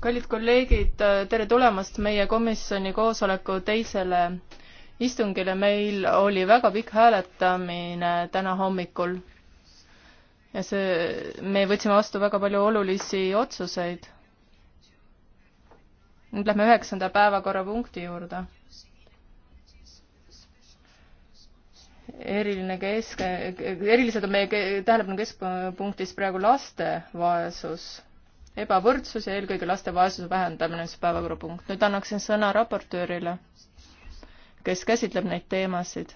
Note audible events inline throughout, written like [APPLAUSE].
kallid kolleegid tere tulemast meie komisjoni koosoleku teisele istungile meil oli väga pikk hääletamine täna hommikul ja see me võtsime vastu väga palju olulisi otsuseid nüüd lähme üheksanda päevakorrapunkti juurde eriline kesk, erilised on meie tähelepanu keskpunktis praegu laste vaesus, ebavõrdsus ja eelkõige laste vaesuse vähendamine on see päevakorrapunkt. nüüd annaksin sõna raportöörile, kes käsitleb neid teemasid,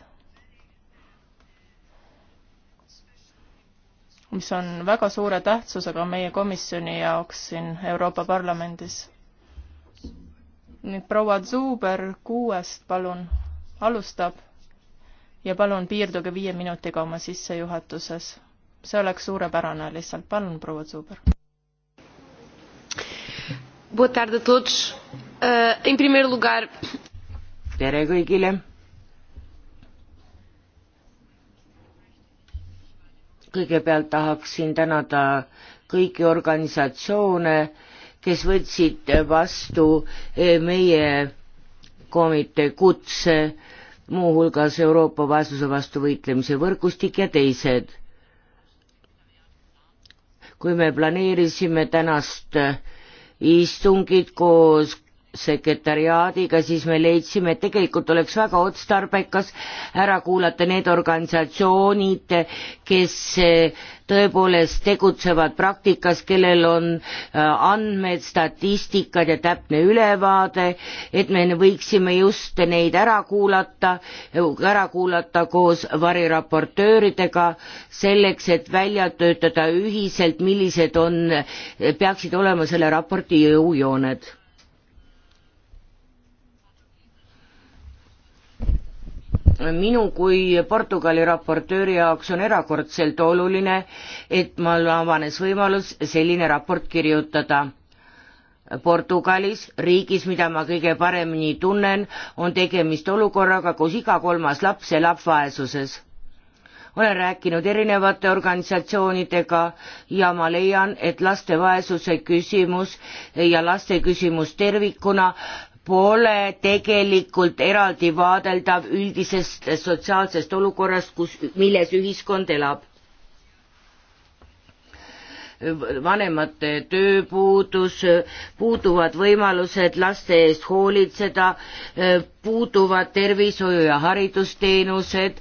mis on väga suure tähtsusega meie komisjoni jaoks siin Euroopa Parlamendis. nüüd proua Zuber kuuest, palun, alustab ja palun piirduge viie minutiga oma sissejuhatuses. see oleks suurepärane lihtsalt, palun, proua Zuber. Eh, tere kõigile. kõigepealt tahaksin tänada kõiki organisatsioone, kes võtsid vastu eh, meie komitee kutse äh, muuhulgas Euroopa vaesuse vastu võitlemise võrgustik ja teised. kui me planeerisime tänast istungit koos sekretariaadiga, siis me leidsime, et tegelikult oleks väga otstarbekas ära kuulata need organisatsioonid, kes eh, tõepoolest tegutsevad praktikas, kellel on eh, andmed, statistikad ja täpne ülevaade, et me võiksime just neid ära kuulata, ära kuulata koos variraportööridega, selleks, et välja töötada ühiselt, millised on, peaksid olema selle raporti jõujooned minu kui Portugali raportööri jaoks on erakordselt oluline, et mul avanes võimalus selline raport kirjutada. Portugalis, riigis, mida ma kõige paremini tunnen, on tegemist olukorraga, kus iga kolmas laps elab vaesuses. olen rääkinud erinevate organisatsioonidega ja ma leian, et laste vaesuse küsimus ja laste küsimus tervikuna pole tegelikult eraldi vaadeldav üldisest sotsiaalsest olukorrast, kus, milles ühiskond elab. vanemate tööpuudus, puuduvad võimalused laste eest hoolitseda, puuduvad tervishoiu ja haridusteenused,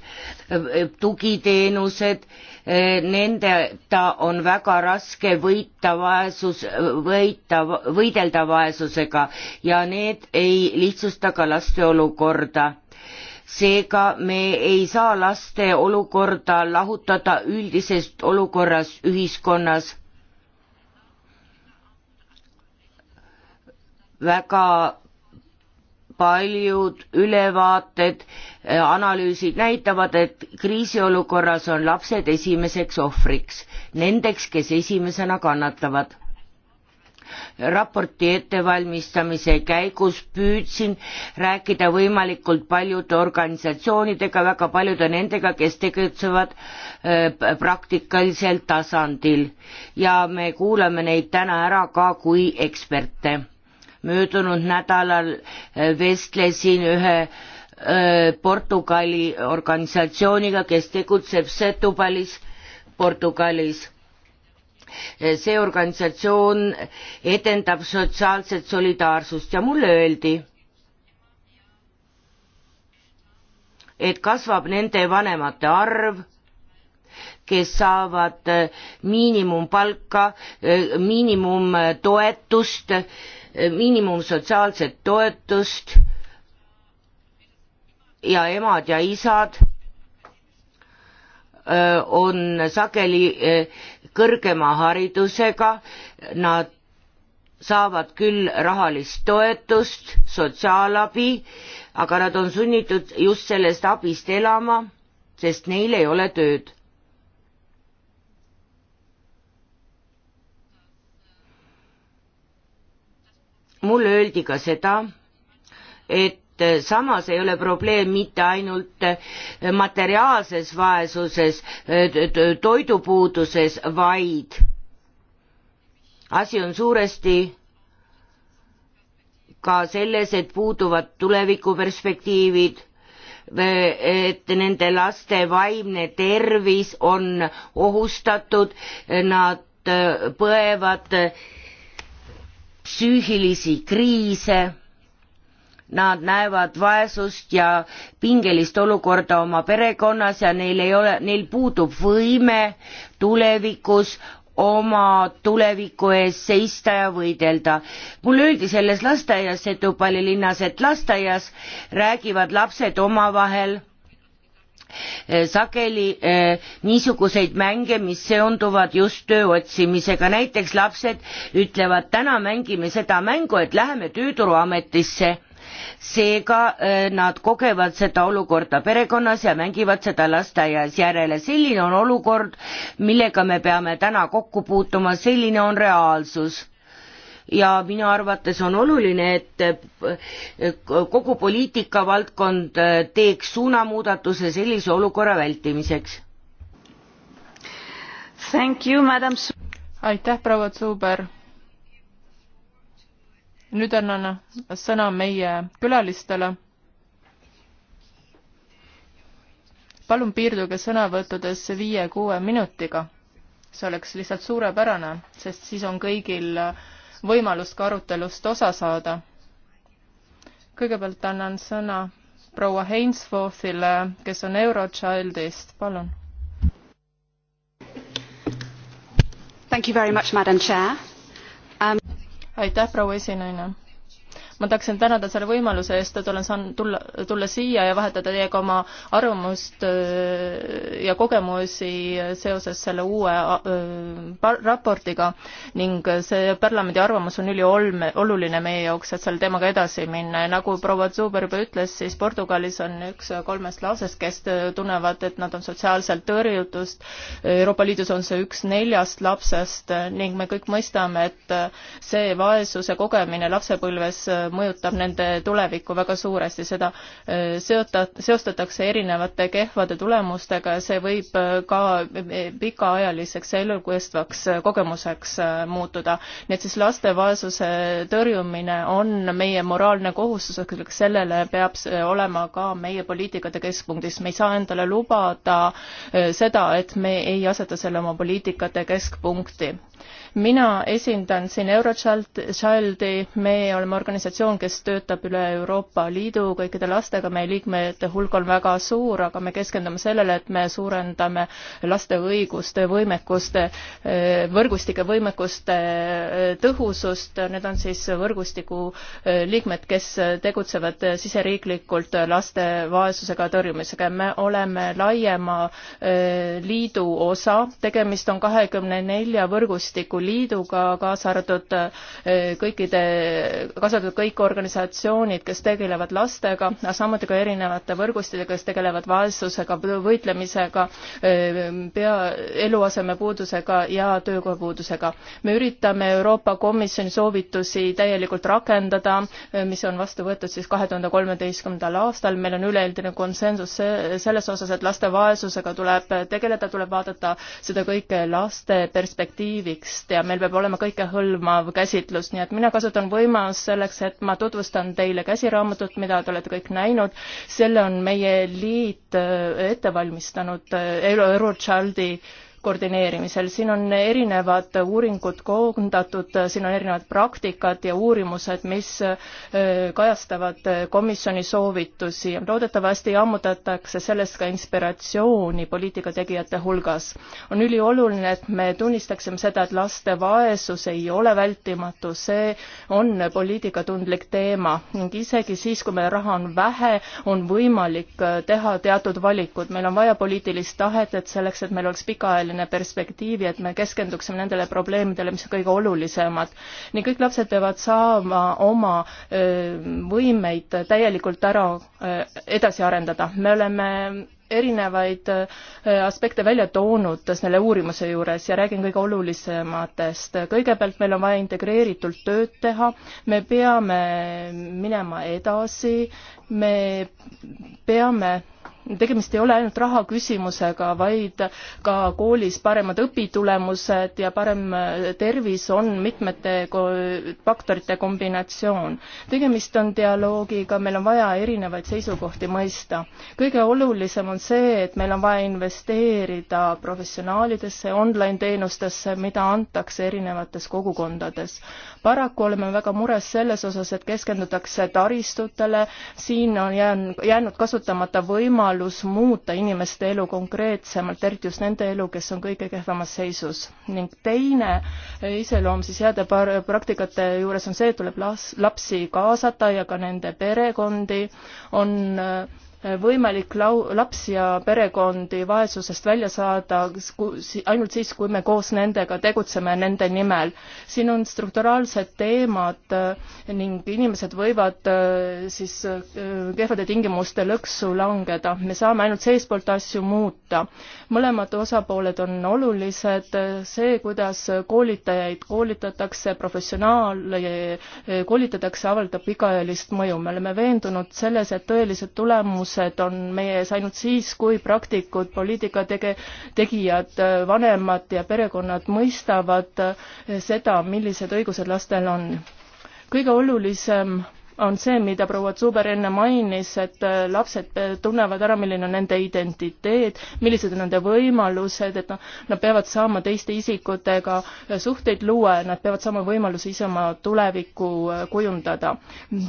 tugiteenused nende ta on väga raske võita vaesus, võita, võidelda vaesusega ja need ei lihtsusta ka laste olukorda. seega me ei saa laste olukorda lahutada üldisest olukorras ühiskonnas. väga paljud ülevaated, äh, analüüsid näitavad, et kriisiolukorras on lapsed esimeseks ohvriks, nendeks, kes esimesena kannatavad. raporti ettevalmistamise käigus püüdsin rääkida võimalikult paljude organisatsioonidega, väga paljude nendega, kes tegutsevad äh, praktikalisel tasandil ja me kuulame neid täna ära ka kui eksperte möödunud nädalal äh, vestlesin ühe äh, Portugali organisatsiooniga, kes tegutseb Setubalis, Portugalis. Äh, see organisatsioon edendab sotsiaalset solidaarsust ja mulle öeldi, et kasvab nende vanemate arv, kes saavad miinimumpalka, miinimumtoetust miinimumsotsiaalset toetust ja emad ja isad on sageli kõrgema haridusega, nad saavad küll rahalist toetust, sotsiaalabi, aga nad on sunnitud just sellest abist elama, sest neil ei ole tööd. mulle öeldi ka seda, et samas ei ole probleem mitte ainult materiaalses vaesuses, toidupuuduses, vaid asi on suuresti ka selles, et puuduvad tulevikuperspektiivid, et nende laste vaimne tervis on ohustatud, nad põevad äh, psüühilisi kriise, nad näevad vaesust ja pingelist olukorda oma perekonnas ja neil ei ole, neil puudub võime tulevikus oma tuleviku eest seista ja võidelda. mulle öeldi selles lasteaias Setupalli linnas, et lasteaias räägivad lapsed omavahel Eh, sageli eh, niisuguseid mänge, mis seonduvad just töö otsimisega, näiteks lapsed ütlevad täna mängime seda mängu, et läheme tööturuametisse. seega eh, nad kogevad seda olukorda perekonnas ja mängivad seda lasteaias järele, selline on olukord, millega me peame täna kokku puutuma, selline on reaalsus ja minu arvates on oluline, et kogu poliitikavaldkond äh, teeks suunamuudatuse sellise olukorra vältimiseks. aitäh, proua Zuber. nüüd annan sõna meie külalistele. palun piirduge sõnavõttudesse viie-kuue minutiga see oleks lihtsalt suurepärane, sest siis on kõigil äh, võimalust ka arutelust osa saada. kõigepealt annan sõna proua Hainsforthile, kes on Eurochildist, palun. Thank you very much, madam chair um.... aitäh, proua esinaine ma tahaksin tänada selle võimaluse eest, et olen saanud tulla, tulla siia ja vahetada teiega oma arvamust äh, ja kogemusi seoses selle uue äh, raportiga ning see parlamendi arvamus on ülioluline meie jaoks, et selle teemaga edasi minna ja nagu proua Zuber juba ütles, siis Portugalis on üks kolmest lausest, kes tunnevad, et nad on sotsiaalselt tõrjutust, Euroopa Liidus on see üks neljast lapsest ning me kõik mõistame, et see vaesuse kogemine lapsepõlves mõjutab nende tulevikku väga suuresti, seda äh, seota-, seostatakse erinevate kehvade tulemustega ja see võib äh, ka äh, pikaajaliseks ja elukestvaks kogemuseks muutuda. nii et siis laste vaesuse tõrjumine on meie moraalne kohustus, aga sellele peab see olema ka meie poliitikate keskpunktis, me ei saa endale lubada seda, et me ei aseta selle oma poliitikate keskpunkti mina esindan siin Eurochildi, me oleme organisatsioon, kes töötab üle Euroopa Liidu kõikide lastega, meie liikmete hulk on väga suur, aga me keskendume sellele, et me suurendame laste õiguste, võimekuste, võrgustike võimekuste eh, tõhusust, need on siis võrgustiku eh, liikmed, kes tegutsevad siseriiklikult laste vaesusega tõrjumisega ja me oleme laiema eh, liidu osa, tegemist on kahekümne nelja võrgustiku Liiduga, kaasa arvatud eh, kõikide, kaasa arvatud kõik organisatsioonid, kes tegelevad lastega, samuti ka erinevate võrgustidega, kes tegelevad vaesusega, võitlemisega, eh, pea, eluasemepuudusega ja töökohapuudusega. me üritame Euroopa Komisjoni soovitusi täielikult rakendada, eh, mis on vastu võetud siis kahe tuhande kolmeteistkümnendal aastal, meil on üleüldine konsensus selles osas, et laste vaesusega tuleb tegeleda, tuleb vaadata seda kõike laste perspektiivist ja meil peab olema kõikehõlmav käsitlus, nii et mina kasutan võimalust selleks, et ma tutvustan teile käsiraamatut, mida te olete kõik näinud. selle on meie liit äh, ette valmistanud äh, Eero Childi koordineerimisel, siin on erinevad uuringud koondatud, siin on erinevad praktikad ja uurimused, mis kajastavad komisjoni soovitusi. loodetavasti ammutatakse sellest ka inspiratsiooni poliitikategijate hulgas. on ülioluline, et me tunnistaksime seda, et laste vaesus ei ole vältimatu, see on poliitikatundlik teema ning isegi siis, kui meil raha on vähe, on võimalik äh, teha teatud valikud, meil on vaja poliitilist tahet, et selleks, et meil oleks pikaajaline selline perspektiivi, et me keskenduksime nendele probleemidele, mis on kõige olulisemad. nii kõik lapsed peavad saama oma võimeid täielikult ära edasi arendada. me oleme erinevaid aspekte välja toonud selle uurimuse juures ja räägin kõige olulisematest. kõigepealt meil on vaja integreeritult tööd teha, me peame minema edasi, me peame tegemist ei ole ainult raha küsimusega, vaid ka koolis paremad õpitulemused ja parem äh, tervis on mitmete faktorite kombinatsioon. tegemist on dialoogiga, meil on vaja erinevaid seisukohti mõista. kõige olulisem on see, et meil on vaja investeerida professionaalidesse, online-teenustesse, mida antakse erinevates kogukondades. paraku oleme väga mures selles osas, et keskendutakse taristutele, siin on jäänud, jäänud kasutamata võimalus võimalus muuta inimeste elu konkreetsemalt, eriti just nende elu, kes on kõige kehvemas seisus. ning teine iseloom siis heade praktikate juures on see, et tuleb las-, lapsi kaasata ja ka nende perekondi, on äh, võimalik lau-, lapsi ja perekondi vaesusest välja saada ainult siis, kui me koos nendega tegutseme nende nimel. siin on strukturaalsed teemad äh, ning inimesed võivad äh, siis äh, kehvade tingimuste lõksu langeda. me saame ainult seestpoolt asju muuta. mõlemad osapooled on olulised, see, kuidas koolitajaid koolitatakse, professionaale koolitatakse, avaldab pikaajalist mõju. me oleme veendunud selles, et tõelised tulemused tulemused on meie ees ainult siis, kui praktikud, poliitika tege-, tegijad, vanemad ja perekonnad mõistavad seda, millised õigused lastel on. kõige olulisem on see, mida proua Zuber enne mainis, et äh, lapsed äh, tunnevad ära, milline on nende identiteet, millised on nende võimalused, et noh, nad peavad saama teiste isikutega äh, suhteid luua ja nad peavad saama võimaluse ise oma tulevikku kujundada.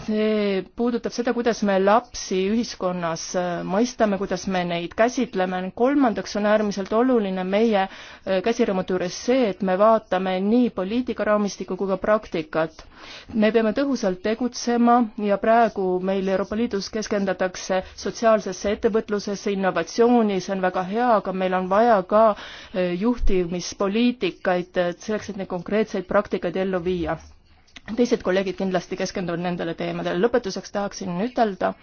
see puudutab seda, kuidas me lapsi ühiskonnas mõistame, kuidas me neid käsitleme, kolmandaks on äärmiselt oluline meie käsiraamatu juures see, et me vaatame nii poliitikaraamistikku kui ka praktikat. me peame tõhusalt tegutsema, teema ja praegu meil Euroopa Liidus keskendatakse sotsiaalsesse ettevõtlusesse, innovatsiooni, see on väga hea, aga meil on vaja ka e, juhtimispoliitikaid e, selleks, et neid konkreetseid praktikaid ellu viia. teised kolleegid kindlasti keskenduvad nendele teemadele. lõpetuseks tahaksin ütelda,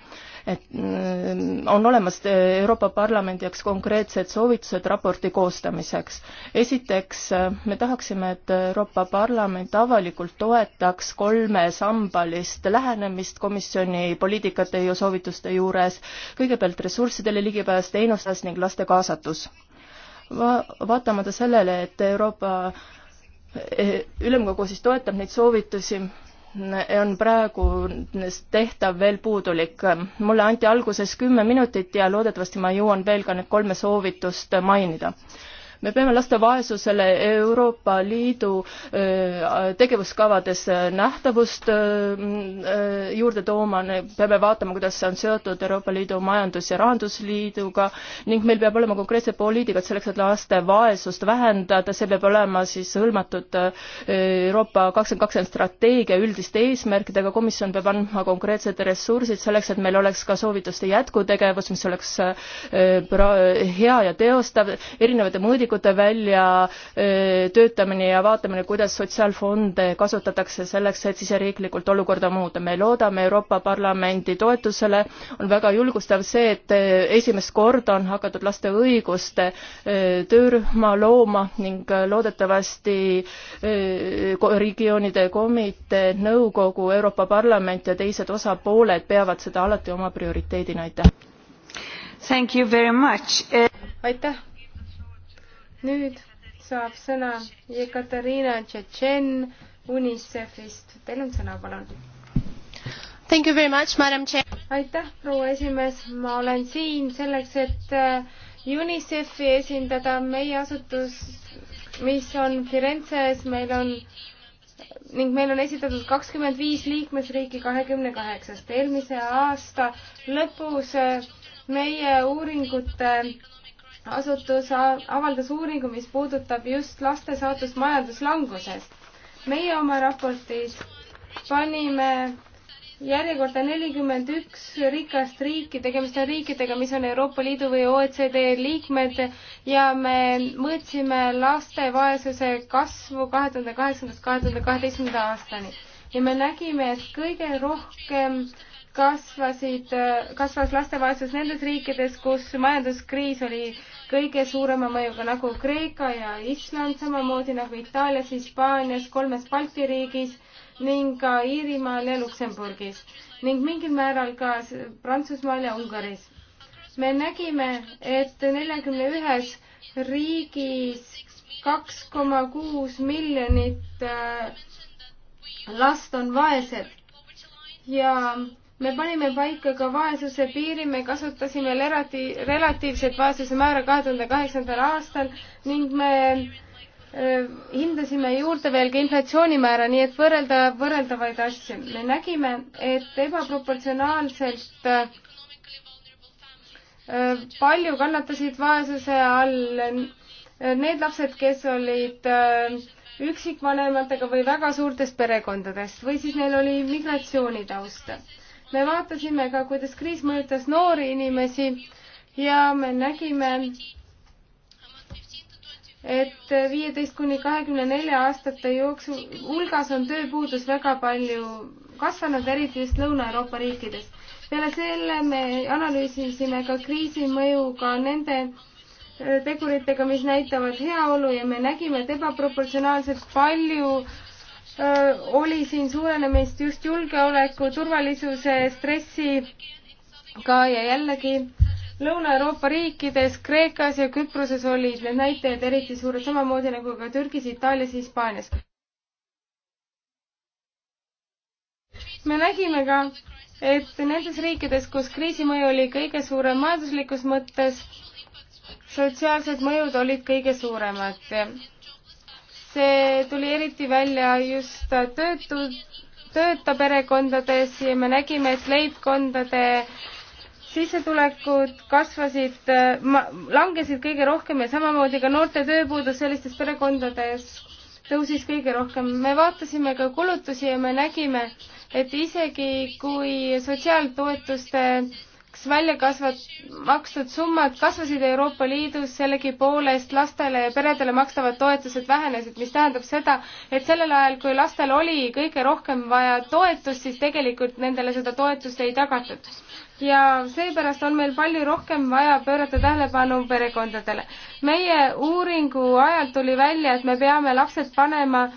et mm, on olemas eh, Euroopa Parlamendi jaoks konkreetsed soovitused raporti koostamiseks. esiteks, eh, me tahaksime, et Euroopa Parlament avalikult toetaks kolmesambalist lähenemist komisjoni poliitikate ja soovituste juures, kõigepealt ressurssidele ligipääs, teenustes ning laste kaasatus. Va-, vaatamata sellele, et Euroopa eh, Ülemkogu siis toetab neid soovitusi, on praegu tehtav veel puudulik. mulle anti alguses kümme minutit ja loodetavasti ma jõuan veel ka need kolme soovitust mainida me peame laste vaesusele Euroopa Liidu tegevuskavades nähtavust juurde tooma, peame vaatama, kuidas see on seotud Euroopa Liidu majandus- ja rahandusliiduga ning meil peab olema konkreetsed poliitikad selleks, et laste vaesust vähendada, see peab olema siis hõlmatud Euroopa kakskümmend kakskümmend strateegia üldiste eesmärkidega, komisjon peab andma konkreetsed ressursid selleks, et meil oleks ka soovituste jätkutegevus, mis oleks hea ja teostav, erinevate mõõdikute poliitikute väljatöötamine ja vaatamine, kuidas sotsiaalfonde kasutatakse selleks, et siseriiklikult olukorda muuta. me loodame Euroopa Parlamendi toetusele, on väga julgustav see, et esimest korda on hakatud laste õiguste töörühma looma ning loodetavasti regioonide komitee, nõukogu, Euroopa Parlament ja teised osapooled peavad seda alati oma prioriteedina, aitäh! aitäh! nüüd saab sõna Jekaterina Tšetšen UNICEF-ist. Teil on sõna, palun. Thank you very much, madam chair. aitäh, proua esimees, ma olen siin selleks, et äh, UNICEF-i esindada, meie asutus, mis on Firenzes, meil on ning meil on esitatud kakskümmend viis liikmesriiki kahekümne kaheksast. eelmise aasta lõpus äh, meie uuringute asutus avaldas uuringu, mis puudutab just laste saatust majanduslangusest. meie oma raportis panime järjekorda nelikümmend üks rikast riiki, tegemist on riikidega, mis on Euroopa Liidu või OECD liikmed ja me mõõtsime laste vaesuse kasvu kahe tuhande kaheksandast kahe tuhande kaheteistkümnenda aastani ja me nägime, et kõige rohkem kasvasid, kasvas laste vaesus nendes riikides, kus majanduskriis oli kõige suurema mõjuga nagu Kreeka ja Island, samamoodi nagu Itaalias, Hispaanias, kolmes Balti riigis ning ka Iirimaal ja Luksemburgis ning mingil määral ka Prantsusmaal ja Ungaris. me nägime, et neljakümne ühes riigis kaks koma kuus miljonit äh, last on vaesed ja me panime paika ka vaesuse piiri, me kasutasime relati-, relatiivset vaesuse määra kahe tuhande kaheksandal aastal ning me eh, hindasime juurde veel ka inflatsioonimäära, nii et võrrelda võrreldavaid asju. me nägime, et ebaproportsionaalselt eh, palju kannatasid vaesuse all eh, need lapsed, kes olid üksikvanematega või väga suurtest perekondadest või siis neil oli migratsioonitaust me vaatasime ka, kuidas kriis mõjutas noori inimesi ja me nägime, et viieteist kuni kahekümne nelja aastate jooksul hulgas on tööpuudus väga palju kasvanud, eriti just Lõuna-Euroopa riikides. peale selle me analüüsisime ka kriisi mõju ka nende äh, teguritega, mis näitavad heaolu ja me nägime, et ebaproportsionaalselt palju Äh, oli siin suurenemist just julgeoleku, turvalisuse, stressiga ja jällegi Lõuna-Euroopa riikides, Kreekas ja Küproses olid need näitajad eriti suured, samamoodi nagu ka Türgis, Itaalias, Hispaanias. me nägime ka, et nendes riikides, kus kriisi mõju oli kõige suurem majanduslikus mõttes, sotsiaalsed mõjud olid kõige suuremad see tuli eriti välja just töötud, tööta perekondades ja me nägime, et leibkondade sissetulekud kasvasid, langesid kõige rohkem ja samamoodi ka noorte tööpuudus sellistes perekondades tõusis kõige rohkem. me vaatasime ka kulutusi ja me nägime, et isegi kui sotsiaaltoetuste kaks välja kasvat-, makstud summad kasvasid Euroopa Liidus sellegipoolest, lastele ja peredele makstavad toetused vähenesid, mis tähendab seda, et sellel ajal, kui lastel oli kõige rohkem vaja toetust, siis tegelikult nendele seda toetust ei tagatud ja seepärast on meil palju rohkem vaja pöörata tähelepanu perekondadele. meie uuringu ajal tuli välja, et me peame lapsed panema öö,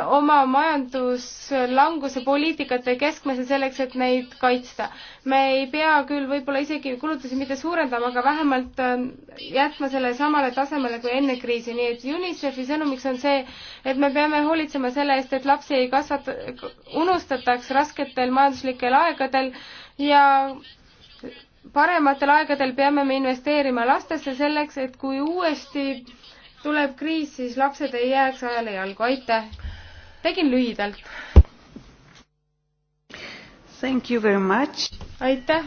äh, oma majanduslanguse poliitikate keskmesse selleks, et neid kaitsta. me ei pea küll võib-olla isegi kulutusi mitte suurendama, aga vähemalt öö, äh, jätma selle samale tasemele kui enne kriisi, nii et UNICEF-i sõnumiks on see, et me peame hoolitsema selle eest, et lapsi ei kasvata, unustataks rasketel majanduslikel aegadel ja parematel aegadel peame me investeerima lastesse selleks, et kui uuesti tuleb kriis, siis lapsed ei jääks ajale jalgu. aitäh! tegin lühidalt. Thank you very much! aitäh!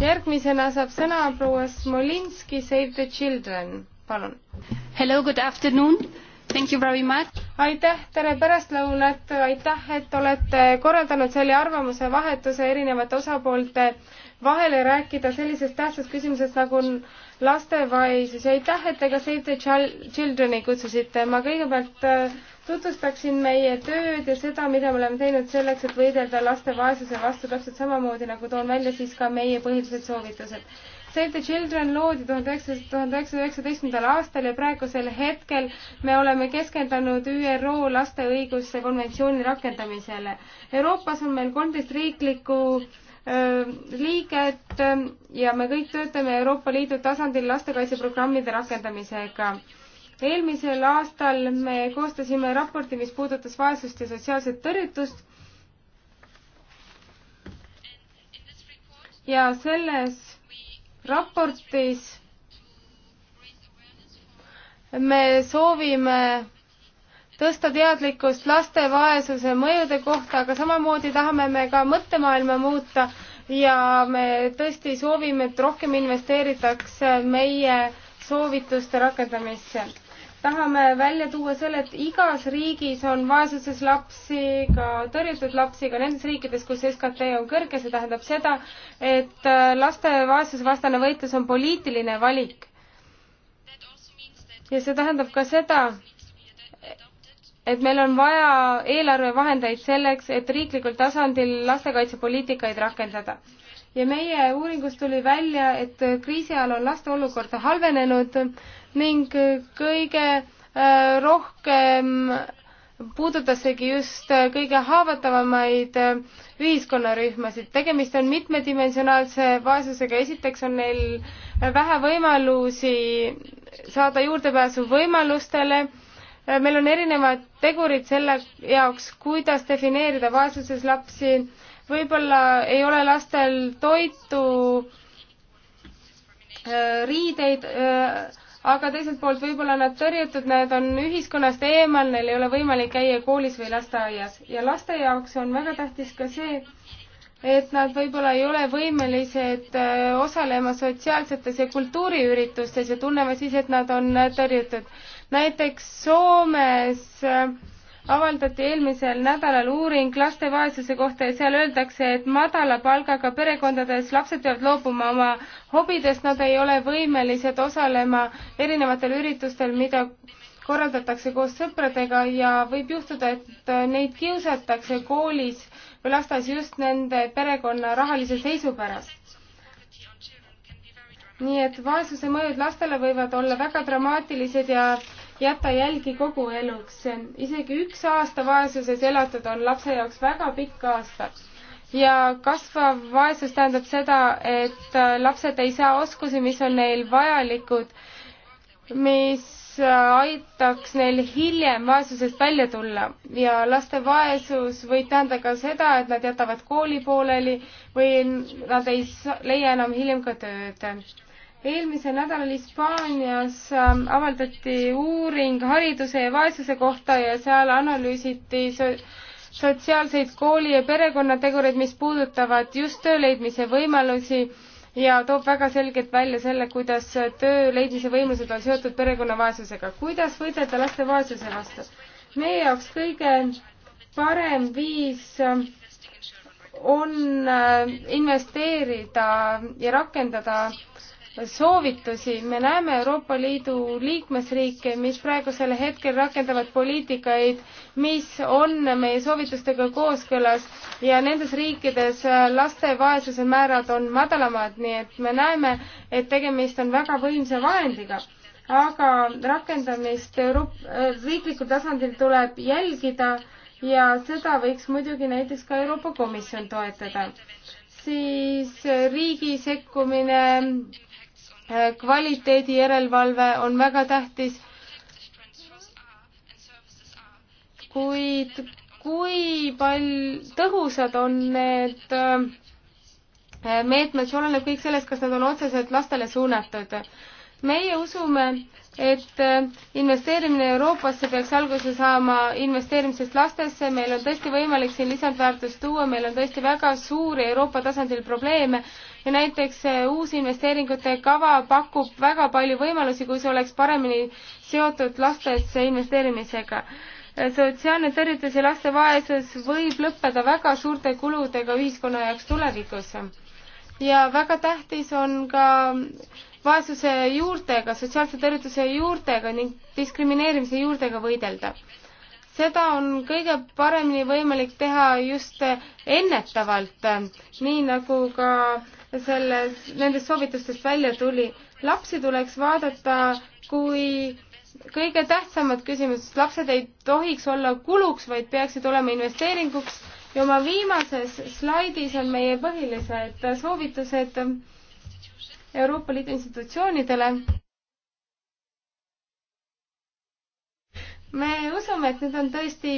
järgmisena saab sõna proua Smolinski, Save the Children, palun. Hello, good afternoon, thank you very much aitäh, tere pärastlõunat, aitäh, et olete korraldanud selle arvamuse vahetuse erinevate osapoolte vahel ja rääkida sellisest tähtsast küsimusest nagu laste vaesus ja aitäh, et te ka Save the Children'i kutsusite. ma kõigepealt äh, tutvustaksin meie tööd ja seda, mida me oleme teinud selleks, et võidelda laste vaesuse vastu täpselt samamoodi, nagu toon välja siis ka meie põhilised soovitused Save the Children loodi tuhande üheksasaja, tuhande üheksasaja üheksateistkümnendal aastal ja praegusel hetkel me oleme keskendunud ÜRO laste õiguste konventsiooni rakendamisele. Euroopas on meil kolmteist riiklikku liiget ja me kõik töötame Euroopa Liidu tasandil lastekaitseprogrammide rakendamisega eelmisel aastal me koostasime raporti, mis puudutas vaesust ja sotsiaalset tõrjutust. ja selles raportis me soovime tõsta teadlikkust laste vaesuse mõjude kohta, aga samamoodi tahame me ka mõttemaailma muuta ja me tõesti soovime, et rohkem investeeritakse meie soovituste rakendamisse tahame välja tuua selle, et igas riigis on vaesuses lapsi, ka tõrjutud lapsi, ka nendes riikides, kus SKT on kõrge, see tähendab seda, et äh, laste vaesusevastane võitlus on poliitiline valik. ja see tähendab ka seda, et meil on vaja eelarvevahendeid selleks, et riiklikul tasandil lastekaitsepoliitikaid rakendada ja meie uuringust tuli välja, et kriisi ajal on laste olukord halvenenud ning kõige äh, rohkem puudutasegi just kõige haavatavamaid äh, ühiskonnarühmasid. tegemist on mitmedimensionaalse vaesusega, esiteks on neil vähe võimalusi saada juurdepääsu võimalustele, äh, meil on erinevad tegurid selle jaoks, kuidas defineerida vaesuses lapsi võib-olla ei ole lastel toitu, äh, riideid, äh, aga teiselt poolt võib-olla nad tõrjutud, nad on ühiskonnast eemal, neil ei ole võimalik käia koolis või lasteaias ja laste jaoks on väga tähtis ka see, et nad võib-olla ei ole võimelised äh, osalema sotsiaalsetes ja kultuuriüritustes ja tunnema siis, et nad on tõrjutud. näiteks Soomes äh, avaldati eelmisel nädalal uuring laste vaesuse kohta ja seal öeldakse, et madala palgaga perekondades lapsed peavad loobuma oma hobidest, nad ei ole võimelised osalema erinevatel üritustel, mida korraldatakse koos sõpradega ja võib juhtuda, et neid kiusatakse koolis või lasteaias just nende perekonna rahalise seisu pärast nii et vaesuse mõjud lastele võivad olla väga dramaatilised ja jäta jälgi kogu eluks. isegi üks aasta vaesuses elatud on lapse jaoks väga pikk aasta. ja kasvav vaesus tähendab seda, et äh, lapsed ei saa oskusi, mis on neil vajalikud, mis äh, aitaks neil hiljem vaesusest välja tulla ja laste vaesus võib tähendada ka seda, et nad jätavad kooli pooleli või nad ei leia enam hiljem ka tööd eelmisel nädalal Hispaanias ähm, avaldati uuring hariduse ja vaesuse kohta ja seal analüüsiti so sotsiaalseid kooli ja perekonnategureid, mis puudutavad just töö leidmise võimalusi ja toob väga selgelt välja selle, kuidas töö leidmise võimalused on seotud perekonna vaesusega. kuidas võidelda laste vaesuse vastu? meie jaoks kõige parem viis ähm, on äh, investeerida ja rakendada soovitusi. me näeme Euroopa Liidu liikmesriike, mis praegusel hetkel rakendavad poliitikaid, mis on meie soovitustega kooskõlas ja nendes riikides laste vaesuse määrad on madalamad, nii et me näeme, et tegemist on väga võimsa vahendiga aga rakendamist Euroop-, riiklikul tasandil tuleb jälgida ja seda võiks muidugi näiteks ka Euroopa Komisjon toetada. siis riigi sekkumine kvaliteedijärelevalve on väga tähtis. kuid kui pal-, tõhusad on need äh, meetmed, see oleneb kõik sellest, kas nad on otseselt lastele suunatud. meie usume, et äh, investeerimine Euroopasse peaks alguse saama investeerimisest lastesse, meil on tõesti võimalik siin lisandväärtust tuua, meil on tõesti väga suuri Euroopa tasandil probleeme ja näiteks uus investeeringute kava pakub väga palju võimalusi, kui see oleks paremini seotud lastesse investeerimisega. sotsiaalne tervitus ja laste vaesus võib lõppeda väga suurte kuludega ühiskonna jaoks tulevikus. ja väga tähtis on ka vaesuse juurtega, sotsiaalse tervituse juurtega ning diskrimineerimise juurtega võidelda. seda on kõige paremini võimalik teha just ennetavalt, nii nagu ka selles, nendest soovitustest välja tuli. lapsi tuleks vaadata kui kõige tähtsamat küsimust, lapsed ei tohiks olla kuluks, vaid peaksid olema investeeringuks ja oma viimases slaidis on meie põhilised soovitused Euroopa Liidu institutsioonidele. me usume, et nüüd on tõesti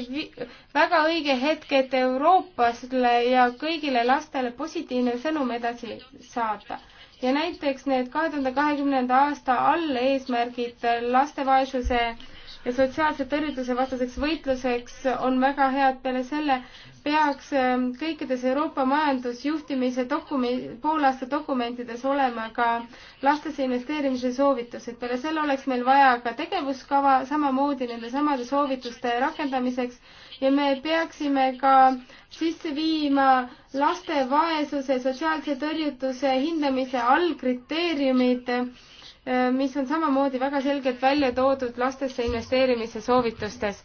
väga õige hetk, et Euroopasle ja kõigile lastele positiivne sõnum edasi saata. ja näiteks need kahe tuhande kahekümnenda aasta alleesmärgid laste vaesuse ja sotsiaalse tõrjutuse vastaseks võitluseks on väga head peale selle peaks ähm, kõikides Euroopa majandusjuhtimise dokumi-, poolaasta dokumentides olema ka lastesse investeerimise soovitused. peale selle oleks meil vaja ka tegevuskava samamoodi nende samade soovituste rakendamiseks ja me peaksime ka sisse viima laste vaesuse, sotsiaalse tõrjutuse hindamise allkriteeriumid, äh, mis on samamoodi väga selgelt välja toodud lastesse investeerimise soovitustes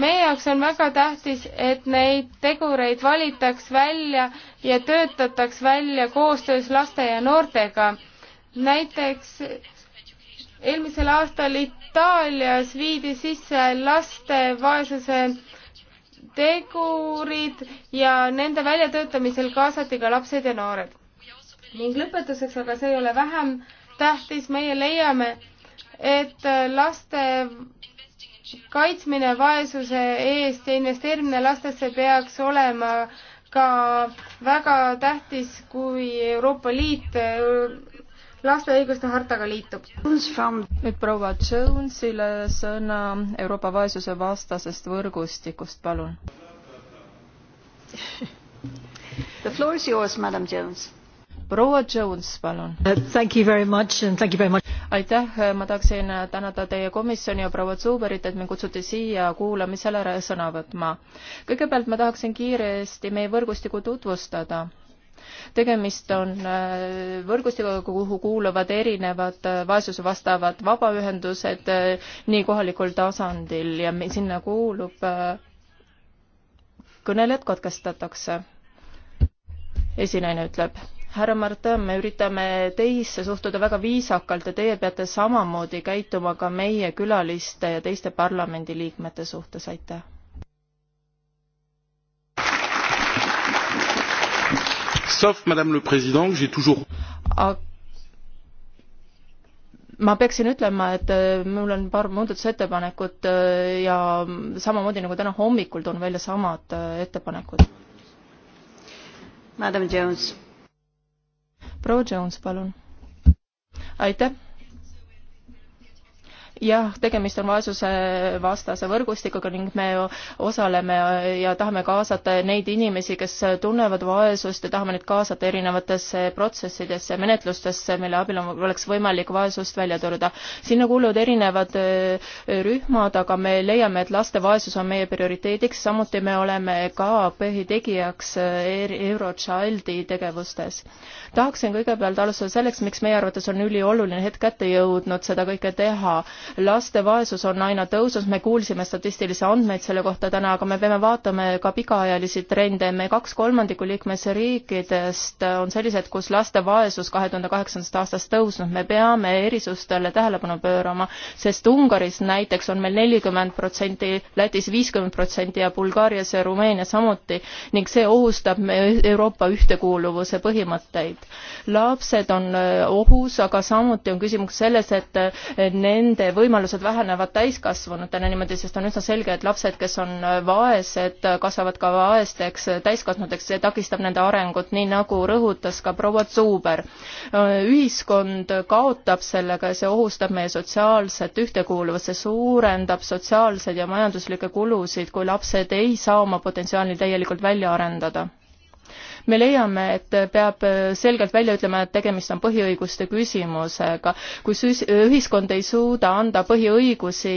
meie jaoks on väga tähtis, et neid tegureid valitaks välja ja töötataks välja koostöös laste ja noortega. näiteks eelmisel aastal Itaalias viidi sisse laste vaesuse tegurid ja nende väljatöötamisel kaasati ka lapsed ja noored. ning lõpetuseks, aga see ei ole vähem tähtis, meie leiame, et laste kaitsmine vaesuse eest ja investeerimine lastesse peaks olema ka väga tähtis, kui Euroopa Liit äh, laste õiguste hartaga liitub. nüüd proua Jonesile sõna Euroopa vaesuse vastasest võrgustikust, palun. The floor is yours, madam Jones. proua Jones, palun uh,. Thank you very much and thank you very much aitäh, ma tahaksin tänada teie komisjoni ja proua Zuberit, et mind kutsuti siia kuulamisele sõna võtma. kõigepealt ma tahaksin kiiresti meie võrgustikku tutvustada tegemist on äh, võrgustikuga, kuhu kuuluvad erinevad äh, vaesuse vastavad vabaühendused äh, nii kohalikul tasandil ja sinna kuulub, kõnelejad katkestatakse. esinaine ütleb härra Martin, me üritame teisse suhtuda väga viisakalt ja teie peate samamoodi käituma ka meie külaliste ja teiste parlamendiliikmete suhtes, aitäh. Sauf madame le président, j'ai toujours ma peaksin ütlema, et äh, mul on paar muudatusettepanekut äh, ja samamoodi nagu täna hommikul toon välja samad äh, ettepanekud. Madam Jones proua Jones, palun. aitäh jah, tegemist on vaesusevastase võrgustikuga ning me osaleme ja tahame kaasata neid inimesi, kes tunnevad vaesust ja tahame neid kaasata erinevatesse protsessidesse, menetlustesse, mille abil on, oleks võimalik vaesust välja tõrjuda. sinna kuuluvad erinevad eh, rühmad, aga me leiame, et laste vaesus on meie prioriteediks, samuti me oleme ka põhitegijaks eh, Eurochildi tegevustes. tahaksin kõigepealt alustada selleks, miks meie arvates on ülioluline hetk kätte jõudnud seda kõike teha laste vaesus on aina tõusus, me kuulsime statistilisi andmeid selle kohta täna, aga me peame vaatama ka pikaajalisi trende, me kaks kolmandikku liikmesriikidest on sellised, kus laste vaesus kahe tuhande kaheksandast aastast tõusnud, me peame erisustele tähelepanu pöörama, sest Ungaris näiteks on meil nelikümmend protsenti, Lätis viiskümmend protsenti ja Bulgaarias ja Rumeenias samuti ning see ohustab Euroopa ühtekuuluvuse põhimõtteid. lapsed on ohus, aga samuti on küsimus selles, et nende võimalused vähenevad täiskasvanutena niimoodi, sest on üsna selge, et lapsed, kes on vaesed, kasvavad ka vaesteks täiskasvanuteks, see takistab nende arengut, nii nagu rõhutas ka proua Zuber. ühiskond kaotab sellega ja see ohustab meie sotsiaalset ühtekuuluvust, see suurendab sotsiaalseid ja majanduslikke kulusid, kui lapsed ei saa oma potentsiaali täielikult välja arendada me leiame, et peab selgelt välja ütlema, et tegemist on põhiõiguste küsimusega. kui ühiskond ei suuda anda põhiõigusi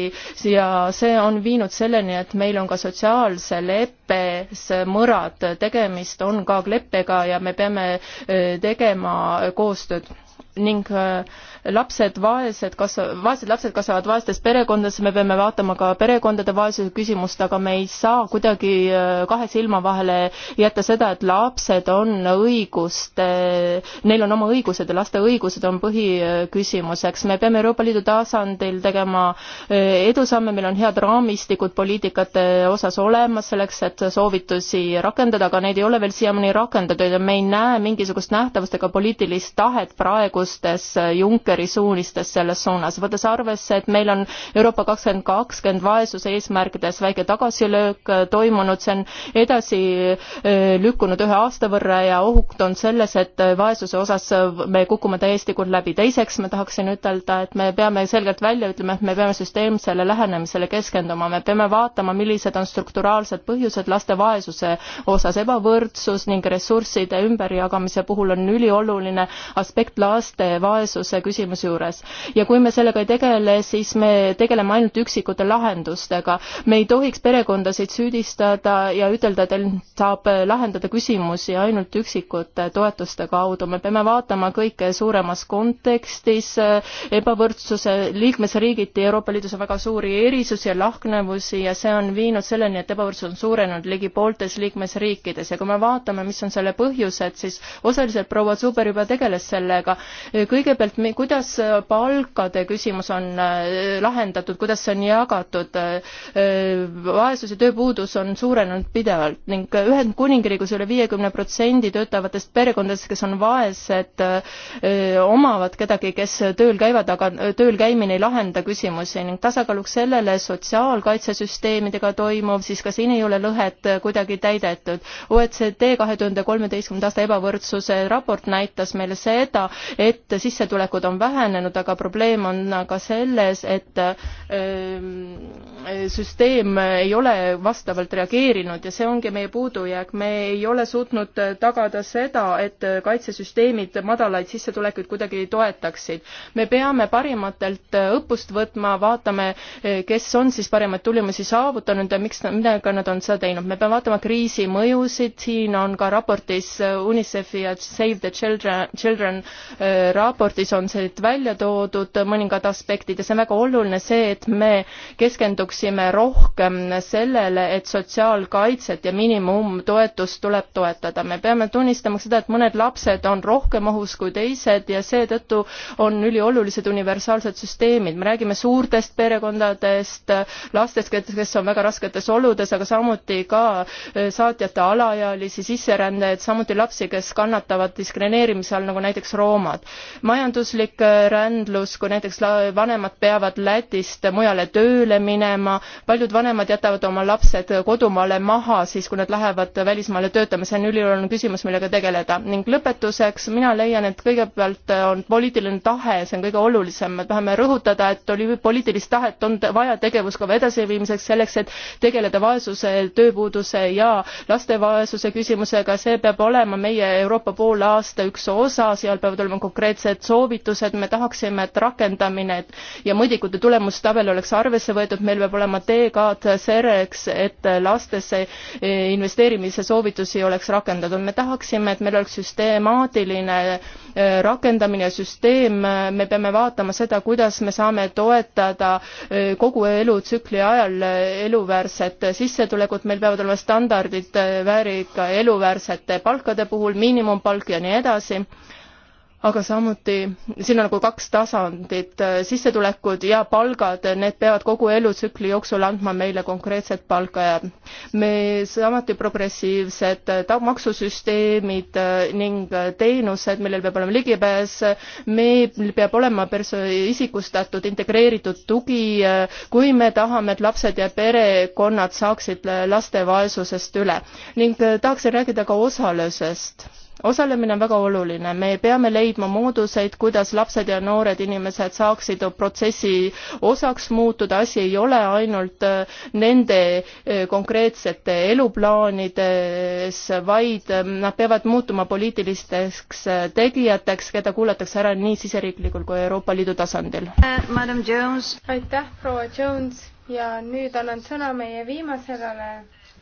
ja see on viinud selleni, et meil on ka sotsiaalse leppes mõrad, tegemist on ka leppega ja me peame eh, tegema koostööd ning äh, lapsed vaesed, kas, vaesed lapsed kasvavad vaestes perekondades, me peame vaatama ka perekondade vaesuse küsimust, aga me ei saa kuidagi äh, kahe silma vahele jätta seda, et lapsed on õigust, äh, neil on oma õigused ja laste õigused on põhiküsimuseks. me peame Euroopa Liidu tasandil tegema äh, edusamme, meil on head raamistikud poliitikate osas olemas selleks, et soovitusi rakendada, aga neid ei ole veel siiamaani rakendatud ja me ei näe mingisugust nähtavust ega poliitilist tahet praegustes Junckeri Junckeri suunistes selles suunas, võttes arvesse, et meil on Euroopa kakskümmend kakskümmend vaesuse eesmärkides väike tagasilöök äh, toimunud, see on edasi äh, lükkunud ühe aasta võrra ja ohukt on selles, et äh, vaesuse osas me kukume täiestikult läbi. teiseks ma tahaksin ütelda, et me peame selgelt välja ütlema, et me peame süsteemsele lähenemisele keskenduma, me peame vaatama, millised on strukturaalsed põhjused laste vaesuse osas, ebavõrdsus ning ressursside ümberjagamise puhul on ülioluline aspekt laste vaesuse küsimus küsimuse juures. ja kui me sellega ei tegele, siis me tegeleme ainult üksikute lahendustega. me ei tohiks perekondasid süüdistada ja ütelda, et saab lahendada küsimusi ainult üksikute toetuste kaudu. me peame vaatama kõike suuremas kontekstis, ebavõrdsuse liikmesriigiti Euroopa Liidus on väga suuri erisusi ja lahknevusi ja see on viinud selleni, et ebavõrdsus on suurenenud ligi pooltes liikmesriikides ja kui me vaatame, mis on selle põhjused, siis osaliselt proua Zuber juba tegeles sellega. kõigepealt, kuidas palkade küsimus on äh, lahendatud, kuidas see on jagatud? Äh, vaesus ja tööpuudus on suurenenud pidevalt ning Ühendkuningriigis üle viiekümne protsendi töötavatest perekondadest, kes on vaesed, äh, omavad kedagi, kes tööl käivad, aga tööl käimine ei lahenda küsimusi ning tasakaaluks sellele sotsiaalkaitsesüsteemidega toimuv, siis ka siin ei ole lõhet kuidagi täidetud. OECD kahe tuhande kolmeteistkümnenda aasta ebavõrdsuse raport näitas meile seda, et sissetulekud on vähenenud, aga probleem on ka selles, et ähm, süsteem ei ole vastavalt reageerinud ja see ongi meie puudujääk. me ei ole suutnud tagada seda, et kaitsesüsteemid madalaid sissetulekuid kuidagi toetaksid. me peame parimatelt õppust võtma, vaatame, kes on siis paremaid tulemusi saavutanud ja miks, millega nad on seda teinud. me peame vaatama kriisi mõjusid, siin on ka raportis UNICEF-i ja Save the Children, Children äh, raportis on see raportit välja toodud mõningad aspektid ja see on väga oluline see, et me keskenduksime rohkem sellele, et sotsiaalkaitset ja miinimumtoetust tuleb toetada. me peame tunnistama seda, et mõned lapsed on rohkem ohus kui teised ja seetõttu on üliolulised universaalsed süsteemid. me räägime suurtest perekondadest, lastest, kes on väga rasketes oludes, aga samuti ka eh, saatjate alaealisi, sisserändajaid, samuti lapsi, kes kannatavad diskrimineerimise all, nagu näiteks roomad. majanduslik avalik äh, rändlus, kui näiteks vanemad peavad Lätist mujale tööle minema, paljud vanemad jätavad oma lapsed kodumaale maha siis, kui nad lähevad välismaale töötama, see on ülioluline küsimus, millega tegeleda. ning lõpetuseks, mina leian, et kõigepealt on poliitiline tahe, see on kõige olulisem, me tahame rõhutada, et oli poliitilist tahet, on vaja tegevuskava edasiviimiseks, selleks et tegeleda vaesuse, tööpuuduse ja laste vaesuse küsimusega, see peab olema meie Euroopa poolaasta üks osa, seal peavad olema konkreetsed soovitused, tulemused, me tahaksime, et rakendamine ja mõõdikute tulemustabel oleks arvesse võetud, meil peab olema teekaart selleks, et lastesse e, investeerimise soovitusi oleks rakendatud. me tahaksime, et meil oleks süsteemaatiline e, rakendamine ja süsteem, me peame vaatama seda, kuidas me saame toetada e, kogu elutsükli ajal eluväärset sissetulekut, meil peavad olema standardid väärika eluväärsete palkade puhul, miinimumpalk ja nii edasi aga samuti siin on nagu kaks tasandit, äh, sissetulekud ja palgad, need peavad kogu elutsükli jooksul andma meile konkreetset palka ja me samuti progressiivsed äh, maksusüsteemid äh, ning teenused, millel peab olema ligipääs, meil peab olema pers-, isikustatud integreeritud tugi, kui me tahame, et lapsed ja perekonnad saaksid laste vaesusest üle. ning tahaksin rääkida ka osalusest osalemine on väga oluline, me peame leidma mooduseid, kuidas lapsed ja noored inimesed saaksid protsessi osaks muutuda, asi ei ole ainult äh, nende äh, konkreetsete eluplaanides, vaid äh, nad peavad muutuma poliitilisteks tegijateks, keda kuulatakse ära nii siseriiklikul kui Euroopa Liidu tasandil. aitäh, proua Jones ja nüüd annan sõna meie viimasele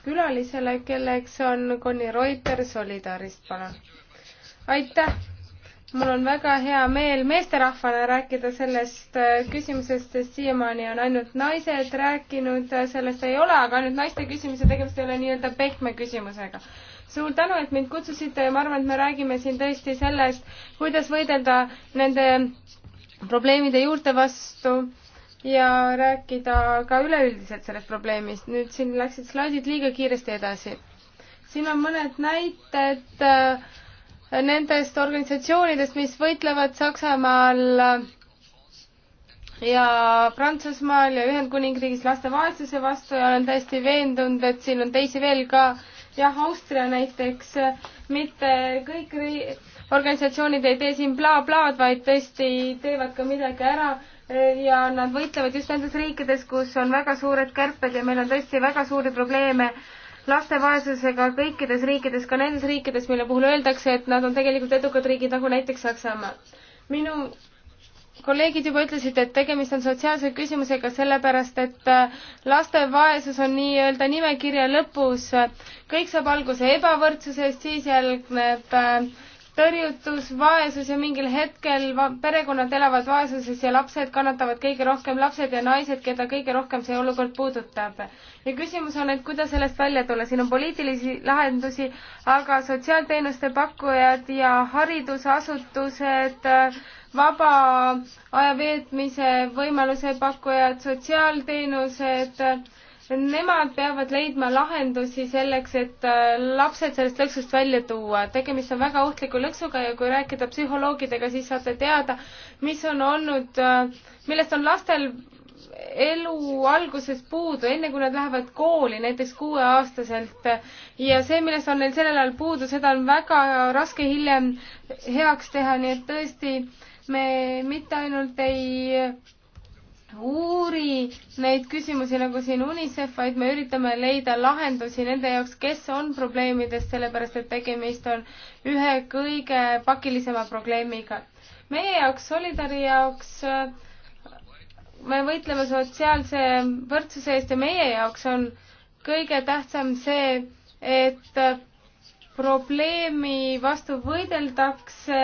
külalisele, kelleks on Conny Reuter Solidarist, palun. aitäh! mul on väga hea meel meesterahvana rääkida sellest äh, küsimusest, sest siiamaani on ainult naised rääkinud, äh, sellest ei ole, aga ainult naiste küsimuse tegemist ei ole nii-öelda pehme küsimusega suur tänu, et mind kutsusite ja ma arvan, et me räägime siin tõesti sellest, kuidas võidelda nende probleemide juurte vastu ja rääkida ka üleüldiselt sellest probleemist. nüüd siin läksid slaidid liiga kiiresti edasi. siin on mõned näited äh, nendest organisatsioonidest, mis võitlevad Saksamaal ja Prantsusmaal ja Ühendkuningriigis laste vaesuse vastu ja olen täiesti veendunud, et siin on teisi veel ka, jah, Austria näiteks, mitte kõik organisatsioonid ei tee siin blablad, vaid tõesti teevad ka midagi ära ja nad võitlevad just nendes riikides, kus on väga suured kärped ja meil on tõesti väga suuri probleeme laste vaesusega kõikides riikides, ka nendes riikides, mille puhul öeldakse, et nad on tegelikult edukad riigid, nagu näiteks Saksamaa. minu kolleegid juba ütlesid, et tegemist on sotsiaalse küsimusega, sellepärast et äh, laste vaesus on nii-öelda nimekirja lõpus. kõik saab alguse ebavõrdsusest, siis järgneb äh, tõrjutus, vaesus ja mingil hetkel va-, perekonnad elavad vaesuses ja lapsed kannatavad kõige rohkem, lapsed ja naised, keda kõige rohkem see olukord puudutab. ja küsimus on, et kuidas sellest välja tulla, siin on poliitilisi lahendusi, aga sotsiaalteenuste pakkujad ja haridusasutused, vaba aja veetmise võimaluse pakkujad, sotsiaalteenused, Nemad peavad leidma lahendusi selleks, et äh, lapsed sellest lõksust välja tuua. tegemist on väga ohtliku lõksuga ja kui rääkida psühholoogidega, siis saate teada, mis on olnud, äh, millest on lastel elu alguses puudu, enne kui nad lähevad kooli, näiteks kuueaastaselt. ja see, millest on neil sellel ajal puudu, seda on väga raske hiljem heaks teha, nii et tõesti me mitte ainult ei uuri neid küsimusi nagu siin UNICEF, vaid me üritame leida lahendusi nende jaoks, kes on probleemides, sellepärast et tegemist on ühe kõige pakilisema probleemiga. meie jaoks, Solidari jaoks, me võitleme sotsiaalse võrdsuse eest ja meie jaoks on kõige tähtsam see, et probleemi vastu võideldakse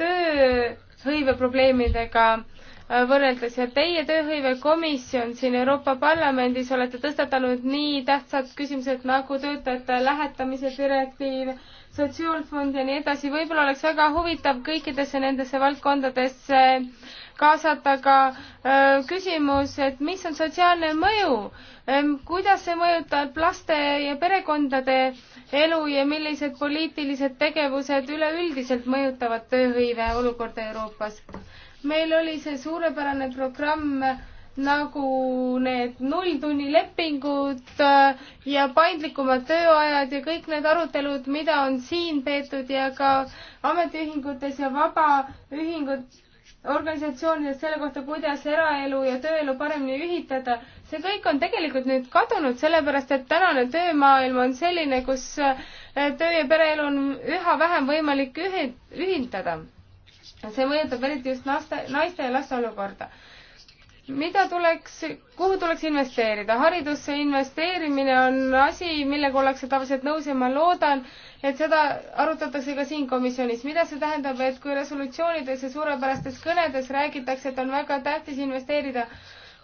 tööhõiveprobleemidega võrreldes ja teie tööhõivekomisjon siin Euroopa Parlamendis olete tõstatanud nii tähtsad küsimused nagu töötajate lähetamise direktiiv, sotsiaalfond ja nii edasi, võib-olla oleks väga huvitav kõikidesse nendesse valdkondadesse kaasata ka öö, küsimus, et mis on sotsiaalne mõju, kuidas see mõjutab laste ja perekondade elu ja millised poliitilised tegevused üleüldiselt mõjutavad tööhõive olukorda Euroopas meil oli see suurepärane programm nagu need nulltunnilepingud äh, ja paindlikumad tööajad ja kõik need arutelud, mida on siin peetud ja ka ametiühingutes ja vabaühingud, organisatsioonides selle kohta, kuidas eraelu ja tööelu paremini ühitada. see kõik on tegelikult nüüd kadunud, sellepärast et tänane töömaailm on selline, kus äh, töö ja pereelu on üha vähem võimalik ühi-, ühitada see mõjutab eriti just laste, naiste ja laste olukorda. mida tuleks, kuhu tuleks investeerida? haridusse investeerimine on asi, millega ollakse tavaliselt nõus ja ma loodan, et seda arutatakse ka siin komisjonis. mida see tähendab, et kui resolutsioonides ja suurepärastes kõnedes räägitakse, et on väga tähtis investeerida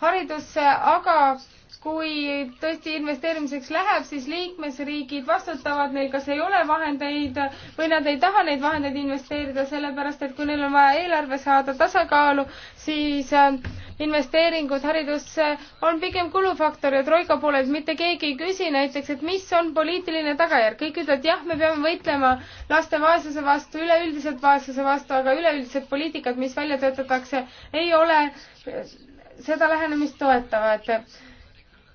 haridusse, aga kui tõesti investeerimiseks läheb, siis liikmesriigid vastutavad neil, kas ei ole vahendeid või nad ei taha neid vahendeid investeerida, sellepärast et kui neil on vaja eelarve saada tasakaalu, siis äh, investeeringud haridusse on pigem kulufaktor ja troika poolelt mitte keegi ei küsi näiteks, et mis on poliitiline tagajärg. kõik ütlevad, jah, me peame võitlema laste vaesuse vastu, üleüldiselt vaesuse vastu, aga üleüldised poliitikad, mis välja töötatakse, ei ole äh, seda lähenemist toetavad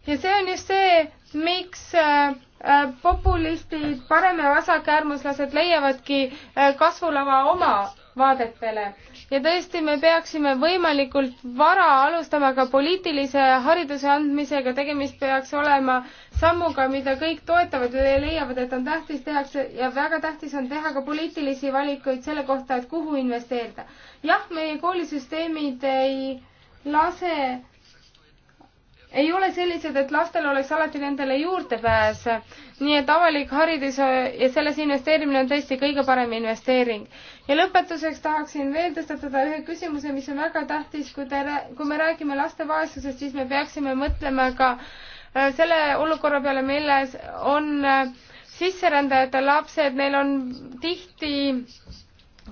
ja see on just see, miks äh, äh, populistid, parem- ja vasakäärmuslased leiavadki äh, kasvulava oma vaadetele. ja tõesti, me peaksime võimalikult vara alustama ka poliitilise hariduse andmisega, tegemist peaks olema sammuga, mida kõik toetavad ja leiavad, et on tähtis, tehakse ja väga tähtis on teha ka poliitilisi valikuid selle kohta, et kuhu investeerida. jah, meie koolisüsteemid ei lase ei ole sellised, et lastel oleks alati nendele juurdepääs. nii et avalik haridus ja selles investeerimine on tõesti kõige parem investeering. ja lõpetuseks tahaksin veel tõstatada ühe küsimuse, mis on väga tähtis, kui te, kui me räägime laste vaesusest, siis me peaksime mõtlema ka äh, selle olukorra peale, milles on äh, sisserändajate lapsed, neil on tihti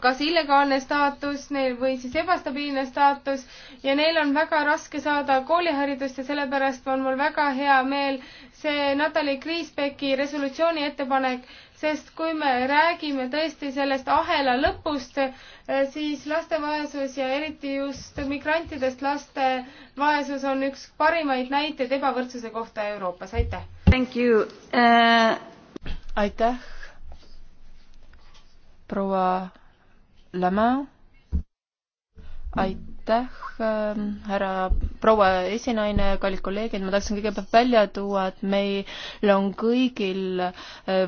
kas illegaalne staatus neil või siis ebastabiilne staatus ja neil on väga raske saada kooliharidust ja sellepärast on mul väga hea meel see Natalja Kriisbecki resolutsiooni ettepanek, sest kui me räägime tõesti sellest ahela lõpust, eh, siis laste vaesus ja eriti just migrantidest laste vaesus on üks parimaid näiteid ebavõrdsuse kohta Euroopas, aitäh! Uh... aitäh, proua Lämä. aitäh, ähm, härra, proua esinaine, kallid kolleegid, ma tahtsin kõigepealt välja tuua, et meil on kõigil äh,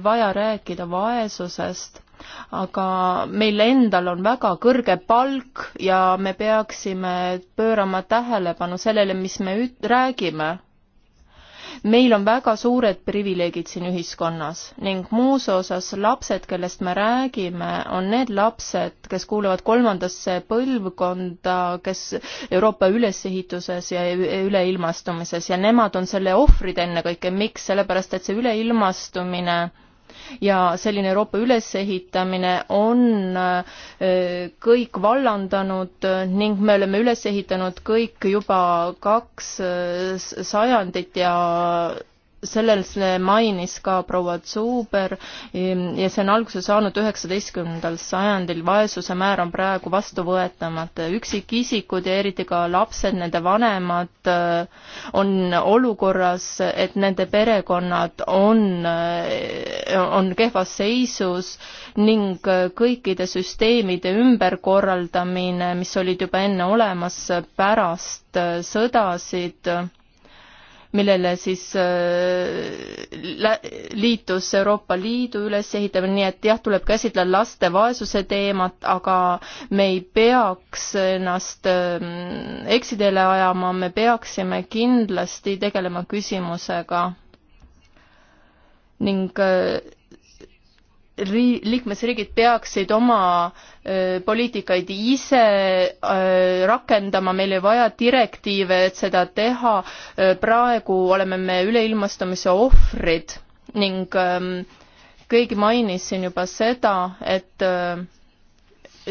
vaja rääkida vaesusest aga meil endal on väga kõrge palk ja me peaksime pöörama tähelepanu sellele, mis me üt-, räägime meil on väga suured privileegid siin ühiskonnas ning muus osas lapsed, kellest me räägime, on need lapsed, kes kuuluvad kolmandasse põlvkonda, kes Euroopa ülesehituses ja üleilmastumises ja nemad on selle ohvrid ennekõike, miks, sellepärast et see üleilmastumine ja selline Euroopa ülesehitamine on äh, kõik vallandanud ning me oleme üles ehitanud kõik juba kaks äh, sajandit ja sellele mainis ka proua Zuber ehm, ja see on alguse saanud üheksateistkümnendal sajandil, vaesuse määr on praegu vastuvõetamata, üksikisikud ja eriti ka lapsed, nende vanemad eh, on olukorras, et nende perekonnad on, eh, on kehvas seisus ning eh, kõikide süsteemide ümberkorraldamine, mis olid juba enne olemas pärast sõdasid, millele siis äh, liitus Euroopa Liidu ülesehitamine, nii et jah, tuleb käsitleda laste vaesuse teemat, aga me ei peaks ennast ähm, eksiteele ajama, me peaksime kindlasti tegelema küsimusega ning äh, rii-, liikmesriigid peaksid oma öö, poliitikaid ise öö, rakendama, meil ei vaja direktiive, et seda teha. praegu oleme me üleilmastumise ohvrid ning öö, keegi mainis siin juba seda, et öö,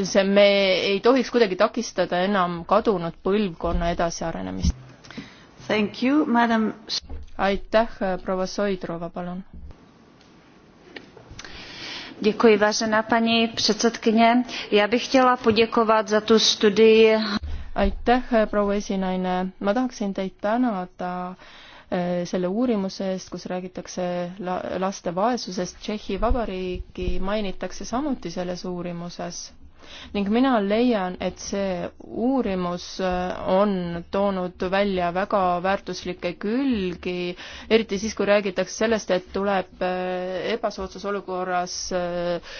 see, me ei tohiks kuidagi takistada enam kadunud põlvkonna edasiarenemist. aitäh, proua Soidrova, palun Děkuji, vážená paní předsedkyně. Já bych chtěla poděkovat za tu studii. aitäh, proua esinaine, ma tahaksin teid tänada eh, selle uurimuse eest, kus räägitakse laste vaesusest, Tšehhi Vabariiki mainitakse samuti selles uurimuses ning mina leian, et see uurimus äh, on toonud välja väga väärtuslikke külgi, eriti siis, kui räägitakse sellest, et tuleb äh, ebasoodsas olukorras äh,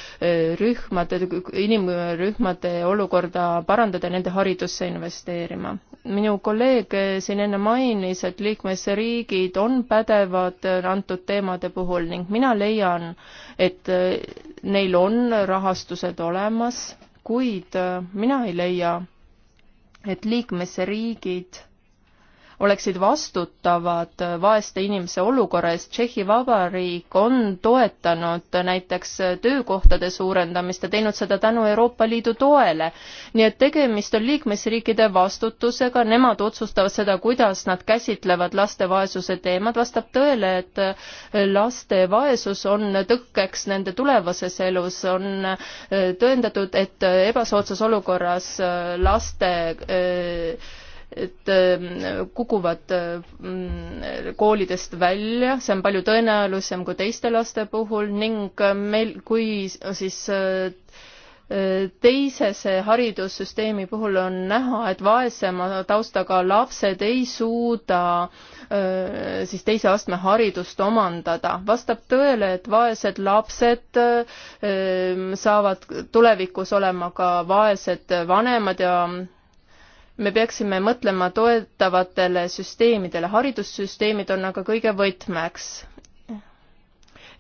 rühmade, inimrühmade olukorda parandada, nende haridusse investeerima. minu kolleeg siin enne mainis, et liikmesriigid on pädevad antud teemade puhul ning mina leian, et neil on rahastused olemas kuid äh, mina ei leia, et liikmesriigid oleksid vastutavad vaeste inimese olukorra eest. Tšehhi Vabariik on toetanud näiteks töökohtade suurendamist ja teinud seda tänu Euroopa Liidu toele. nii et tegemist on liikmesriikide vastutusega, nemad otsustavad seda, kuidas nad käsitlevad laste vaesuse teemad. vastab tõele, et laste vaesus on tõkkeks nende tulevases elus, on äh, tõendatud, et ebasoodsas olukorras äh, laste öö, äh, et ähm, kukuvad ähm, koolidest välja, see on palju tõenäolisem kui teiste laste puhul ning äh, meil, kui siis äh, äh, teisese haridussüsteemi puhul on näha, et vaesema taustaga lapsed ei suuda siis teise astme haridust omandada. vastab tõele, et vaesed lapsed saavad tulevikus olema ka vaesed vanemad ja me peaksime mõtlema toetavatele süsteemidele, haridussüsteemid on aga kõige võtmeks.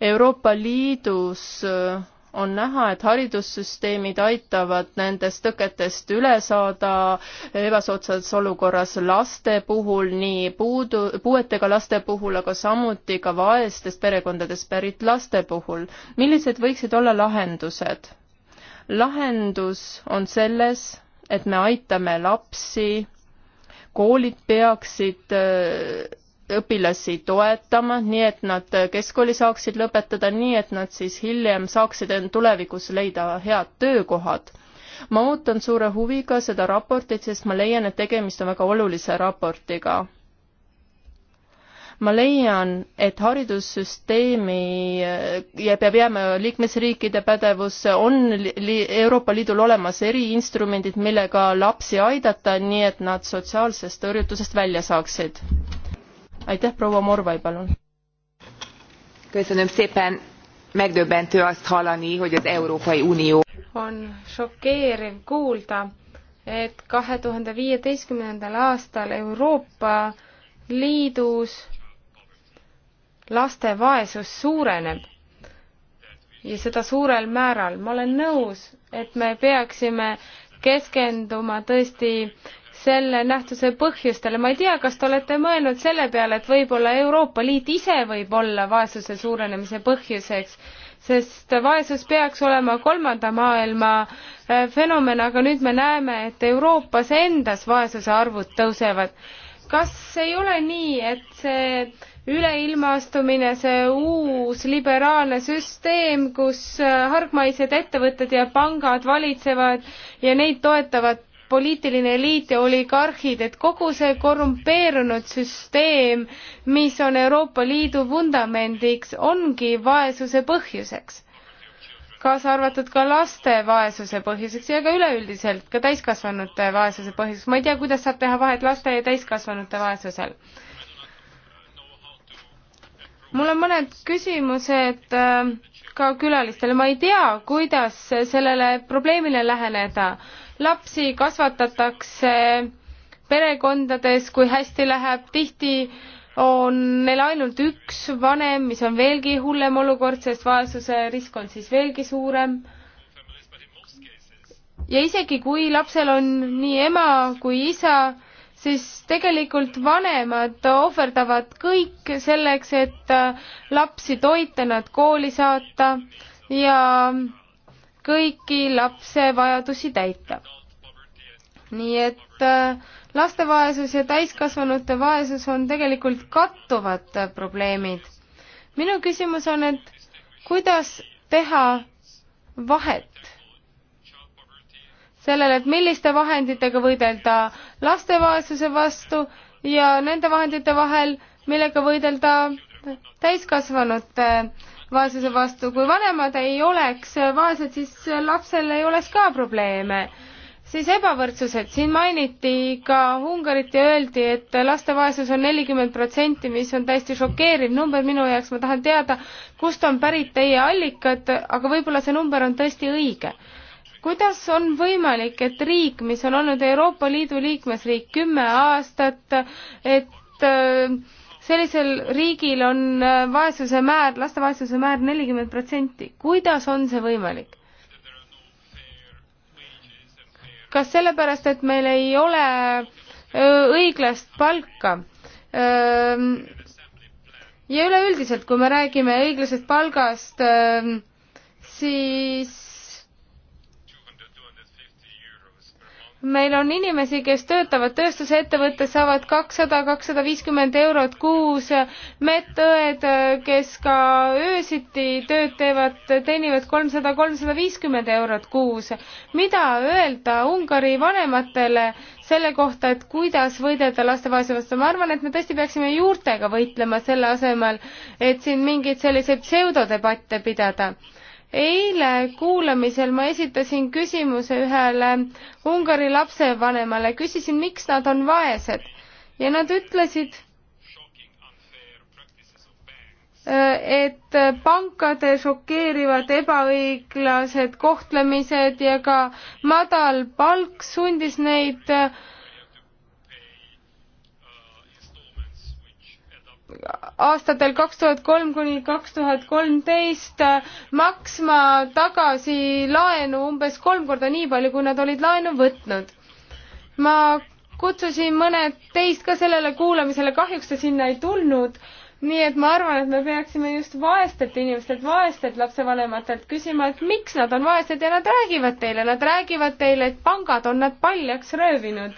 Euroopa Liidus äh, on näha, et haridussüsteemid aitavad nendest tõketest üle saada ebasoodsas olukorras laste puhul, nii puudu, puuetega laste puhul, aga samuti ka vaestest perekondadest pärit laste puhul. millised võiksid olla lahendused? lahendus on selles, et me aitame lapsi, koolid peaksid äh, õpilasi toetama, nii et nad äh, keskkooli saaksid lõpetada, nii et nad siis hiljem saaksid end tulevikus leida head töökohad. ma ootan suure huviga seda raportit, sest ma leian, et tegemist on väga olulise raportiga ma leian, et haridussüsteemi ja peab jääma liikmesriikide pädevusse, on li-, Euroopa Liidul olemas eriinstrumendid, millega lapsi aidata, nii et nad sotsiaalsest tõrjutusest välja saaksid. aitäh, proua Morvai, palun. köszönöm szépen, megdöbbentő azt hallani, hogy az Európai Unió on šokeeriv kuulda, et kahe tuhande viieteistkümnendal aastal Euroopa Liidus laste vaesus suureneb ja seda suurel määral. ma olen nõus, et me peaksime keskenduma tõesti selle nähtuse põhjustele. ma ei tea, kas te olete mõelnud selle peale, et võib-olla Euroopa Liit ise võib olla vaesuse suurenemise põhjuseks, sest vaesus peaks olema kolmanda maailma äh, fenomen, aga nüüd me näeme, et Euroopas endas vaesuse arvud tõusevad. kas ei ole nii, et see üleilmastumine, see uus liberaalne süsteem, kus äh, hargmaised ettevõtted ja pangad valitsevad ja neid toetavad poliitiline eliit ja oligarhid, et kogu see korrumpeerunud süsteem, mis on Euroopa Liidu vundamendiks, ongi vaesuse põhjuseks. kaasa arvatud ka laste vaesuse põhjuseks ja ka üleüldiselt ka täiskasvanute vaesuse põhjuseks. ma ei tea, kuidas saab teha vahet laste ja täiskasvanute vaesusel mul on mõned küsimused äh, ka külalistele, ma ei tea, kuidas sellele probleemile läheneda. lapsi kasvatatakse perekondades, kui hästi läheb, tihti on neil ainult üks vanem, mis on veelgi hullem olukord, sest vaesuse risk on siis veelgi suurem. ja isegi, kui lapsel on nii ema kui isa, siis tegelikult vanemad ohverdavad kõik selleks, et äh, lapsi toita, nad kooli saata ja kõiki lapse vajadusi täita. nii et äh, laste vaesus ja täiskasvanute vaesus on tegelikult kattuvad äh, probleemid. minu küsimus on, et kuidas teha vahet sellele, et milliste vahenditega võidelda laste vaesuse vastu ja nende vahendite vahel, millega võidelda täiskasvanute vaesuse vastu. kui vanemad ei oleks vaesed, siis lapsel ei oleks ka probleeme. siis ebavõrdsused, siin mainiti ka Ungarit ja öeldi, et laste vaesus on nelikümmend protsenti, mis on täiesti šokeeriv number minu jaoks, ma tahan teada, kust on pärit teie allikad, aga võib-olla see number on tõesti õige kuidas on võimalik, et riik, mis on olnud Euroopa Liidu liikmesriik kümme aastat, et äh, sellisel riigil on äh, vaesuse määr, laste vaesuse määr nelikümmend protsenti, kuidas on see võimalik? kas sellepärast, et meil ei ole äh, õiglast palka? Ähm, ja üleüldiselt, kui me räägime õiglasest palgast, ähm, siis meil on inimesi, kes töötavad tööstusettevõttes, saavad kakssada, kakssada viiskümmend eurot kuus, medõed, kes ka öösiti tööd teevad, teenivad kolmsada, kolmsada viiskümmend eurot kuus. mida öelda Ungari vanematele selle kohta, et kuidas võidelda laste vaesuse vastu, ma arvan, et me tõesti peaksime juurtega võitlema selle asemel, et siin mingeid selliseid pseudodebatte pidada eile kuulamisel ma esitasin küsimuse ühele Ungari lapsevanemale, küsisin, miks nad on vaesed ja nad ütlesid, äh, et pankade šokeerivad ebaõiglased kohtlemised ja ka madal palk sundis neid äh, aastatel kaks tuhat kolm kuni kaks tuhat kolmteist maksma tagasi laenu umbes kolm korda nii palju, kui nad olid laenu võtnud. ma kutsusin mõned teist ka sellele kuulamisele, kahjuks te sinna ei tulnud, nii et ma arvan, et me peaksime just vaestelt inimestelt, vaestelt lapsevanematelt küsima, et miks nad on vaesed ja nad räägivad teile, nad räägivad teile, et pangad on nad paljaks röövinud.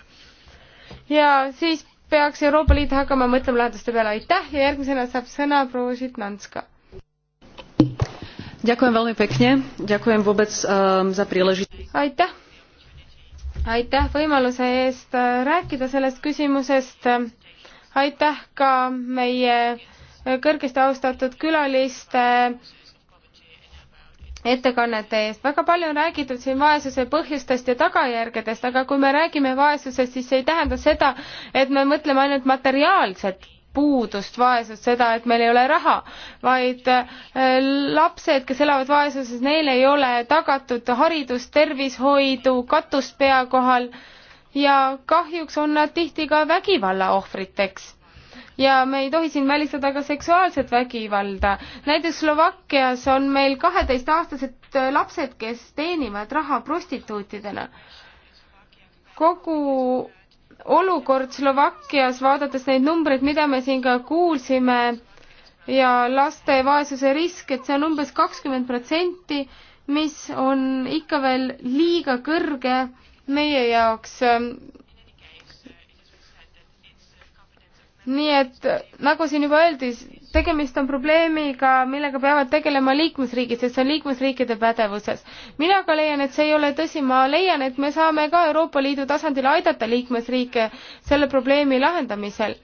ja siis peaks Euroopa Liit hakkama mõtlema lahenduste peale. aitäh ja järgmisena saab sõna proua Žitnanska. Ehm, aitäh, aitäh võimaluse eest äh, rääkida sellest küsimusest. aitäh ka meie kõrgesti austatud külaliste ettekannete eest. väga palju on räägitud siin vaesuse põhjustest ja tagajärgedest, aga kui me räägime vaesusest, siis see ei tähenda seda, et me mõtleme ainult materiaalset puudust, vaesust, seda, et meil ei ole raha, vaid äh, lapsed, kes elavad vaesuses, neil ei ole tagatud haridust, tervishoidu, katust pea kohal ja kahjuks on nad tihti ka vägivalla ohvriteks ja me ei tohi siin välistada ka seksuaalset vägivalda. näiteks Slovakkias on meil kaheteistaastased äh, lapsed, kes teenivad raha prostituutidena. kogu olukord Slovakkias, vaadates neid numbreid, mida me siin ka kuulsime, ja laste vaesuse risk, et see on umbes kakskümmend protsenti, mis on ikka veel liiga kõrge meie jaoks ähm, nii et nagu siin juba öeldi, tegemist on probleemiga, millega peavad tegelema liikmesriigid, sest see on liikmesriikide pädevuses. mina ka leian, et see ei ole tõsi, ma leian, et me saame ka Euroopa Liidu tasandil aidata liikmesriike selle probleemi lahendamisel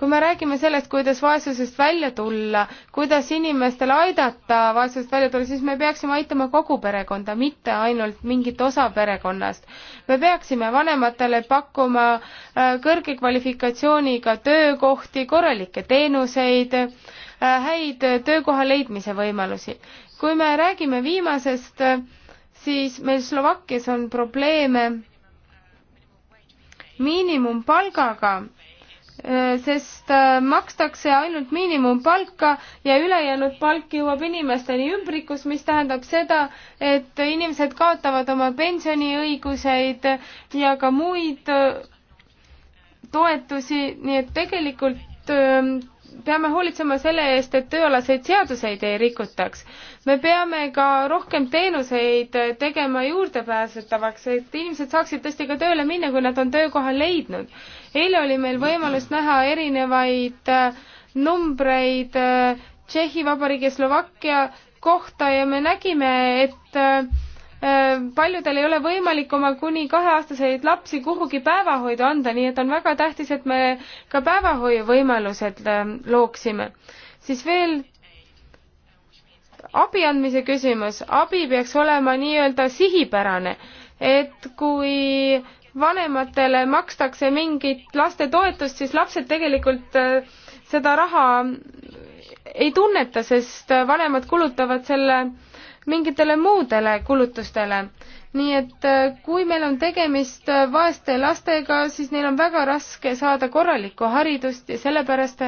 kui me räägime sellest, kuidas vaesusest välja tulla, kuidas inimestele aidata vaesusest välja tulla, siis me peaksime aitama kogu perekonda, mitte ainult mingit osa perekonnast. me peaksime vanematele pakkuma äh, kõrge kvalifikatsiooniga töökohti, korralikke teenuseid, äh, häid töökoha leidmise võimalusi. kui me räägime viimasest, siis meil Slovakkias on probleeme miinimumpalgaga Äh, sest äh, makstakse ainult miinimumpalka ja ülejäänud palk jõuab inimesteni ümbrikus, mis tähendab seda, et inimesed kaotavad oma pensioniõiguseid ja ka muid äh, toetusi, nii et tegelikult ähm, peame hoolitsema selle eest, et tööalaseid seaduseid ei rikutaks. me peame ka rohkem teenuseid tegema juurdepääsetavaks, et inimesed saaksid tõesti ka tööle minna, kui nad on töökoha leidnud eile oli meil võimalus näha erinevaid äh, numbreid äh, Tšehhi Vabariigi ja Slovakkia kohta ja me nägime, et äh, paljudel ei ole võimalik oma kuni kaheaastaseid lapsi kuhugi päevahoidu anda, nii et on väga tähtis, et me ka päevahoiu võimalused looksime. siis veel abi andmise küsimus, abi peaks olema nii-öelda sihipärane, et kui vanematele makstakse mingit lastetoetust, siis lapsed tegelikult äh, seda raha ei tunneta, sest äh, vanemad kulutavad selle mingitele muudele kulutustele. nii et äh, kui meil on tegemist vaeste lastega, siis neil on väga raske saada korralikku haridust ja sellepärast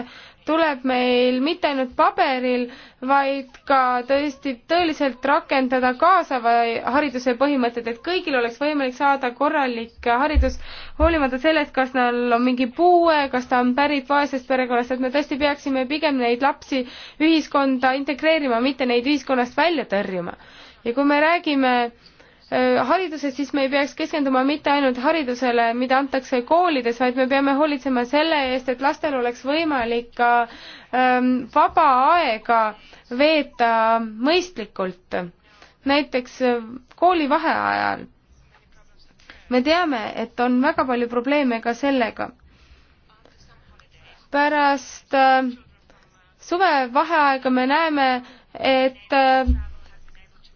tuleb meil mitte ainult paberil, vaid ka tõesti tõeliselt rakendada kaasava hariduse põhimõtted, et kõigil oleks võimalik saada korralik haridus, hoolimata sellest, kas neil on mingi puue, kas ta on pärit vaesest perekonnast, et me tõesti peaksime pigem neid lapsi ühiskonda integreerima, mitte neid ühiskonnast välja tõrjuma. ja kui me räägime äh, Äh, hariduses, siis me ei peaks keskenduma mitte ainult haridusele, mida antakse koolides, vaid me peame hoolitsema selle eest, et lastel oleks võimalik ka ähm, vaba aega veeta mõistlikult, näiteks äh, kooli vaheajal. me teame, et on väga palju probleeme ka sellega. pärast äh, suvevaheaega me näeme, et äh,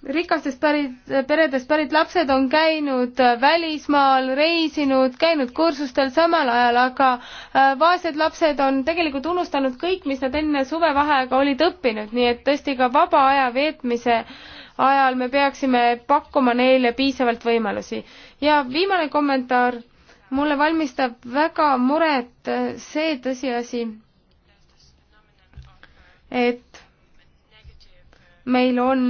rikastest pärit, peredest pärit lapsed on käinud äh, välismaal, reisinud, käinud kursustel samal ajal, aga äh, vaesed lapsed on tegelikult unustanud kõik, mis nad enne suvevaheaega olid õppinud, nii et tõesti ka vaba aja veetmise ajal me peaksime pakkuma neile piisavalt võimalusi. ja viimane kommentaar, mulle valmistab väga muret äh, see tõsiasi, et meil on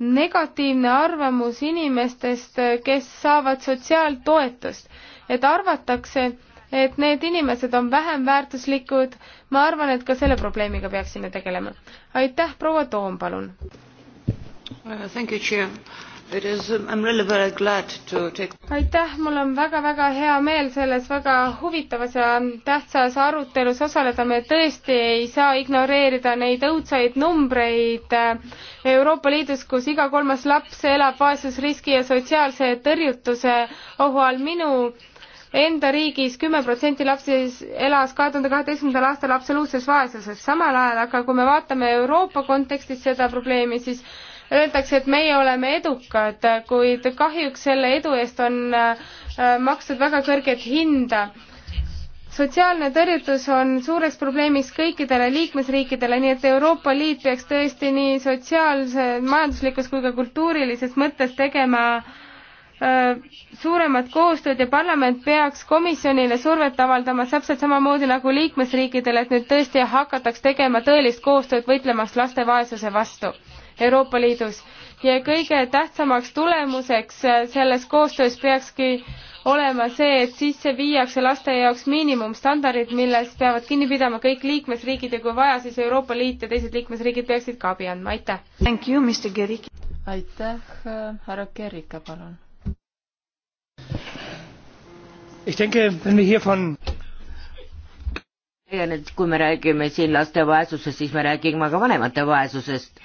negatiivne arvamus inimestest, kes saavad sotsiaaltoetust, et arvatakse, et need inimesed on vähem väärtuslikud, ma arvan, et ka selle probleemiga peaksime tegelema. aitäh, proua Toom, palun! Uh, Um, aitäh, mul on väga-väga hea meel selles väga huvitavas ja tähtsas arutelus osaleda, me tõesti ei saa ignoreerida neid õudsaid numbreid äh, Euroopa Liidus, kus iga kolmas laps elab vaesusriski ja sotsiaalse tõrjutuse ohu all. minu enda riigis kümme protsenti lapsi elas kahe tuhande kaheteistkümnendal aastal absoluutses vaesuses, samal ajal aga kui me vaatame Euroopa kontekstis seda probleemi, siis öeldakse, et meie oleme edukad, kuid kahjuks selle edu eest on äh, makstud väga kõrget hinda sotsiaalne tõrjutus on suureks probleemiks kõikidele liikmesriikidele, nii et Euroopa Liit peaks tõesti nii sotsiaalse, majanduslikus kui ka kultuurilises mõttes tegema öö, äh, suuremat koostööd ja parlament peaks komisjonile survet avaldama täpselt samamoodi nagu liikmesriikidele, et nüüd tõesti hakataks tegema tõelist koostööd võitlemaks laste vaesuse vastu Euroopa Liidus. ja kõige tähtsamaks tulemuseks selles koostöös peakski olema see, et sisse viiakse laste jaoks miinimumstandardid, millest peavad kinni pidama kõik liikmesriigid ja kui vaja, siis Euroopa Liit ja teised liikmesriigid peaksid ka abi andma, aitäh! aitäh, äh, härra Kerika, palun! kui me räägime siin laste vaesusest, siis me räägime ka vanemate vaesusest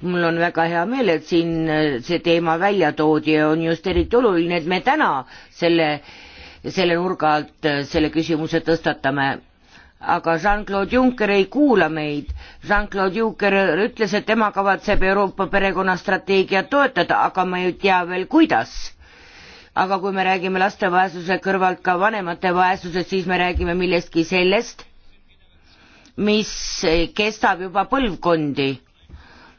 mul on väga hea meel, et siin äh, see teema välja toodi ja on just eriti oluline, et me täna selle, selle nurga alt äh, selle küsimuse tõstatame. aga Jean-Claude Juncker ei kuula meid. Jean-Claude Juncker ütles, et tema kavatseb Euroopa perekonnastrateegiat toetada, aga ma ei tea veel, kuidas aga kui me räägime laste vaesuse kõrvalt ka vanemate vaesusest, siis me räägime millestki sellest, mis eh, kestab juba põlvkondi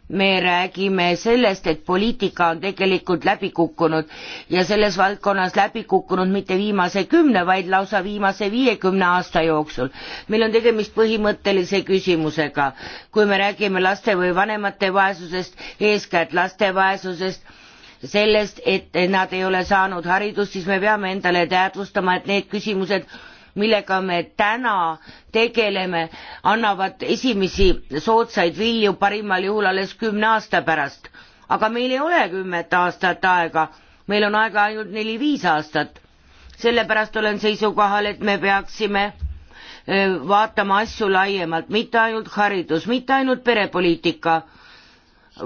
me räägime sellest, et poliitika on tegelikult läbi kukkunud ja selles valdkonnas läbi kukkunud mitte viimase kümne, vaid lausa viimase viiekümne aasta jooksul. meil on tegemist põhimõttelise küsimusega, kui me räägime laste või vanemate vaesusest, eeskätt laste vaesusest, sellest, et nad ei ole saanud haridust, siis me peame endale teadvustama, et need küsimused millega me täna tegeleme, annavad esimesi soodsaid vilju parimal juhul alles kümne aasta pärast. aga meil ei ole kümmet aastat aega, meil on aega ainult neli-viis aastat. sellepärast olen seisukohal, et me peaksime vaatama asju laiemalt, mitte ainult haridus, mitte ainult perepoliitika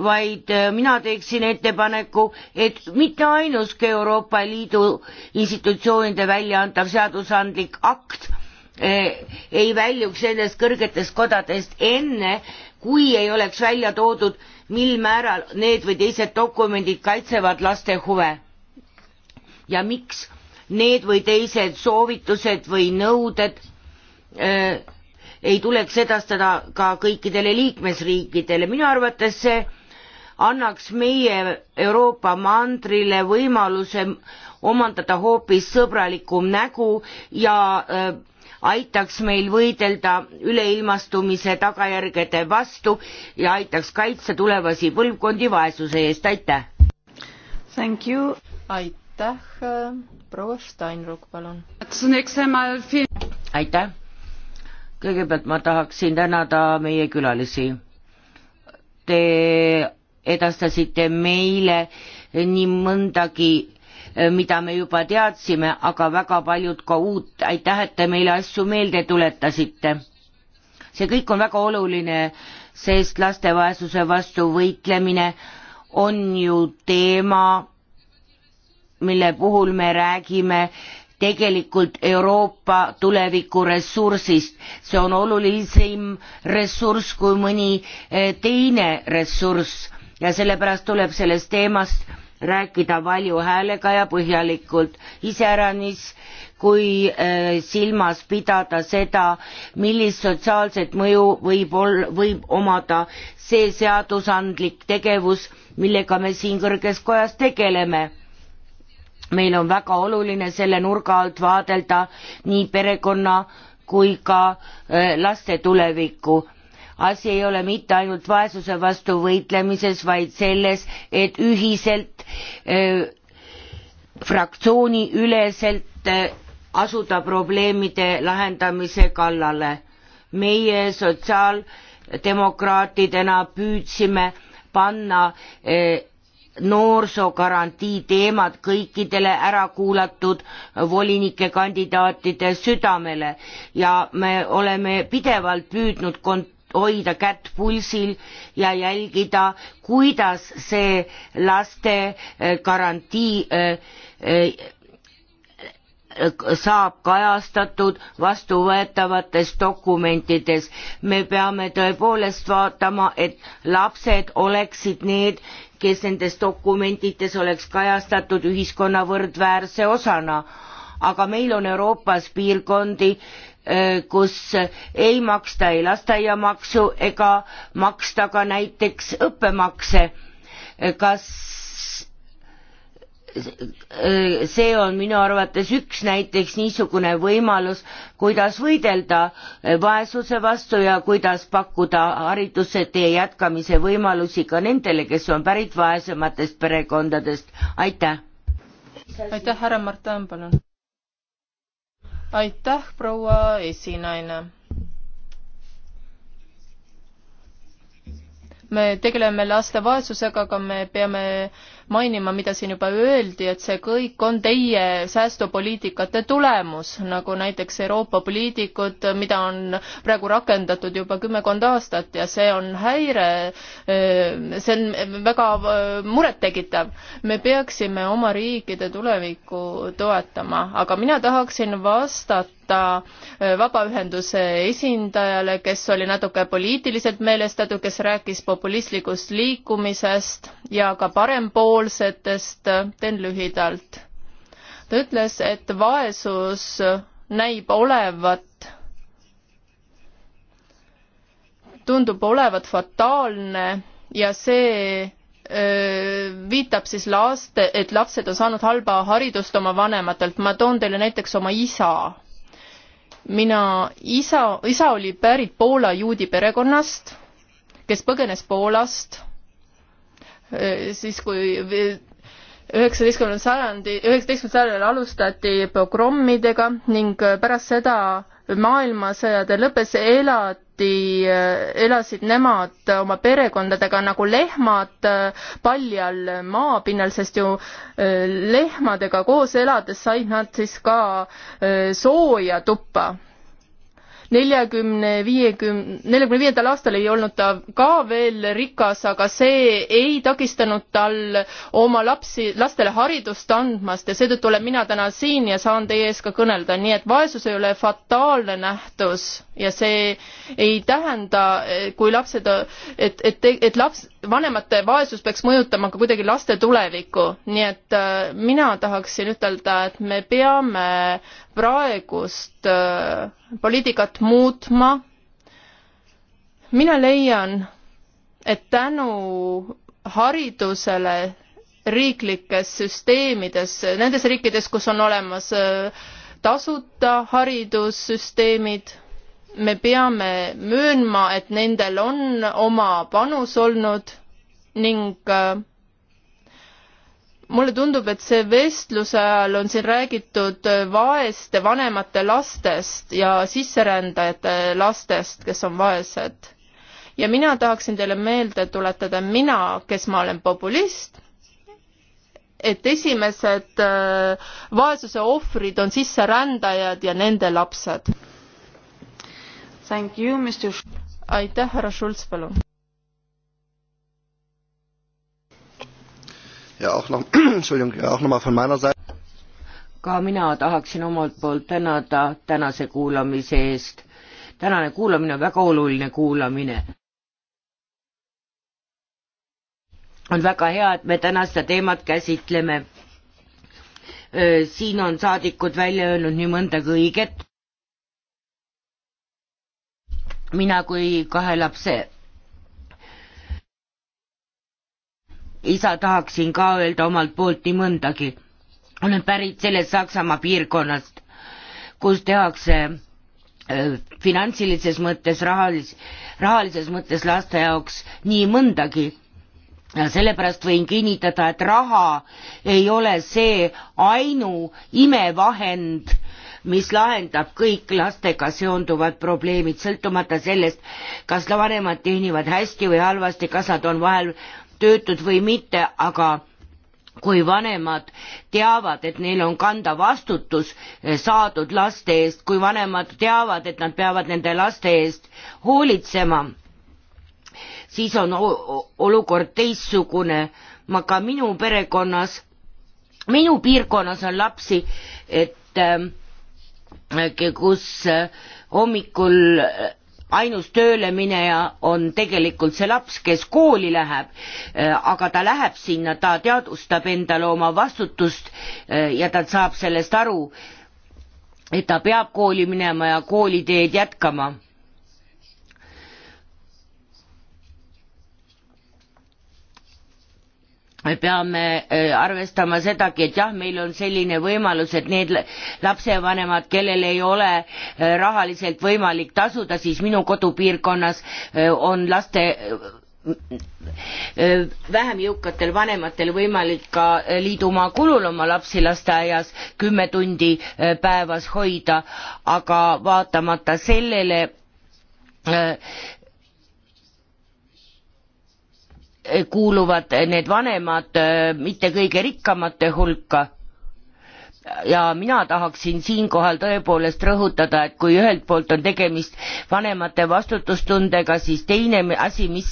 vaid äh, mina teeksin ettepaneku, et mitte ainuski Euroopa Liidu institutsioonide välja antav seadusandlik akt äh, ei väljuks nendest kõrgetest kodadest enne, kui ei oleks välja toodud, mil määral need või teised dokumendid kaitsevad laste huve ja miks need või teised soovitused või nõuded äh, ei tuleks edastada ka kõikidele liikmesriikidele. minu arvates see annaks meie Euroopa mandrile võimaluse omandada hoopis sõbralikum nägu ja öö, äh, aitaks meil võidelda üleilmastumise tagajärgede vastu ja aitaks kaitsta tulevasi põlvkondi vaesuse eest, aitäh! aitäh, äh, proua Steinruck, palun! aitäh! kõigepealt ma tahaksin tänada meie külalisi. Te edastasite meile nii mõndagi, eh, mida me juba teadsime, aga väga paljud ka uut, aitäh, et te meile asju meelde tuletasite. see kõik on väga oluline, sest laste vaesuse vastu võitlemine on ju teema, mille puhul me räägime tegelikult Euroopa tulevikuressursist. see on olulisem ressurss kui mõni eh, teine ressurss ja sellepärast tuleb sellest teemast rääkida valju häälega ja põhjalikult iseäranis kui äh, silmas pidada seda millist sotsiaalset mõju võib ol- võib omada see seadusandlik tegevus millega me siin kõrges kojas tegeleme meil on väga oluline selle nurga alt vaadelda nii perekonna kui ka äh, laste tulevikku asi ei ole mitte ainult vaesuse vastu võitlemises, vaid selles, et ühiselt äh, fraktsiooni üleselt äh, asuda probleemide lahendamise kallale. meie sotsiaaldemokraatidena püüdsime panna äh, noorsoogarantii teemad kõikidele ärakuulatud volinike kandidaatide südamele ja me oleme pidevalt püüdnud kont-, hoida kätt pulsil ja jälgida, kuidas see laste äh, garantii äh, äh, saab kajastatud vastuvõetavates dokumentides. me peame tõepoolest vaatama, et lapsed oleksid need, kes nendes dokumentides oleks kajastatud ühiskonna võrdväärse osana. aga meil on Euroopas piirkondi, Äh, kus ei maksta ei lasteaiamaksu ega maksta ka näiteks õppemakse. Äh, kas äh, see on minu arvates üks näiteks niisugune võimalus, kuidas võidelda vaesuse vastu ja kuidas pakkuda hariduse tee jätkamise võimalusi ka nendele, kes on pärit vaesematest perekondadest. aitäh. aitäh, härra Mart Tamm, palun aitäh, proua esinaine. me tegeleme laste vaesusega, aga me peame mainima, mida siin juba öeldi, et see kõik on teie säästupoliitikate tulemus, nagu näiteks Euroopa poliitikud, mida on praegu rakendatud juba kümmekond aastat ja see on häire, see on väga äh, murettekitav. me peaksime oma riikide tulevikku toetama, aga mina tahaksin vastata ta äh, vabaühenduse esindajale, kes oli natuke poliitiliselt meelestatud, kes rääkis populistlikust liikumisest ja ka parempoolsetest, teen lühidalt. ta ütles, et vaesus näib olevat, tundub olevat fataalne ja see äh, viitab siis laste, et lapsed on saanud halba haridust oma vanematelt. ma toon teile näiteks oma isa mina isa, isa oli pärit Poola juudi perekonnast, kes põgenes Poolast siis, kui üheksateistkümnendal sajandi, üheksateistkümnendal sajandil alustati pogrommidega ning äh, pärast seda maailmasõjade lõppes elad, elati, äh, elasid nemad oma perekondadega nagu lehmad äh, paljal maapinnal, sest ju äh, lehmadega koos elades said nad siis ka sooja tuppa neljakümne viiekümne, neljakümne viiendal aastal ei olnud ta ka veel rikas, aga see ei takistanud tal oma lapsi, lastele haridust andmast ja seetõttu olen mina täna siin ja saan teie ees ka kõnelda, nii et vaesus ei ole fataalne nähtus ja see ei tähenda, kui lapsed, et, et, et laps, vanemate vaesus peaks mõjutama ka kuidagi laste tulevikku, nii et äh, mina tahaksin ütelda, et me peame praegust äh, poliitikat muutma. mina leian, et tänu haridusele riiklikes süsteemides, nendes riikides, kus on olemas äh, tasuta haridussüsteemid me peame möönma, et nendel on oma panus olnud ning äh, mulle tundub, et see vestluse ajal on siin räägitud äh, vaeste vanemate lastest ja sisserändajate lastest, kes on vaesed. ja mina tahaksin teile meelde tuletada, mina, kes ma olen populist, et esimesed äh, vaesuse ohvrid on sisserändajad ja nende lapsed You, aitäh, härra Schulz, palun. [CLEARS THROAT] ka mina tahaksin omalt poolt tänada tänase kuulamise eest. tänane kuulamine on väga oluline kuulamine. on väga hea, et me täna seda teemat käsitleme. siin on saadikud välja öelnud nii mõndagi õiget mina kui kahe lapse isa tahaksin ka öelda omalt poolt nii mõndagi. olen pärit sellest Saksamaa piirkonnast, kus tehakse finantsilises mõttes, rahalis-, rahalises mõttes laste jaoks nii mõndagi. ja sellepärast võin kinnitada, et raha ei ole see ainu imevahend, mis lahendab kõik lastega seonduvad probleemid, sõltumata sellest, kas vanemad teenivad hästi või halvasti, kas nad on vahel töötud või mitte, aga kui vanemad teavad, et neil on kanda vastutus eh, saadud laste eest, kui vanemad teavad, et nad peavad nende laste eest hoolitsema, siis on olukord teistsugune. ma ka minu perekonnas, minu piirkonnas on lapsi, et äh, Äh, kus äh, hommikul äh, ainus tööle mineja on tegelikult see laps, kes kooli läheb, aga ta läheb sinna, ta teadvustab endale oma vastutust ja ta saab sellest aru, et ta peab kooli minema ja kooliteed jätkama me peame äh, arvestama sedagi, et jah, meil on selline võimalus, et need lapsevanemad, kellel ei ole äh, rahaliselt võimalik tasuda, siis minu kodupiirkonnas äh, on laste vähem jõukatel vanematel võimalik ka liidumaa kulul oma lapsi lasteaias kümme tundi päevas hoida, aga vaatamata sellele kuuluvad need vanemad äh, mitte kõige rikkamate hulka ja mina tahaksin siinkohal tõepoolest rõhutada et kui ühelt poolt on tegemist vanemate vastutustundega siis teine asi mis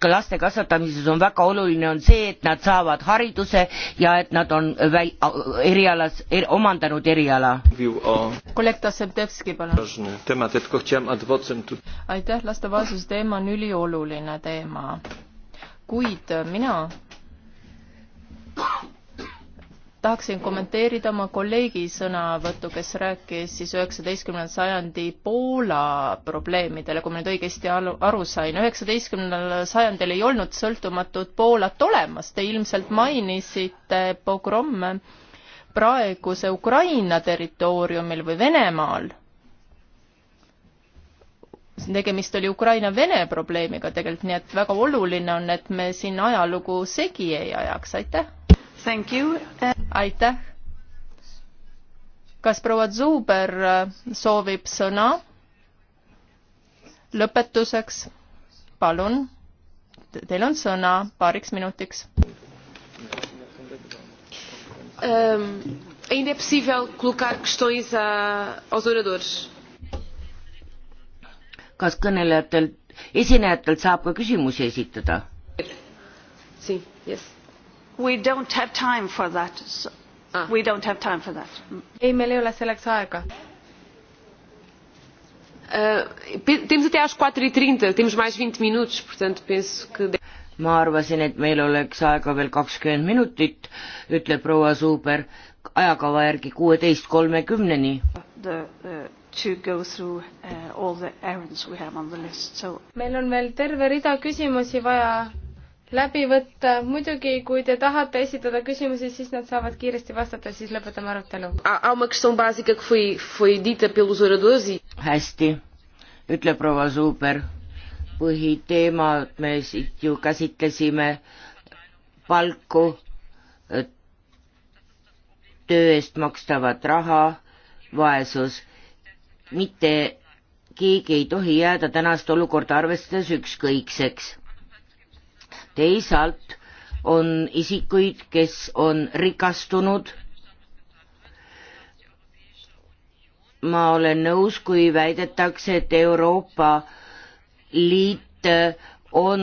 ka laste kasvatamises on väga oluline on see et nad saavad hariduse ja et nad on väl- erialas er, omandanud eriala kolleeg Tassevdevski palun aitäh laste vaesuse teema on ülioluline teema kuid äh, mina tahaksin kommenteerida oma kolleegi sõnavõttu, kes rääkis siis üheksateistkümnenda sajandi Poola probleemidele, kui ma nüüd õigesti aru sain. üheksateistkümnendal sajandil ei olnud sõltumatut Poolat olemas, te ilmselt mainisite pogromme praeguse Ukraina territooriumil või Venemaal tegemist oli Ukraina-Vene probleemiga tegelikult, nii et väga oluline on, et me siin ajalugu segi ei ajaks, aitäh! aitäh! kas proua Zuber äh, soovib sõna? lõpetuseks, palun, teil on sõna paariks minutiks um,. Ainda é possível colocar questões a, aos oradores? kas kõnelejatel, esinejatelt saab ka küsimusi esitada? Si, yes. We don't have time for that so. Ah. We don't have time for that. ei, meil ei ole selleks aega uh,. Temos até às quatro e trinta, temos mais vinte minutos, portanto penso que ma arvasin, et meil oleks aega veel kakskümmend minutit, ütleb proua Suuber, ajakava järgi kuueteist kolmekümneni. The uh, to go through uh, all the errands we have on the list, so. meil on veel terve rida küsimusi vaja läbi võtta, muidugi kui te tahate esitada küsimusi, siis nad saavad kiiresti vastata, siis lõpetame arutelu. E- hästi, ütle proua Suuber, põhiteemad me siit ju käsitlesime, palku, töö eest makstavat raha, vaesus mitte keegi ei tohi jääda tänast olukorda arvestades ükskõikseks. teisalt on isikuid, kes on rikastunud. ma olen nõus, kui väidetakse, et Euroopa Liit on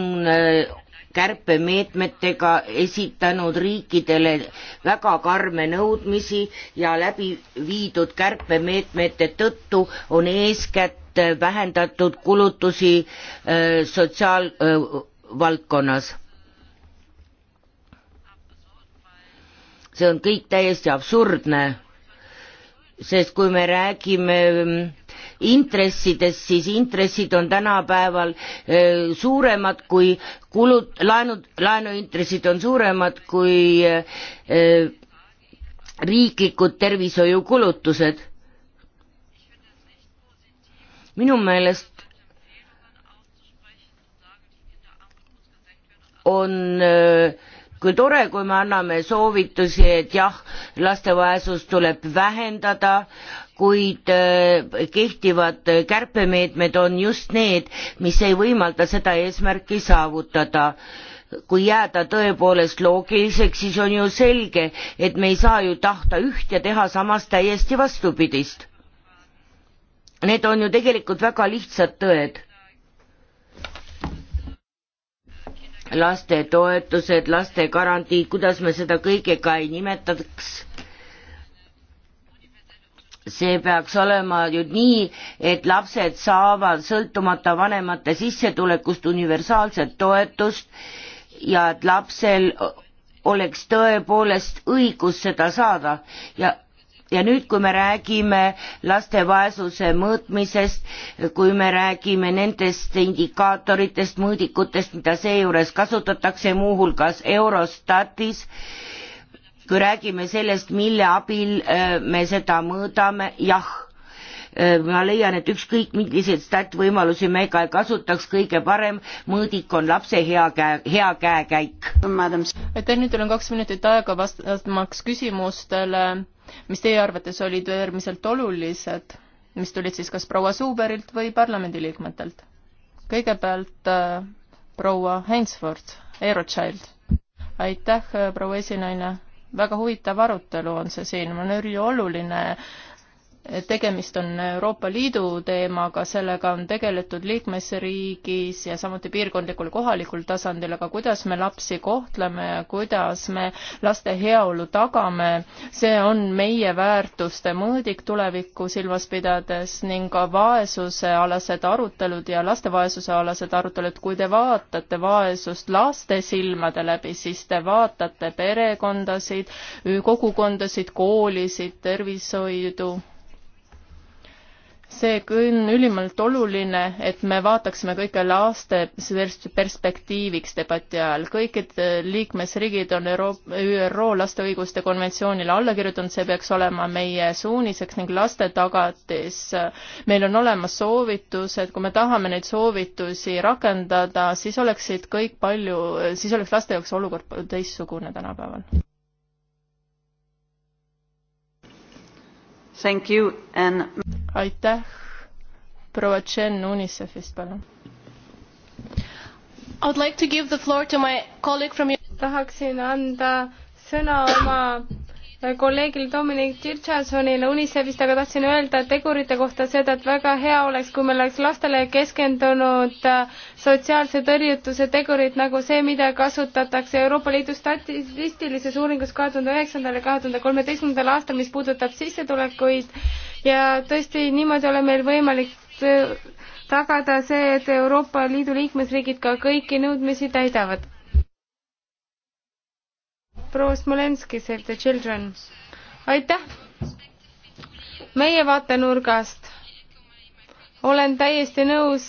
kärpemeetmetega esitanud riikidele väga karme nõudmisi ja läbi viidud kärpemeetmete tõttu on eeskätt vähendatud kulutusi äh, sotsiaalvaldkonnas. Äh, see on kõik täiesti absurdne sest kui me räägime mm, intressidest, siis intressid on tänapäeval e, suuremad kui kulud, laenud, laenuintressid on suuremad kui e, riiklikud tervishoiukulutused. minu meelest on öö, e, kui tore, kui me anname soovitusi, et jah, laste vaesust tuleb vähendada, kuid äh, kehtivad kärpemeetmed on just need, mis ei võimalda seda eesmärki saavutada kui jääda tõepoolest loogiliseks, siis on ju selge, et me ei saa ju tahta üht ja teha samas täiesti vastupidist. Need on ju tegelikult väga lihtsad tõed lastetoetused, lastegarantiid, kuidas me seda kõike ka ei nimetaks see peaks olema ju nii, et lapsed saavad sõltumata vanemate sissetulekust universaalset toetust ja et lapsel oleks tõepoolest õigus seda saada ja ja nüüd, kui me räägime laste vaesuse mõõtmisest, kui me räägime nendest indikaatoritest, mõõdikutest, mida seejuures kasutatakse, muuhulgas Eurostatis, kui räägime sellest, mille abil äh, me seda mõõdame, jah, äh, ma leian, et ükskõik milliseid statvõimalusi me ka ei kasutaks, kõige parem mõõdik on lapse hea käe, hea käekäik. aitäh, nüüd teil on kaks minutit aega vastamaks küsimustele mis teie arvates olid äärmiselt olulised, mis tulid siis kas proua Suuberilt või parlamendiliikmetelt? kõigepealt äh, proua Hainsford, Aerochild. aitäh, äh, proua esinaine, väga huvitav arutelu on see siin, on ülioluline tegemist on Euroopa Liidu teemaga, sellega on tegeletud liikmesriigis ja samuti piirkondlikul kohalikul tasandil, aga kuidas me lapsi kohtleme ja kuidas me laste heaolu tagame, see on meie väärtuste mõõdik tulevikku silmas pidades ning ka vaesusealased arutelud ja laste vaesusealased arutelud, kui te vaatate vaesust laste silmade läbi, siis te vaatate perekondasid, kogukondasid, koolisid, tervishoidu seega on ülimalt oluline, et me vaataksime kõike laste perspektiiviks debati ajal. kõikid äh, liikmesriigid on Euroopa, ÜRO laste õiguste konventsioonile alla kirjutanud, see peaks olema meie suuniseks ning laste tagatis. meil on olemas soovitused, kui me tahame neid soovitusi rakendada, siis oleksid kõik palju, siis oleks laste jaoks olukord teistsugune tänapäeval. Thank you and aitäh, proua Chen UNICEF-ist, palun. I would like to give the floor to my colleague from tahaksin anda sõna oma kolleegile Dominic Tširtšasonile UNICEF-ist, aga tahtsin öelda tegurite kohta seda, et väga hea oleks, kui meil oleks lastele keskendunud sotsiaalse tõrjutuse tegurid nagu see, mida kasutatakse Euroopa Liidu statistilises uuringus kahe tuhande üheksandal ja kahe tuhande kolmeteistkümnendal aastal, mis puudutab sissetulekuid ja tõesti, niimoodi on meil võimalik äh, tagada see, et Euroopa Liidu liikmesriigid ka kõiki nõudmisi täidavad. proua Smolenski, Save the Children. aitäh! meie vaatenurgast olen täiesti nõus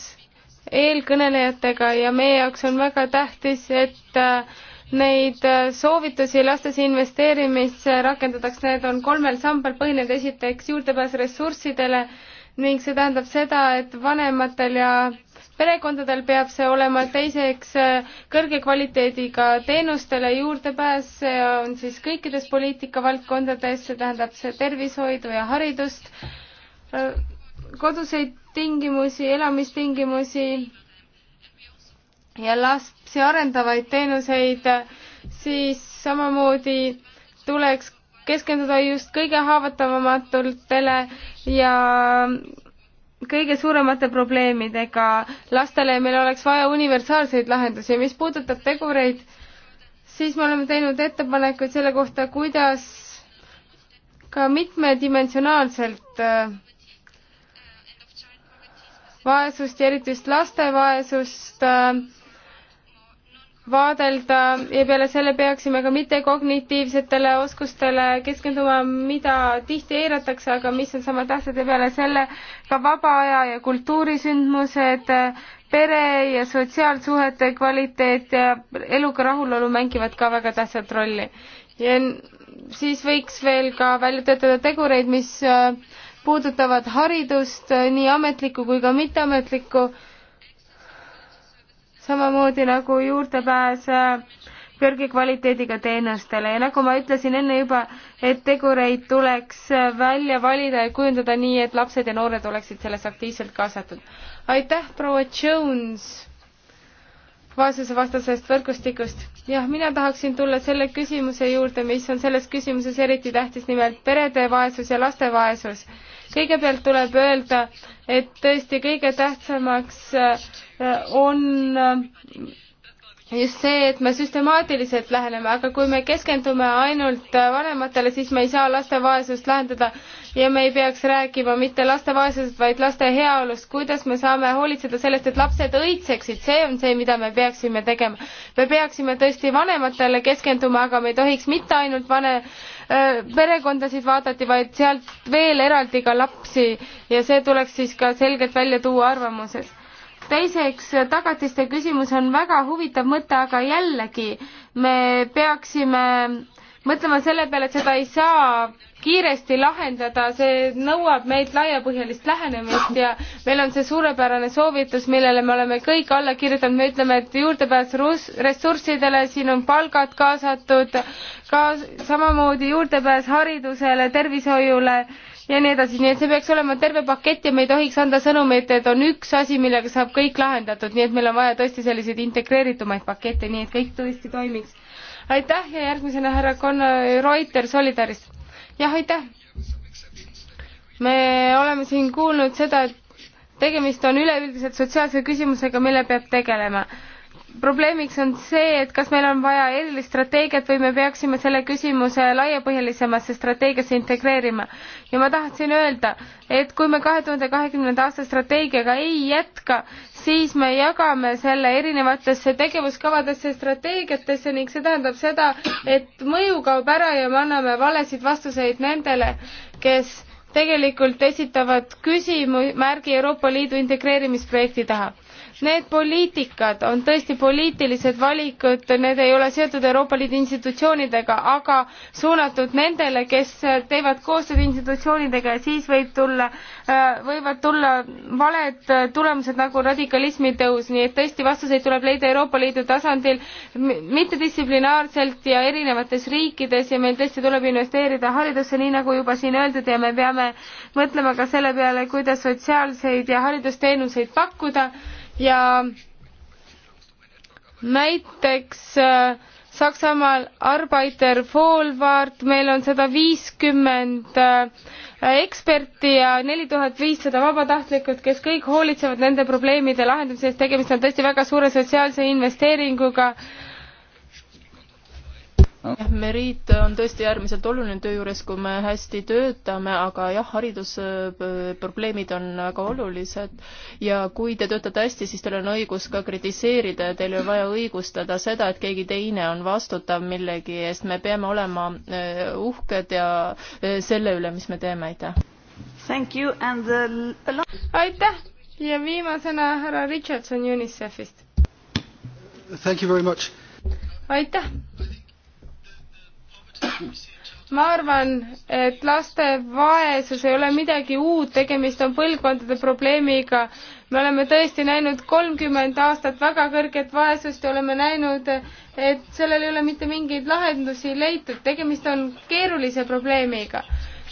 eelkõnelejatega ja meie jaoks on väga tähtis, et äh, Neid äh, soovitusi lastesse investeerimisse rakendatakse, need on kolmel sambal põhinevad, esiteks juurdepääs ressurssidele ning see tähendab seda, et vanematel ja perekondadel peab see olema, teiseks äh, kõrge kvaliteediga teenustele juurdepääs, see on siis kõikides poliitikavaldkondades, see tähendab see tervishoidu ja haridust, äh, koduseid tingimusi, elamistingimusi ja lapsi arendavaid teenuseid, siis samamoodi tuleks keskenduda just kõige haavatavamatutele ja kõige suuremate probleemidega lastele ja meil oleks vaja universaalseid lahendusi. mis puudutab tegureid, siis me oleme teinud ettepanekuid selle kohta, kuidas ka mitmedimensionaalselt äh, vaesust ja eriti just laste vaesust äh, vaadelda ja peale selle peaksime ka mittekognitiivsetele oskustele keskenduma, mida tihti eiratakse, aga mis on sama tähtsad ja peale selle ka vaba aja ja kultuurisündmused, pere ja sotsiaalsuhete kvaliteet ja eluga rahulolu mängivad ka väga tähtsat rolli. ja siis võiks veel ka välja töötada tegureid, mis äh, puudutavad haridust, äh, nii ametlikku kui ka mitteametlikku samamoodi nagu juurdepääs äh, kõrge kvaliteediga teenustele ja nagu ma ütlesin enne juba, et tegureid tuleks äh, välja valida ja kujundada nii, et lapsed ja noored oleksid selles aktiivselt kaasatud. aitäh, proua Jones vaesusevastasest võrgustikust. jah, mina tahaksin tulla selle küsimuse juurde, mis on selles küsimuses eriti tähtis, nimelt perede vaesus ja laste vaesus. kõigepealt tuleb öelda, et tõesti kõige tähtsamaks äh, on just see, et me süstemaatiliselt läheneme, aga kui me keskendume ainult vanematele, siis me ei saa laste vaesust lahendada ja me ei peaks rääkima mitte laste vaesusest, vaid laste heaolust, kuidas me saame hoolitseda sellest, et lapsed õitseksid, see on see, mida me peaksime tegema. me peaksime tõesti vanematele keskenduma, aga me ei tohiks mitte ainult vane- äh,, perekondasid vaadata, vaid sealt veel eraldi ka lapsi ja see tuleks siis ka selgelt välja tuua arvamuses teiseks, tagatiste küsimus on väga huvitav mõte, aga jällegi me peaksime mõtlema selle peale, et seda ei saa kiiresti lahendada, see nõuab meilt laiapõhjalist lähenemist ja meil on see suurepärane soovitus, millele me oleme kõik alla kirjutanud, me ütleme, et juurdepääs ressurssidele, siin on palgad kaasatud, ka samamoodi juurdepääs haridusele, tervishoiule ja nii edasi, nii et see peaks olema terve pakett ja me ei tohiks anda sõnumit, et on üks asi, millega saab kõik lahendatud, nii et meil on vaja tõesti selliseid integreeritumaid pakette, nii et kõik tõesti toimiks. aitäh ja järgmisena härra Connor äh, Reuter Solidarist. jah, aitäh. me oleme siin kuulnud seda, et tegemist on üleüldiselt sotsiaalse küsimusega, mille peab tegelema probleemiks on see, et kas meil on vaja erilist strateegiat või me peaksime selle küsimuse laiapõhjalisemasse strateegiasse integreerima. ja ma tahtsin öelda, et kui me kahe tuhande kahekümnenda aasta strateegiaga ei jätka, siis me jagame selle erinevatesse tegevuskavadesse, strateegiatesse ning see tähendab seda, et mõju kaob ära ja me anname valesid vastuseid nendele, kes tegelikult esitavad küsimärgi Euroopa Liidu integreerimisprojekti taha Need poliitikad on tõesti poliitilised valikud, need ei ole seotud Euroopa Liidu institutsioonidega, aga suunatud nendele, kes teevad koostööd institutsioonidega ja siis võib tulla, äh, võivad tulla valed tulemused nagu radikalismi tõus, nii et tõesti vastuseid tuleb leida Euroopa Liidu tasandil mittedistsiplinaarselt ja erinevates riikides ja meil tõesti tuleb investeerida haridusse, nii nagu juba siin öeldud ja me peame mõtlema ka selle peale, kuidas sotsiaalseid ja haridusteenuseid pakkuda ja näiteks äh, Saksamaal Arbeiter Vollwart, meil on sada viiskümmend äh, eksperti ja neli tuhat viissada vabatahtlikud, kes kõik hoolitsevad nende probleemide lahendamise eest, tegemist on tõesti väga suure sotsiaalse investeeringuga äh, Merit on tõesti äärmiselt oluline töö juures, kui me hästi töötame, aga jah, haridusprobleemid on väga olulised ja kui te töötate hästi, siis teil on õigus ka kritiseerida ja teil ei ole vaja õigustada seda, et keegi teine on vastutav millegi eest, me peame olema eh, uhked ja eh, selle üle, mis me teeme, aitäh! The... Uh, aitäh ja viimasena härra Richardson UNICEF-ist. aitäh! ma arvan, et laste vaesus ei ole midagi uut, tegemist on põlvkondade probleemiga. me oleme tõesti näinud kolmkümmend aastat väga kõrget vaesust ja oleme näinud, et sellel ei ole mitte mingeid lahendusi leitud, tegemist on keerulise probleemiga.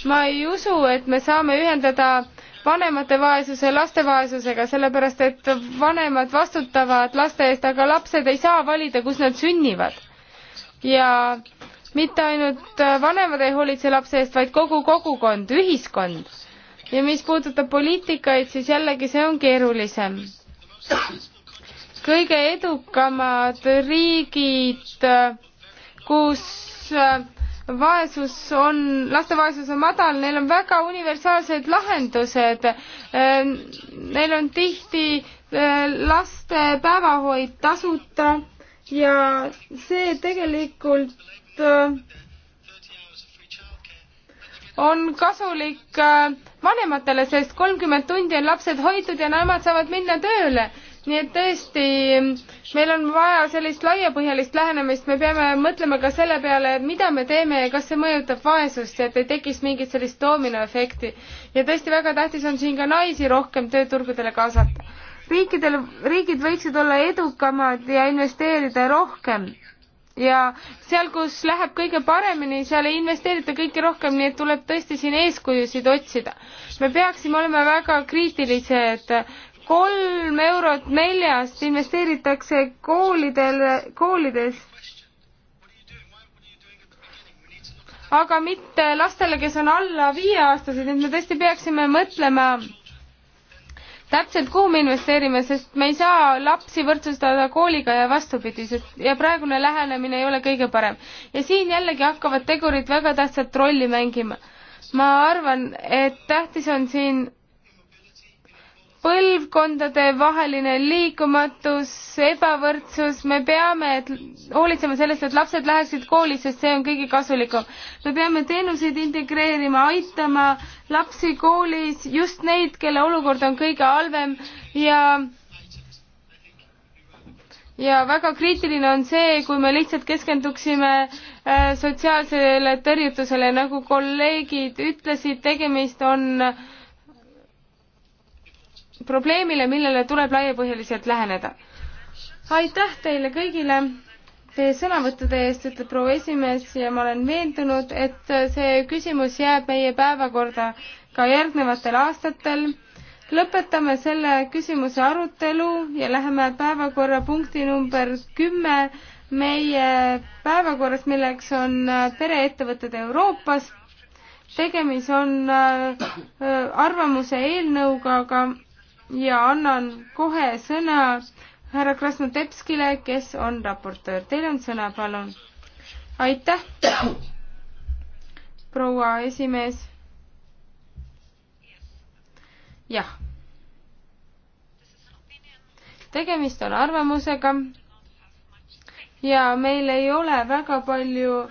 ma ei usu, et me saame ühendada vanemate vaesuse laste vaesusega, sellepärast et vanemad vastutavad laste eest, aga lapsed ei saa valida, kus nad sünnivad. ja mitte ainult äh, vanemad ei hoolitse lapse eest, vaid kogu kogukond, ühiskond. ja mis puudutab poliitikaid, siis jällegi see on keerulisem. kõige edukamad riigid, äh, kus äh, vaesus on, laste vaesus on madal, neil on väga universaalsed lahendused. Neil on tihti laste päevahoid tasuta ja see tegelikult Äh, on kasulik äh, vanematele, sest kolmkümmend tundi on lapsed hoitud ja nemad saavad minna tööle. nii et tõesti, meil on vaja sellist laiapõhjalist lähenemist, me peame mõtlema ka selle peale, mida me teeme ja kas see mõjutab vaesust, et ei tekiks mingit sellist dominoefekti. ja tõesti väga tähtis on siin ka naisi rohkem tööturgudele kaasata. riikidel, riigid võiksid olla edukamad ja investeerida rohkem ja seal, kus läheb kõige paremini, seal ei investeerita kõike rohkem, nii et tuleb tõesti siin eeskujusid otsida. me peaksime olema väga kriitilised. kolm eurot neljast investeeritakse koolidele, koolides. aga mitte lastele, kes on alla viieaastased, et me tõesti peaksime mõtlema täpselt, kuhu me investeerime, sest me ei saa lapsi võrdsustada kooliga ja vastupidiselt ja praegune lähenemine ei ole kõige parem. ja siin jällegi hakkavad tegurid väga tähtsat rolli mängima. ma arvan, et tähtis on siin põlvkondade vaheline liikumatus, ebavõrdsus, me peame hoolitsema sellest, et lapsed läheksid kooli, sest see on kõige kasulikum. me peame teenuseid integreerima, aitama lapsi koolis, just neid, kelle olukord on kõige halvem ja ja väga kriitiline on see, kui me lihtsalt keskenduksime äh, sotsiaalsele tõrjutusele, nagu kolleegid ütlesid, tegemist on äh, probleemile, millele tuleb laiapõhjaliselt läheneda. aitäh teile kõigile teie sõnavõttude eest, ütleb proua esimees ja ma olen veendunud, et see küsimus jääb meie päevakorda ka järgnevatel aastatel. lõpetame selle küsimuse arutelu ja läheme päevakorrapunkti number kümme meie päevakorras, milleks on pereettevõtted Euroopas. tegemist on äh, arvamuse eelnõuga, aga ja annan kohe sõna härra Krasnodebskile, kes on raportöör. Teil on sõna, palun. aitäh, proua esimees. jah. tegemist on arvamusega ja meil ei ole väga palju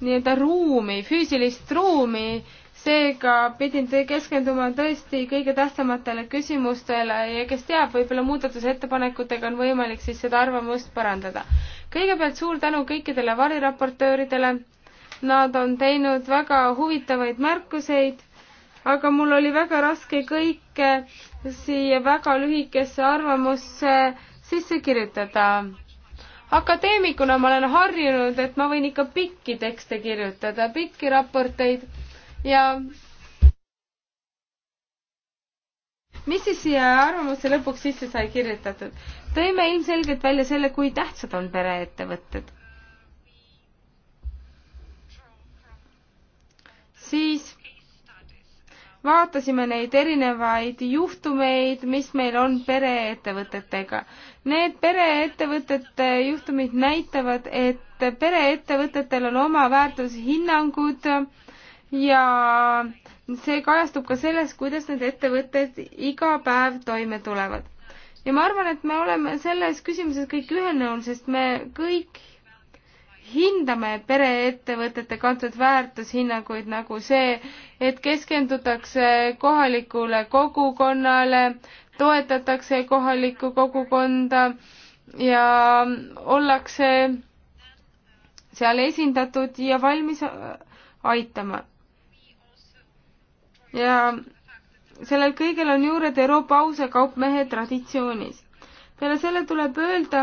nii-öelda ruumi, füüsilist ruumi seega pidin keskenduma tõesti kõige tähtsamatele küsimustele ja kes teab, võib-olla muudatusettepanekutega on võimalik siis seda arvamust parandada. kõigepealt suur tänu kõikidele variraportööridele. Nad on teinud väga huvitavaid märkuseid aga mul oli väga raske kõike siia väga lühikesse arvamusse sisse kirjutada. akadeemikuna ma olen harjunud, et ma võin ikka pikki tekste kirjutada, pikki raporteid ja mis siis siia arvamusse lõpuks sisse sai kirjutatud? tõime ilmselgelt välja selle, kui tähtsad on pereettevõtted. siis vaatasime neid erinevaid juhtumeid, mis meil on pereettevõtetega. Need pereettevõtete juhtumid näitavad, et pereettevõtetel on oma väärtushinnangud äh, ja see kajastub ka selles, kuidas need ettevõtted iga päev toime tulevad. ja ma arvan, et me oleme selles küsimuses kõik ühel nõul, sest me kõik hindame pereettevõtete kantud väärtushinnanguid nagu see, et keskendutakse kohalikule kogukonnale, toetatakse kohalikku kogukonda ja ollakse seal esindatud ja valmis aitama ja sellel kõigel on juured Euroopa ausa kaupmehe traditsioonis. peale selle tuleb öelda,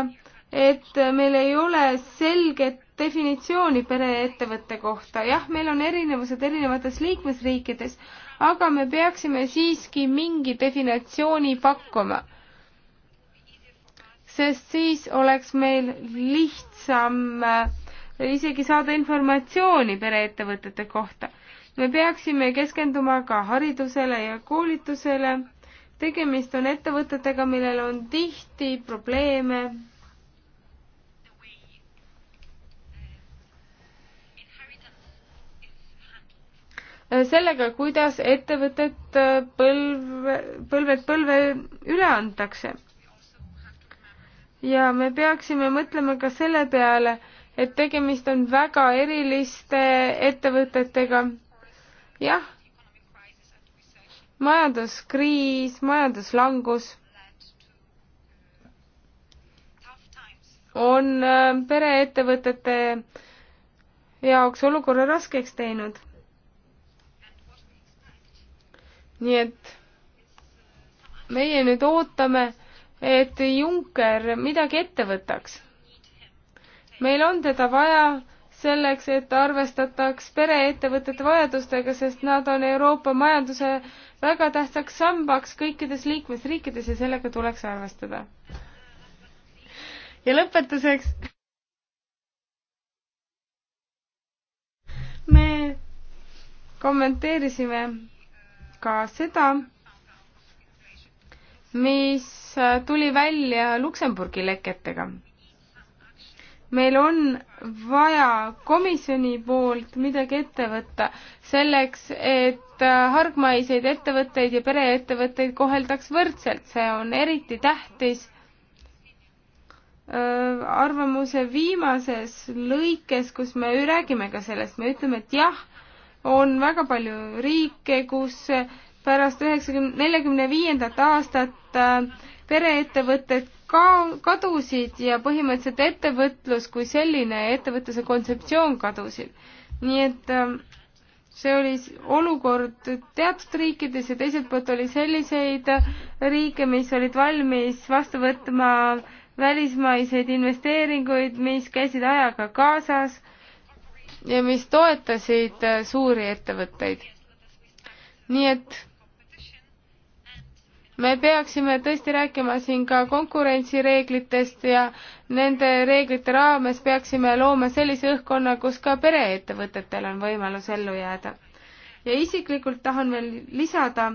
et meil ei ole selget definitsiooni pereettevõtte kohta. jah, meil on erinevused erinevates liikmesriikides, aga me peaksime siiski mingi definitsiooni pakkuma. sest siis oleks meil lihtsam äh, isegi saada informatsiooni pereettevõtete kohta me peaksime keskenduma ka haridusele ja koolitusele. tegemist on ettevõtetega, millel on tihti probleeme sellega, kuidas ettevõtet põlv, põlvelt põlve üle antakse. ja me peaksime mõtlema ka selle peale, et tegemist on väga eriliste ettevõtetega jah, majanduskriis, majanduslangus on äh, pereettevõtete jaoks olukorra raskeks teinud. nii et meie nüüd ootame, et Juncker midagi ette võtaks. meil on teda vaja selleks, et arvestataks pereettevõtete vajadustega, sest nad on Euroopa majanduse väga tähtsaks sambaks kõikides liikmesriikides ja sellega tuleks arvestada. ja lõpetuseks. me kommenteerisime ka seda, mis tuli välja Luksemburgi leketega meil on vaja komisjoni poolt midagi ette võtta selleks, et äh, hargmaiseid ettevõtteid ja pereettevõtteid koheldaks võrdselt, see on eriti tähtis. Äh, arvamuse viimases lõikes, kus me räägime ka sellest, me ütleme, et jah, on väga palju riike, kus pärast üheksakümne, neljakümne viiendat aastat äh, pereettevõtted ka-, kadusid ja põhimõtteliselt ettevõtlus kui selline ja ettevõtluse kontseptsioon kadusid. nii et ähm, see oli olukord teatud riikides ja teiselt poolt oli selliseid äh, riike, mis olid valmis vastu võtma välismaiseid investeeringuid, mis käisid ajaga kaasas ja mis toetasid äh, suuri ettevõtteid. nii et me peaksime tõesti rääkima siin ka konkurentsireeglitest ja nende reeglite raames peaksime looma sellise õhkkonna, kus ka pereettevõtetel on võimalus ellu jääda. ja isiklikult tahan veel lisada,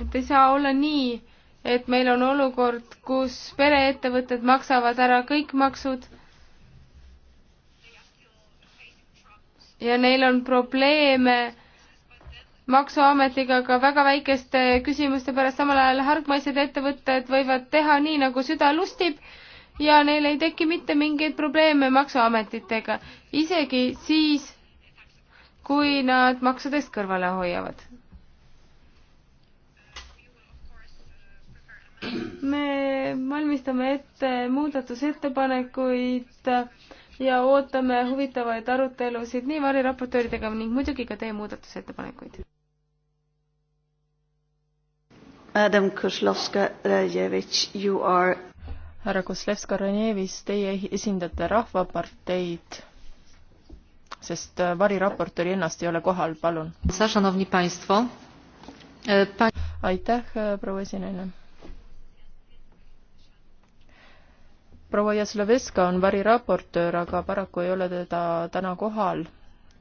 et ei saa olla nii, et meil on olukord, kus pereettevõtted maksavad ära kõik maksud ja neil on probleeme maksuametiga ka väga väikeste küsimuste pärast, samal ajal hargmaised ettevõtted võivad teha nii, nagu süda lustib ja neil ei teki mitte mingeid probleeme maksuametitega, isegi siis, kui nad maksudest kõrvale hoiavad. me valmistame ette muudatusettepanekuid ja ootame huvitavaid arutelusid nii variraportööridega ning muidugi ka teie muudatusettepanekuid. Madam Kozlovska-Rajevitš, you are härra Koslevska-Rajevis, teie esindate Rahvaparteid, sest äh, variraportööri ennast ei ole kohal, palun. E, aitäh, e, proua esinaine. proua Jasloveska on variraportöör, aga paraku ei ole teda täna kohal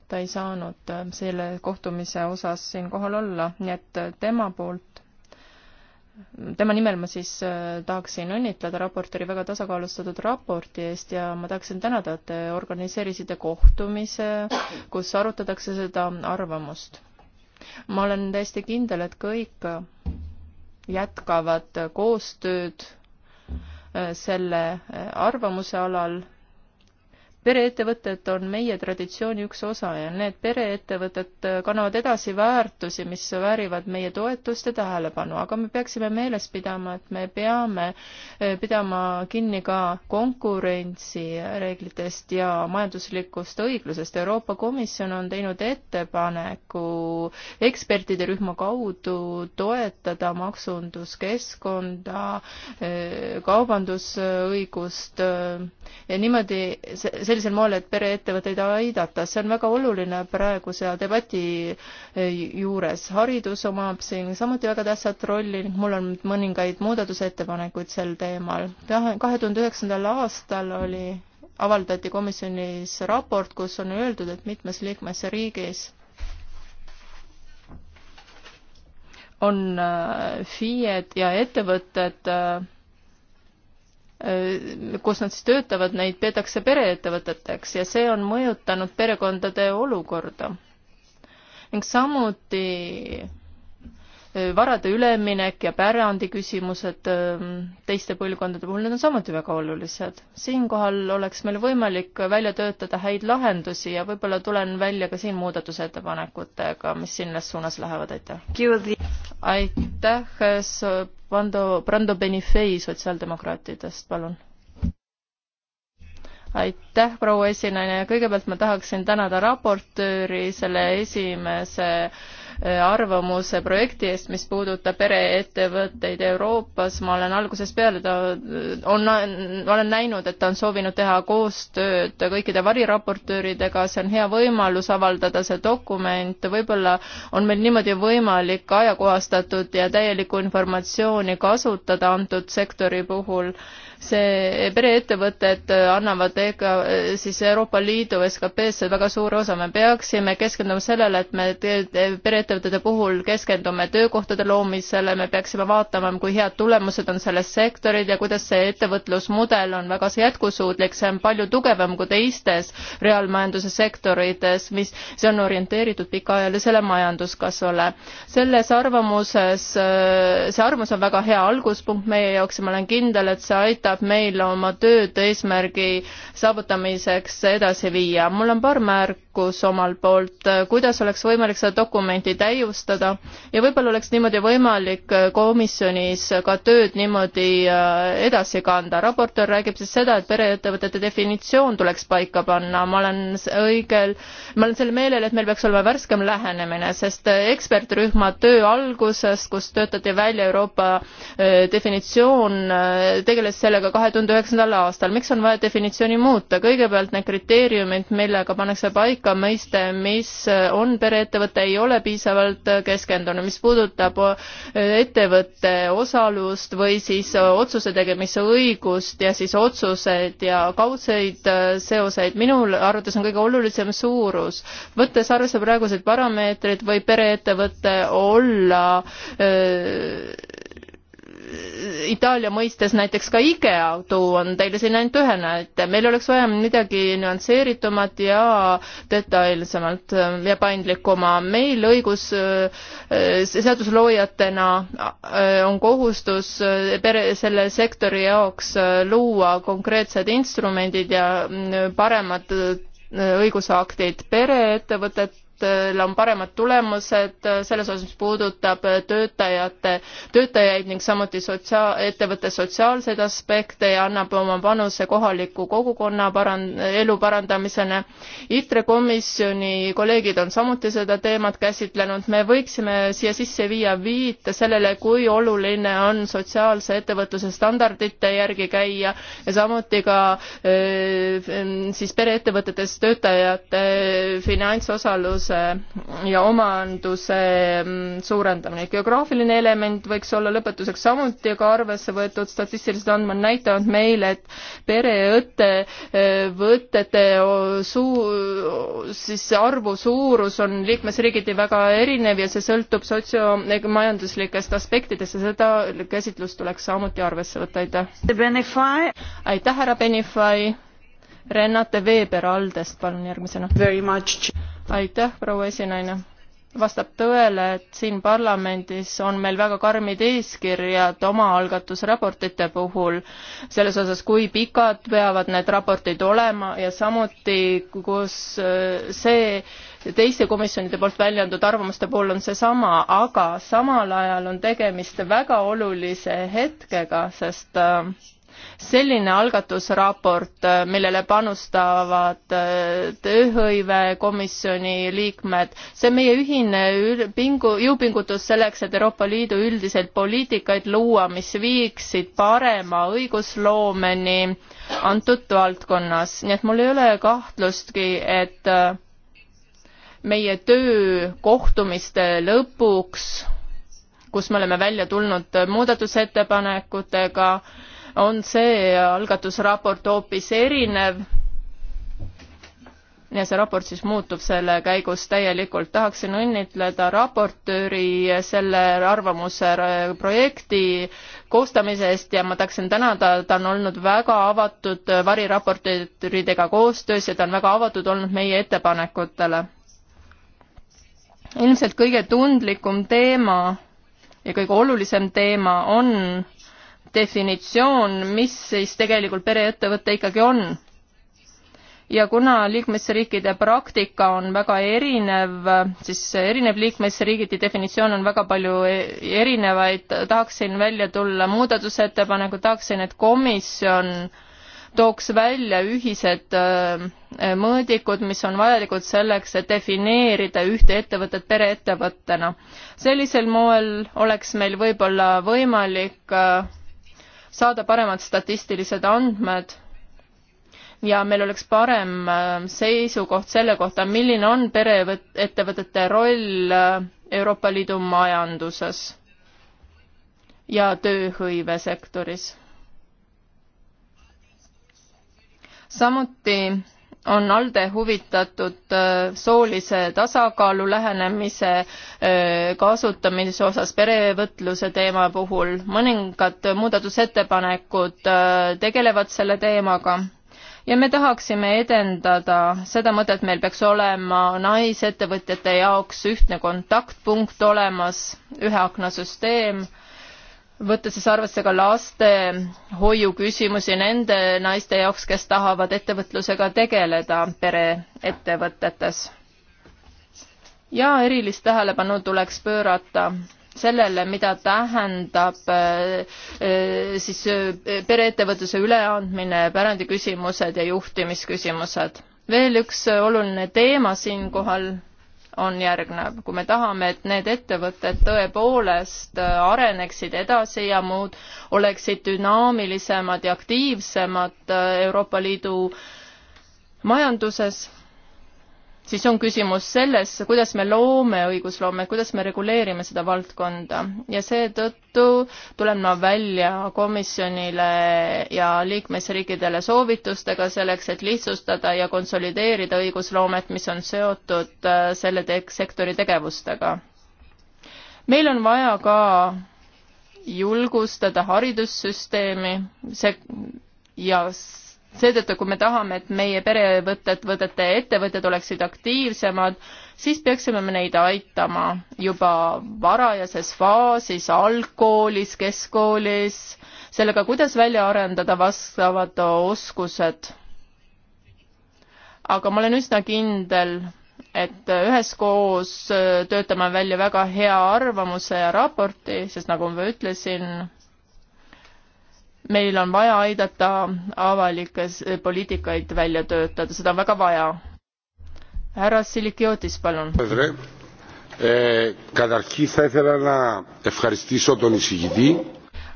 ta ei saanud e, selle kohtumise osas siin kohal olla, nii et tema poolt tema nimel ma siis äh, tahaksin õnnitleda raportööri väga tasakaalustatud raporti eest ja ma tahaksin tänada, et te organiseerisite kohtumise, kus arutatakse seda arvamust. ma olen täiesti kindel, et kõik jätkavad koostööd äh, selle äh, arvamuse alal pereettevõtted on meie traditsiooni üks osa ja need pereettevõtted äh, kannavad edasi väärtusi, mis väärivad meie toetust ja tähelepanu, aga me peaksime meeles pidama, et me peame äh, pidama kinni ka konkurentsireeglitest ja majanduslikust õiglusest. Euroopa Komisjon on teinud ettepaneku ekspertide rühma kaudu toetada maksunduskeskkonda, äh, kaubandusõigust ja niimoodi see sellisel moel, et pereettevõtteid aidata, see on väga oluline praeguse debati eh, juures. haridus omab siin samuti väga tähtsat rolli ning mul on mõningaid muudatusettepanekuid sel teemal. kahe tuhande üheksandal aastal oli, avaldati komisjonis raport, kus on öeldud, et mitmes liikmesriigis on eh, FIE-d ja ettevõtted et eh, Äh, kus nad siis töötavad, neid peetakse pereettevõteteks ja see on mõjutanud perekondade olukorda. ning samuti varade üleminek ja pärandi küsimused teiste põlvkondade puhul, need on samuti väga olulised. siinkohal oleks meil võimalik välja töötada häid lahendusi ja võib-olla tulen välja ka siin muudatusettepanekutega, mis selles suunas lähevad, aitäh. aitäh, Brando, Brando Benifei sotsiaaldemokraatidest, palun aitäh, proua esinaine, kõigepealt ma tahaksin tänada raportööri selle esimese äh, Äh, arvamuse projekti eest, mis puudutab pereettevõtteid Euroopas, ma olen algusest peale, ta äh, on, olen näinud, et ta on soovinud teha koostööd kõikide variraportööridega, see on hea võimalus avaldada see dokument, võib-olla on meil niimoodi võimalik ajakohastatud ja täielikku informatsiooni kasutada antud sektori puhul see pereettevõtted annavad ega siis Euroopa Liidu SKP-sse väga suure osa, me peaksime keskenduma sellele, et me pereettevõtete puhul keskendume töökohtade loomisele, me peaksime vaatama, kui head tulemused on selles sektoris ja kuidas see ettevõtlusmudel on väga jätkusuutlik, see on palju tugevam kui teistes reaalmajanduse sektorites, mis, see on orienteeritud pikaajalisele majanduskasvule. selles arvamuses, see arvamus on väga hea alguspunkt meie jaoks ja ma olen kindel, et see aitab aitab meil oma tööd eesmärgi saavutamiseks edasi viia. mul on paar märk-, märkus omalt poolt, kuidas oleks võimalik seda dokumenti täiustada ja võib-olla oleks niimoodi võimalik komisjonis ka tööd niimoodi äh, edasi kanda. raportöör räägib siis seda, et pereettevõtete definitsioon tuleks paika panna, ma olen õigel, ma olen sellel meelel, et meil peaks olema värskem lähenemine, sest äh, ekspertrühma töö alguses, kus töötati välja Euroopa äh, definitsioon, tegeles sellega kahe tuhande üheksandal aastal. miks on vaja definitsiooni muuta? kõigepealt need kriteeriumid, millega pannakse paika paika mõiste, mis on pereettevõte, ei ole piisavalt keskendunud, mis puudutab äh, ettevõtte osalust või siis äh, otsuse tegemise õigust ja siis otsused ja kaudseid äh, seoseid. minu arvates on kõige olulisem suurus. võttes arvesse praeguseid parameetreid, võib pereettevõte olla öö, Itaalia mõistes näiteks ka IKEA, toon teile siin ainult ühe näite, meil oleks vaja midagi nüansseeritumat ja detailsemalt ja paindlikuma. meil õigus äh, seadusloojatena äh, on kohustus äh, pere, selle sektori jaoks luua konkreetsed instrumendid ja mm, paremad õigusaktid. pereettevõtted töötajatel äh, on paremad tulemused äh, selles osas, mis puudutab äh, töötajate, töötajaid ning samuti sotsiaal, ettevõtte sotsiaalseid aspekte ja annab oma panuse kohaliku kogukonna paran-, elu parandamisele. ITRE komisjoni kolleegid on samuti seda teemat käsitlenud, me võiksime siia sisse viia viite sellele, kui oluline on sotsiaalse ettevõtluse standardite järgi käia ja samuti ka siis pereettevõtetes töötajate finantsosalus vabaduse ja omanduse mm, suurendamine. geograafiline element võiks olla lõpetuseks samuti aga arvesse võetud, statistilised andmed näitavad meile, et pereõttevõtete suu-, siis arvu suurus on liikmesriigiti väga erinev ja see sõltub sotsiomajanduslikest aspektidest ja seda käsitlust tuleks samuti arvesse võtta, aitäh. aitäh, härra Benify! Renate Veeber Aldest, palun järgmisena aitäh, proua esinaine. vastab tõele, et siin parlamendis on meil väga karmid eeskirjad omaalgatusraportite puhul selles osas, kui pikad peavad need raportid olema ja samuti, kus äh, see teiste komisjonide poolt väljendatud arvamuste puhul on seesama, aga samal ajal on tegemist väga olulise hetkega, sest äh, selline algatusraport, äh, millele panustavad äh, tööhõivekomisjoni liikmed, see on meie ühine pingu-, jõupingutus selleks, et Euroopa Liidu üldiseid poliitikaid luua, mis viiksid parema õigusloomeni antud valdkonnas, nii et mul ei ole kahtlustki, et äh, meie töö kohtumiste lõpuks, kus me oleme välja tulnud muudatusettepanekutega, on see algatusraport hoopis erinev ja see raport siis muutub selle käigus täielikult. tahaksin õnnitleda raportööri selle arvamuse projekti koostamise eest ja ma tahaksin tänada, ta on olnud väga avatud variraportööridega koostöös ja ta on väga avatud olnud meie ettepanekutele. ilmselt kõige tundlikum teema ja kõige olulisem teema on definitsioon, mis siis tegelikult pereettevõte ikkagi on. ja kuna liikmesriikide praktika on väga erinev, siis erinev liikmesriigiti definitsioon on väga palju e-, erinevaid, tahaksin välja tulla muudatusettepaneku, tahaksin, et komisjon tooks välja ühised e, mõõdikud, mis on vajalikud selleks, et defineerida ühte ettevõtet pereettevõttena. sellisel moel oleks meil võib-olla võimalik e, saada paremad statistilised andmed ja meil oleks parem äh, seisukoht selle kohta, milline on pereettevõtete roll äh, Euroopa Liidu majanduses ja tööhõivesektoris. samuti on ALDE huvitatud äh, soolise tasakaalu lähenemise äh, kasutamise osas perevõtluse teema puhul. mõningad muudatusettepanekud äh, tegelevad selle teemaga ja me tahaksime edendada seda mõtet, meil peaks olema naisettevõtjate jaoks ühtne kontaktpunkt olemas, ühe akna süsteem võttes siis arvesse ka lastehoiu küsimusi nende naiste jaoks, kes tahavad ettevõtlusega tegeleda pereettevõtetes. ja erilist tähelepanu tuleks pöörata sellele, mida tähendab eh, siis eh, pereettevõtluse üleandmine, pärandiküsimused ja juhtimisküsimused. veel üks eh, oluline teema siinkohal on järgnev. kui me tahame, et need ettevõtted tõepoolest äh, areneksid edasi ja muud oleksid dünaamilisemad ja aktiivsemad äh, Euroopa Liidu majanduses, siis on küsimus selles, kuidas me loome õigusloome, kuidas me reguleerime seda valdkonda ja seetõttu tulen ma välja komisjonile ja liikmesriikidele soovitustega selleks, et lihtsustada ja konsolideerida õigusloomet, mis on seotud äh, selle te sektori tegevustega. meil on vaja ka julgustada haridussüsteemi, see ja seetõttu, kui me tahame, et meie perevõtted, võtete ettevõtted oleksid aktiivsemad, siis peaksime me neid aitama juba varajases faasis, algkoolis, keskkoolis, sellega, kuidas välja arendada vastavad oskused. aga ma olen üsna kindel, et üheskoos töötame välja väga hea arvamuse ja raporti, sest nagu ma ütlesin, meil on vaja aidata avalikes poliitikaid välja töötada, seda on väga vaja. härra Silikiotis, palun. Eh,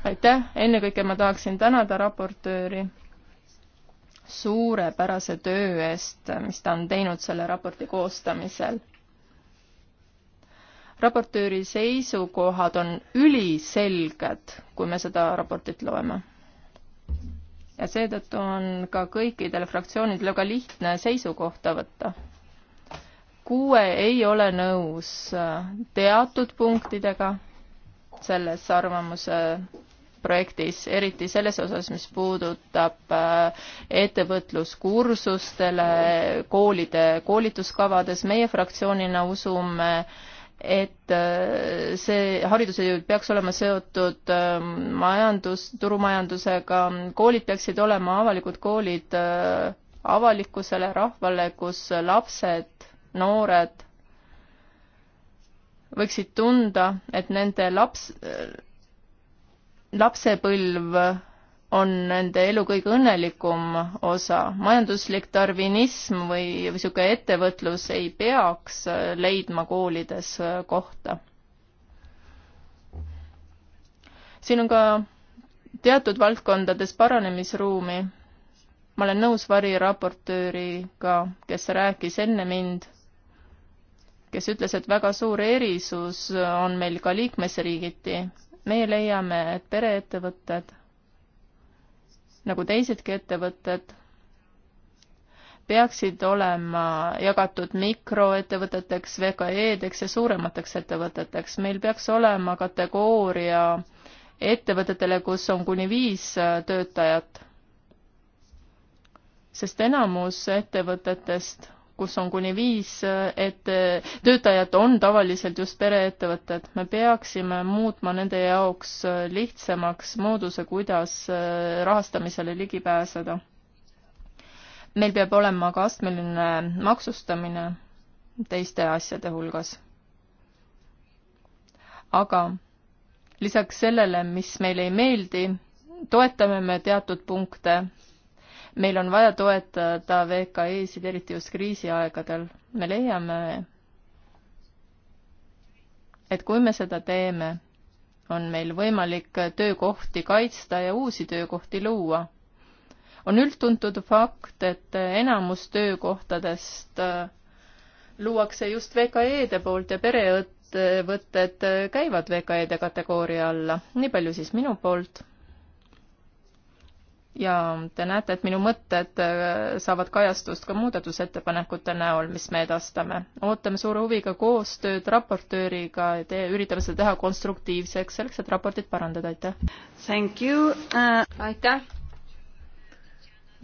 aitäh, ennekõike ma tahaksin tänada raportööri suurepärase töö eest, mis ta on teinud selle raporti koostamisel. raportööri seisukohad on üliselged, kui me seda raportit loeme ja seetõttu on ka kõikidel fraktsioonidel väga lihtne seisukohta võtta. kuue ei ole nõus äh, teatud punktidega selles arvamuse projektis, eriti selles osas, mis puudutab äh, ettevõtluskursustele koolide koolituskavades. meie fraktsioonina usume äh, et äh, see haridusjõud peaks olema seotud ähm, majandus, turumajandusega, koolid peaksid olema avalikud koolid äh, avalikkusele, rahvale, kus lapsed, noored võiksid tunda, et nende laps, äh, lapsepõlv on nende elu kõige õnnelikum osa. majanduslik tarvinism või, või niisugune ettevõtlus ei peaks leidma koolides kohta. siin on ka teatud valdkondades paranemisruumi. ma olen nõus variraportööriga, kes rääkis enne mind, kes ütles, et väga suur erisus on meil ka liikmesriigiti. meie leiame, et pereettevõtted nagu teisedki ettevõtted, peaksid olema jagatud mikroettevõteteks, VKE-deks ja suuremateks ettevõteteks. meil peaks olema kategooria ettevõtetele, kus on kuni viis äh, töötajat, sest enamus ettevõtetest kus on kuni viis, et töötajat on tavaliselt just pereettevõtted. me peaksime muutma nende jaoks lihtsamaks mooduse, kuidas rahastamisele ligi pääseda. meil peab olema ka astmeline maksustamine teiste asjade hulgas. aga lisaks sellele, mis meile ei meeldi, toetame me teatud punkte meil on vaja toetada VKE-sid, eriti just kriisiaegadel. me leiame, et kui me seda teeme, on meil võimalik töökohti kaitsta ja uusi töökohti luua. on üldtuntud fakt, et enamus töökohtadest äh, luuakse just VKE-de poolt ja pereõtted ettevõtted äh, käivad VKE-de kategooria alla. nii palju siis minu poolt ja te näete, et minu mõtted äh, saavad kajastust ka muudatusettepanekute näol, mis me edastame. ootame suure huviga koostööd raportööriga ja te, üritame seda teha konstruktiivseks, selleks, et raportit parandada, aitäh! Thank you uh...! aitäh!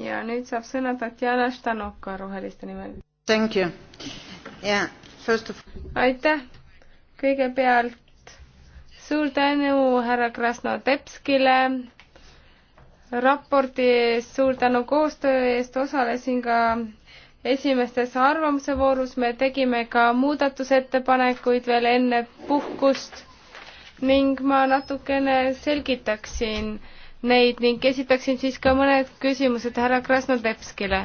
ja nüüd saab sõna Tatjana Štanoka Roheliste nimel. Thank you! jaa, first of aitäh! kõigepealt suur tänu härra Krasnodebskile raporti eest, suur tänu koostöö eest, osalesin ka esimeses arvamuse voorus, me tegime ka muudatusettepanekuid veel enne puhkust ning ma natukene selgitaksin neid ning esitaksin siis ka mõned küsimused härra Krasnodebskile.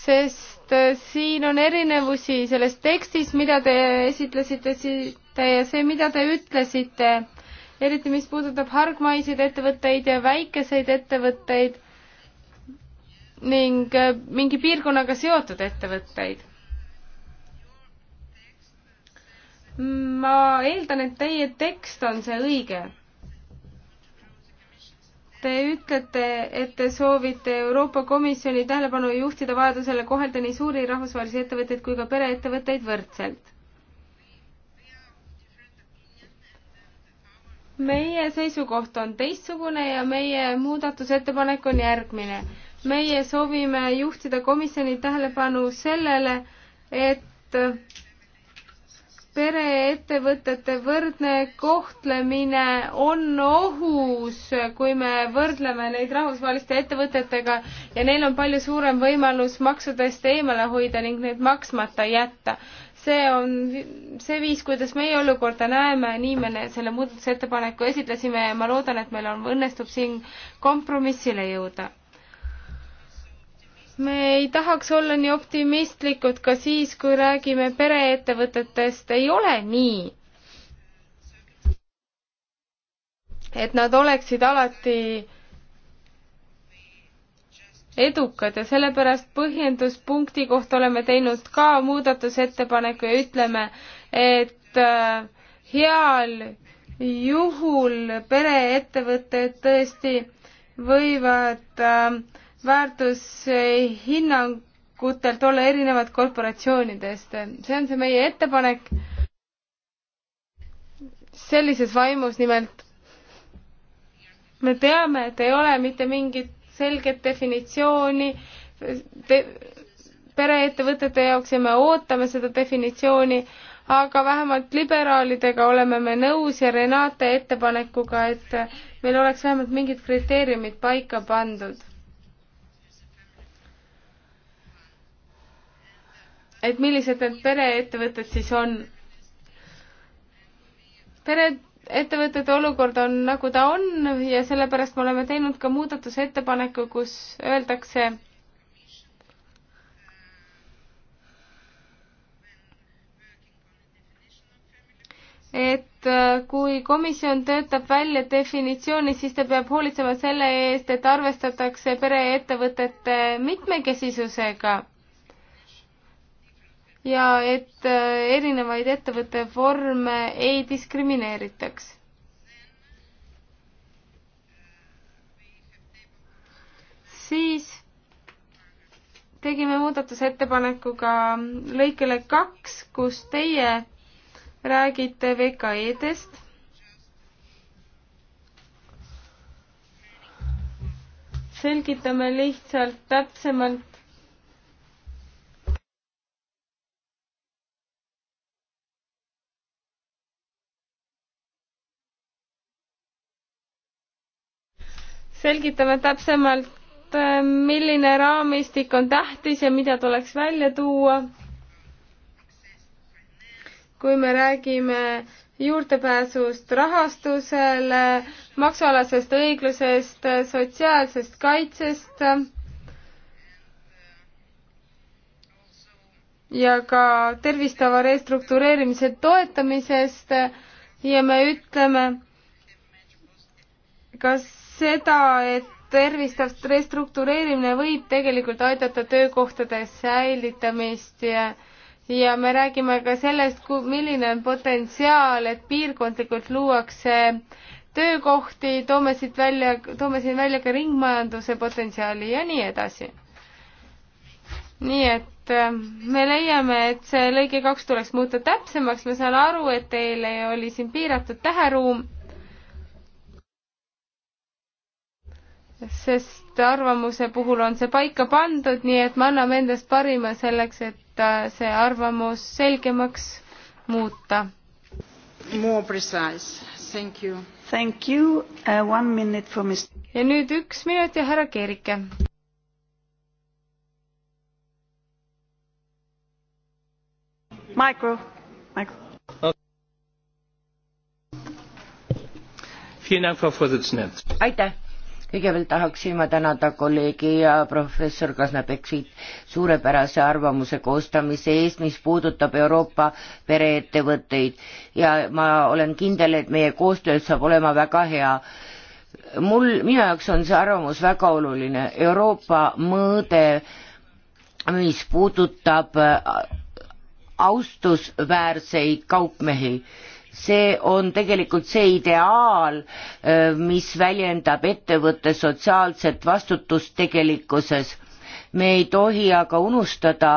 sest äh, siin on erinevusi selles tekstis, mida te esitlesite siit ja see, mida te ütlesite eriti mis puudutab hargmaiseid ettevõtteid ja väikeseid ettevõtteid ning äh, mingi piirkonnaga seotud ettevõtteid. ma eeldan, et teie tekst on see õige. Te ütlete, et te soovite Euroopa Komisjoni tähelepanu juhtida vajadusele kohelda nii suuri rahvusvahelisi ettevõtteid kui ka pereettevõtteid võrdselt meie seisukoht on teistsugune ja meie muudatusettepanek on järgmine. meie soovime juhtida komisjoni tähelepanu sellele, et pereettevõtete võrdne kohtlemine on ohus, kui me võrdleme neid rahvusvaheliste ettevõtetega ja neil on palju suurem võimalus maksudest eemale hoida ning need maksmata jätta see on see viis, kuidas meie olukorda näeme, nii me selle muudatusettepaneku esitlesime ja ma loodan, et meil on, õnnestub siin kompromissile jõuda. me ei tahaks olla nii optimistlikud ka siis, kui räägime pereettevõtetest, ei ole nii et nad oleksid alati edukad ja sellepärast põhjenduspunkti kohta oleme teinud ka muudatusettepaneku ja ütleme, et äh, heal juhul pereettevõtted tõesti võivad äh, väärtushinnangutelt olla erinevad korporatsioonidest. see on see meie ettepanek. sellises vaimus nimelt me teame, et ei ole mitte mingit selget definitsiooni te, pereettevõtete jaoks ja me ootame seda definitsiooni, aga vähemalt liberaalidega oleme me nõus ja Renate ettepanekuga, et meil oleks vähemalt mingid kriteeriumid paika pandud. et millised need pereettevõtted siis on? pere ettevõtete olukord on nagu ta on ja sellepärast me oleme teinud ka muudatusettepaneku, kus öeldakse, et äh, kui komisjon töötab välja definitsiooni, siis ta peab hoolitsema selle eest, et arvestatakse pereettevõtete mitmekesisusega ja et äh, erinevaid ettevõtte vorme ei diskrimineeritaks. siis tegime muudatusettepaneku ka lõikele kaks, kus teie räägite VKE-dest. selgitame lihtsalt täpsemalt, selgitame täpsemalt, äh, milline raamistik on tähtis ja mida tuleks välja tuua. kui me räägime juurdepääsust rahastusele, maksualasest õiglusest, sotsiaalsest kaitsest ja ka tervistava restruktureerimise toetamisest ja me ütleme, kas seda, et tervistav restruktureerimine võib tegelikult aidata töökohtade säilitamist ja ja me räägime ka sellest, milline on potentsiaal, et piirkondlikult luuakse töökohti, toome siit välja, toome siin välja ka ringmajanduse potentsiaali ja nii edasi. nii et ähm, me leiame, et see lõige kaks tuleks muuta täpsemaks, ma saan aru, et teil oli siin piiratud täheruum sest arvamuse puhul on see paika pandud, nii et me anname endast parima selleks, et äh, see arvamus selgemaks muuta. More precise, thank you. Thank you uh,, one minute for Mr. ja nüüd üks minut ja härra Keerike. Micro, micro. aitäh kõigepealt tahaksin ma tänada kolleegi ja professor Kasnapeksit suurepärase arvamuse koostamise eest, mis puudutab Euroopa pereettevõtteid ja ma olen kindel, et meie koostöö saab olema väga hea mul, minu jaoks on see arvamus väga oluline, Euroopa mõõde, mis puudutab austusväärseid kaupmehi see on tegelikult see ideaal, äh, mis väljendab ettevõtte sotsiaalset vastutust tegelikkuses. me ei tohi aga unustada,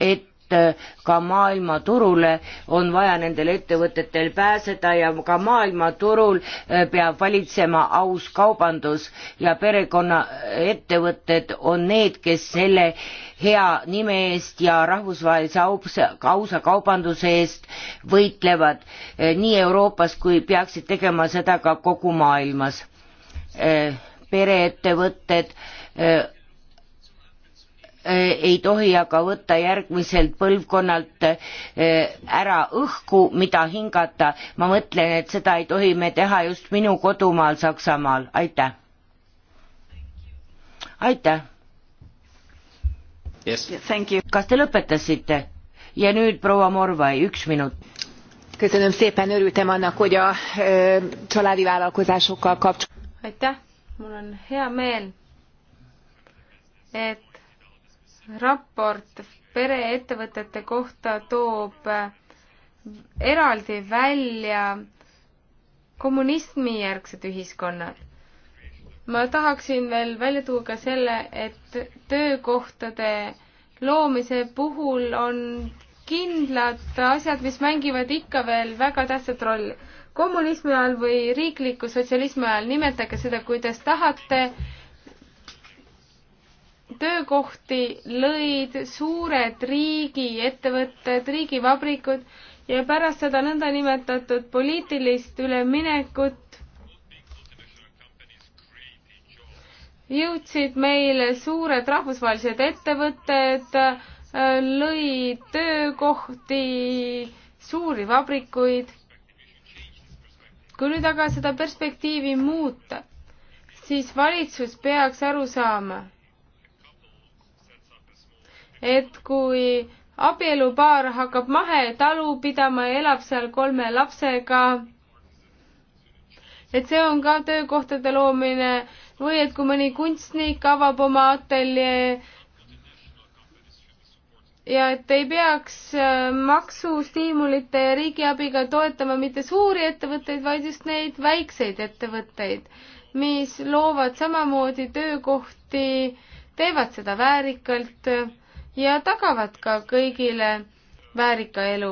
et Äh, ka maailmaturule on vaja nendel ettevõtetel pääseda ja ka maailmaturul äh, peab valitsema aus kaubandus ja perekonnaettevõtted äh, on need, kes selle hea nime eest ja rahvusvahelise ausa, ausa kaubanduse eest võitlevad nii Euroopas kui peaksid tegema seda ka kogu maailmas. pereettevõtted Eh, ei tohi aga võtta järgmiselt põlvkonnalt eh, ära õhku, mida hingata. ma mõtlen, et seda ei tohi me teha just minu kodumaal Saksamaal, aitäh. aitäh yes.. kas te lõpetasite? ja nüüd proua Morvai, üks minut köszönöm szépen örültem annak hogy a ö, családi vállalkozásokkal kapcsolatban. aitäh mul on hea meel et raport pereettevõtete kohta toob eraldi välja kommunismijärgsed ühiskonnad. ma tahaksin veel välja tuua ka selle, et töökohtade loomise puhul on kindlad asjad, mis mängivad ikka veel väga tähtsat rolli. kommunismi ajal või riikliku sotsialismi ajal, nimetage seda, kuidas tahate töökohti lõid suured riigiettevõtted, riigivabrikud ja pärast seda nõndanimetatud poliitilist üleminekut jõudsid meile suured rahvusvahelised ettevõtted, lõid töökohti, suuri vabrikuid. kui nüüd aga seda perspektiivi muuta, siis valitsus peaks aru saama, et kui abielupaar hakkab mahetalu pidama ja elab seal kolme lapsega, et see on ka töökohtade loomine või et kui mõni kunstnik avab oma ateljee ja et ei peaks äh, maksustiimulite ja riigiabiga toetama mitte suuri ettevõtteid, vaid just neid väikseid ettevõtteid, mis loovad samamoodi töökohti, teevad seda väärikalt ja tagavad ka kõigile väärika elu.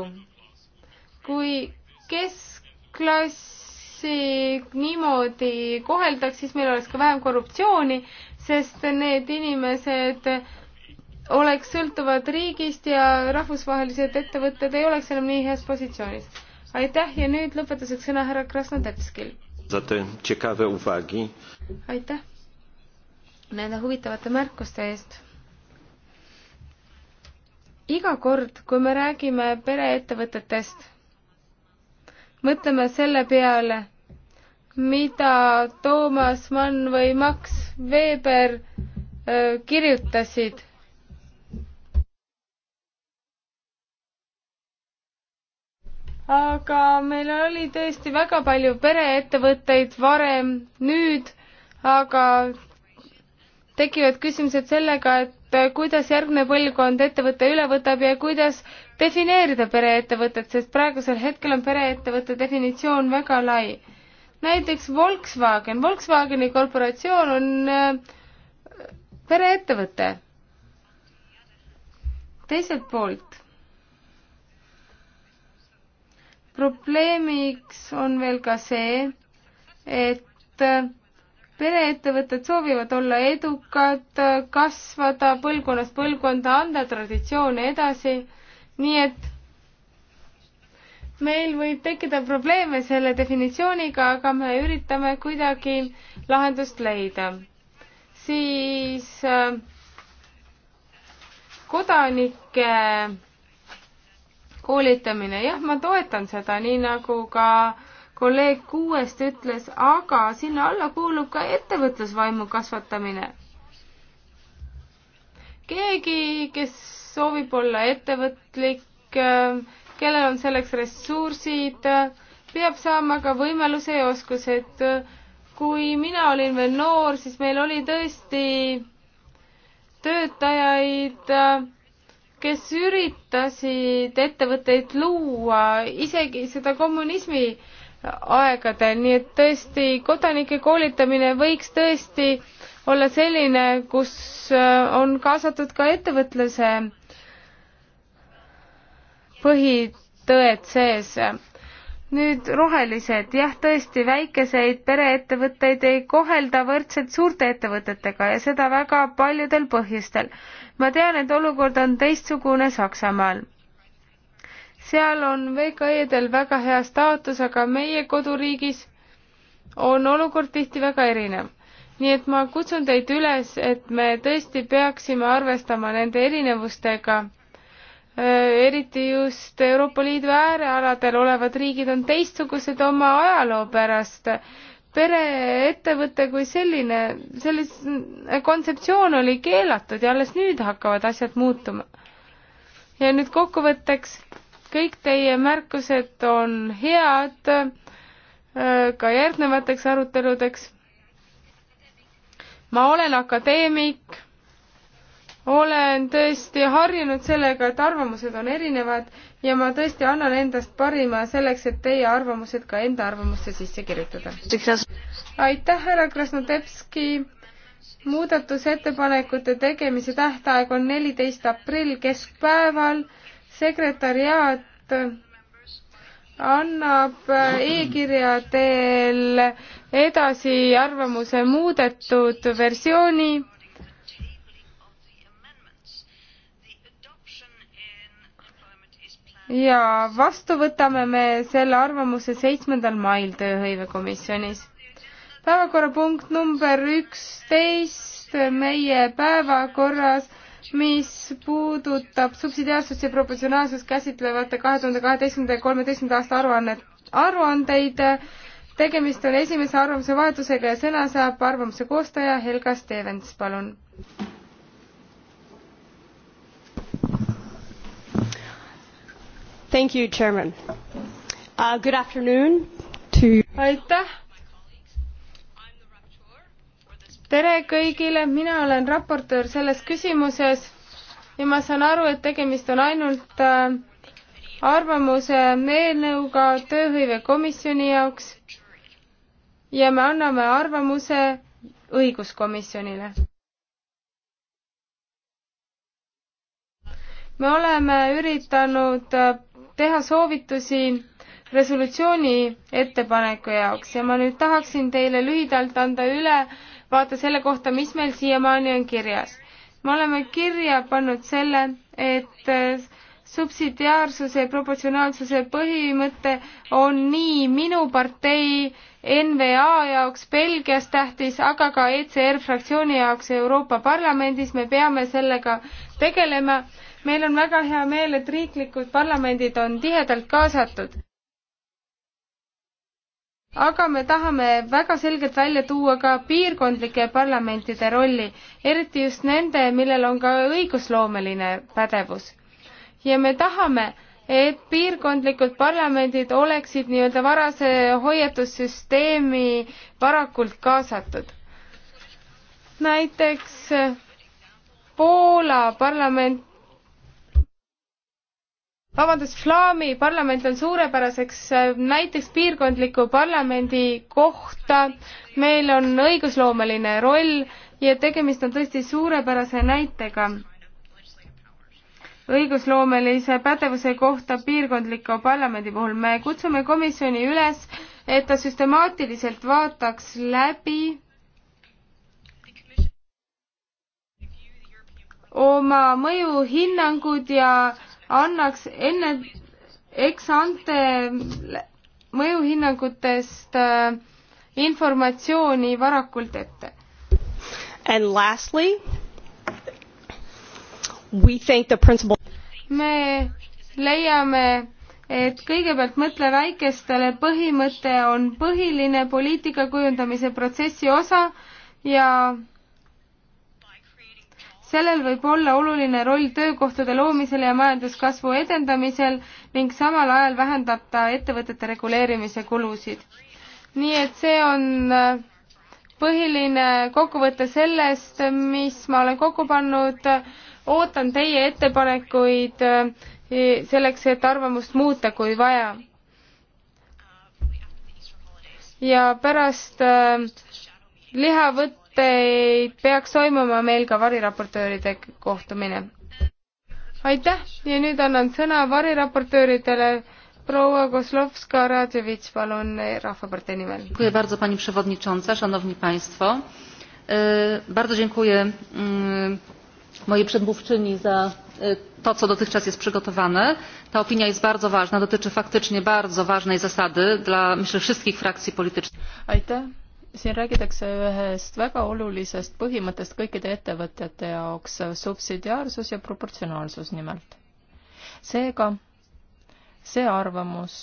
kui keskklassi niimoodi koheldaks, siis meil oleks ka vähem korruptsiooni, sest need inimesed oleks sõltuvad riigist ja rahvusvahelised ettevõtted ei oleks enam nii heas positsioonis. aitäh ja nüüd lõpetuseks sõna härra Krasnodebskil. aitäh nende huvitavate märkuste eest iga kord, kui me räägime pereettevõtetest, mõtleme selle peale, mida Toomas Mann või Max Weber öö, kirjutasid. aga meil oli tõesti väga palju pereettevõtteid varem, nüüd aga tekivad küsimused sellega, et Äh, kuidas järgmine põlvkond ettevõtte üle võtab ja kuidas defineerida pereettevõtet, sest praegusel hetkel on pereettevõtte definitsioon väga lai. näiteks Volkswagen, Volkswageni korporatsioon on äh, pereettevõte. teiselt poolt probleemiks on veel ka see, et äh, pereettevõtted soovivad olla edukad, kasvada põlvkonnast põlvkonda, anda traditsioone edasi, nii et meil võib tekkida probleeme selle definitsiooniga, aga me üritame kuidagi lahendust leida. siis äh, kodanike koolitamine, jah, ma toetan seda, nii nagu ka äh, kolleeg kuuest ütles, aga sinna alla kuulub ka ettevõtlusvaimu kasvatamine. keegi, kes soovib olla ettevõtlik, äh, kellel on selleks ressursid, peab saama ka võimaluse ja oskused. kui mina olin veel noor, siis meil oli tõesti töötajaid, kes üritasid ettevõtteid luua, isegi seda kommunismi aegadel, nii et tõesti kodanike koolitamine võiks tõesti olla selline, kus äh, on kaasatud ka ettevõtluse põhitõed sees. nüüd rohelised, jah, tõesti, väikeseid pereettevõtteid ei kohelda võrdselt suurte ettevõtetega ja seda väga paljudel põhjustel. ma tean, et olukord on teistsugune Saksamaal seal on VKE-del väga hea staatus, aga meie koduriigis on olukord tihti väga erinev. nii et ma kutsun teid üles, et me tõesti peaksime arvestama nende erinevustega. eriti just Euroopa Liidu äärealadel olevad riigid on teistsugused oma ajaloo pärast pereettevõte kui selline, selline kontseptsioon oli keelatud ja alles nüüd hakkavad asjad muutuma. ja nüüd kokkuvõtteks kõik teie märkused on head äh, ka järgnevateks aruteludeks. ma olen akadeemik, olen tõesti harjunud sellega, et arvamused on erinevad ja ma tõesti annan endast parima selleks, et teie arvamused ka enda arvamusse sisse kirjutada. aitäh, härra Krasnodebski muudatusettepanekute tegemise tähtaeg on neliteist aprill keskpäeval sekretariaat annab äh, e-kirja teel edasi arvamuse muudetud versiooni ja vastu võtame me selle arvamuse seitsmendal mail tööhõivekomisjonis. päevakorrapunkt number üksteist meie päevakorras mis puudutab subsidiaarsust ja proportsionaalsust käsitlevate kahe tuhande kaheteistkümnenda ja kolmeteistkümnenda aasta aruannet, aruandeid. tegemist on esimese arvamuse vahetusega ja sõna saab arvamuse koostaja Helga Stevens, palun. Thank you, chairman uh,. Good afternoon to. aitäh tere kõigile, mina olen raportöör selles küsimuses ja ma saan aru, et tegemist on ainult äh, arvamuse eelnõuga tööhõivekomisjoni jaoks ja me anname arvamuse õiguskomisjonile. me oleme üritanud äh, teha soovitusi resolutsiooni ettepaneku jaoks ja ma nüüd tahaksin teile lühidalt anda üle äh, vaate selle kohta, mis meil siiamaani on kirjas. me oleme kirja pannud selle, et eh, subsidiaarsuse ja proportsionaalsuse põhimõte on nii minu partei NVA jaoks Belgias tähtis, aga ka ECR fraktsiooni jaoks Euroopa Parlamendis, me peame sellega tegelema. meil on väga hea meel, et riiklikud parlamendid on tihedalt kaasatud aga me tahame väga selgelt välja tuua ka piirkondlike parlamentide rolli, eriti just nende, millel on ka õigusloomeline pädevus. ja me tahame, et piirkondlikud parlamendid oleksid nii-öelda varase hoiatussüsteemi varakult kaasatud. näiteks Poola parlament vabandust, Flaami parlament on suurepäraseks äh, näiteks piirkondliku parlamendi kohta. meil on õigusloomeline roll ja tegemist on tõesti suurepärase näitega õigusloomelise pädevuse kohta piirkondliku parlamendi puhul. me kutsume komisjoni üles, et ta süstemaatiliselt vaataks läbi oma mõjuhinnangud ja annaks enne eksante mõjuhinnangutest äh, informatsiooni varakult ette. And lastly, we think the principle me leiame, et kõigepealt mõtle väikestele, põhimõte on põhiline poliitika kujundamise protsessi osa ja sellel võib olla oluline roll töökohtade loomisel ja majanduskasvu edendamisel ning samal ajal vähendab ta ettevõtete reguleerimise kulusid. nii et see on äh, põhiline kokkuvõte sellest, mis ma olen kokku pannud. ootan teie ettepanekuid äh, selleks, et arvamust muuta, kui vaja. ja pärast äh, lihavõtt teid peaks toimuma meil ka variraportööride kohtumine. aitäh ja nüüd annan sõna variraportööridele. proua Kozlovska-Radjevitš, palun Rahvapartei nimel. E, bardzo dziękuję mm, mojej przedmówczyni za e, to co dotychczas jest przygotowane. ta opinia jest bardzo ważna dotyczy faktycznie bardzo ważnej zasady dla myślę wszystkich frakcji politycznych. Aitäh siin räägitakse ühest väga olulisest põhimõttest kõikide ettevõtjate jaoks, subsidiaarsus ja proportsionaalsus nimelt. seega see arvamus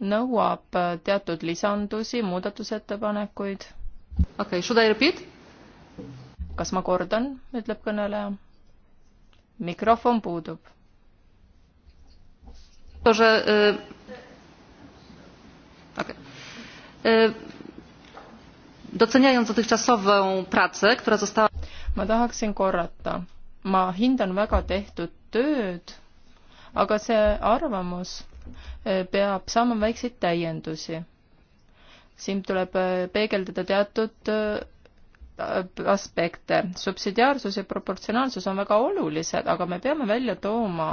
nõuab teatud lisandusi, muudatusettepanekuid. okei okay,, should I repeat? kas ma kordan, ütleb kõneleja. mikrofon puudub. okei okay Doceniając dotychczasową pracę, która została... Ma tahaksin korrata. Ma hindan väga tehtud tööd, aga see arvamus e, peab saama väikseid täiendusi. Siin tuleb e, peegeldada teatud e, aspekte. subsidiaarsus ja proportsionaalsus on väga olulised, aga me peame välja tooma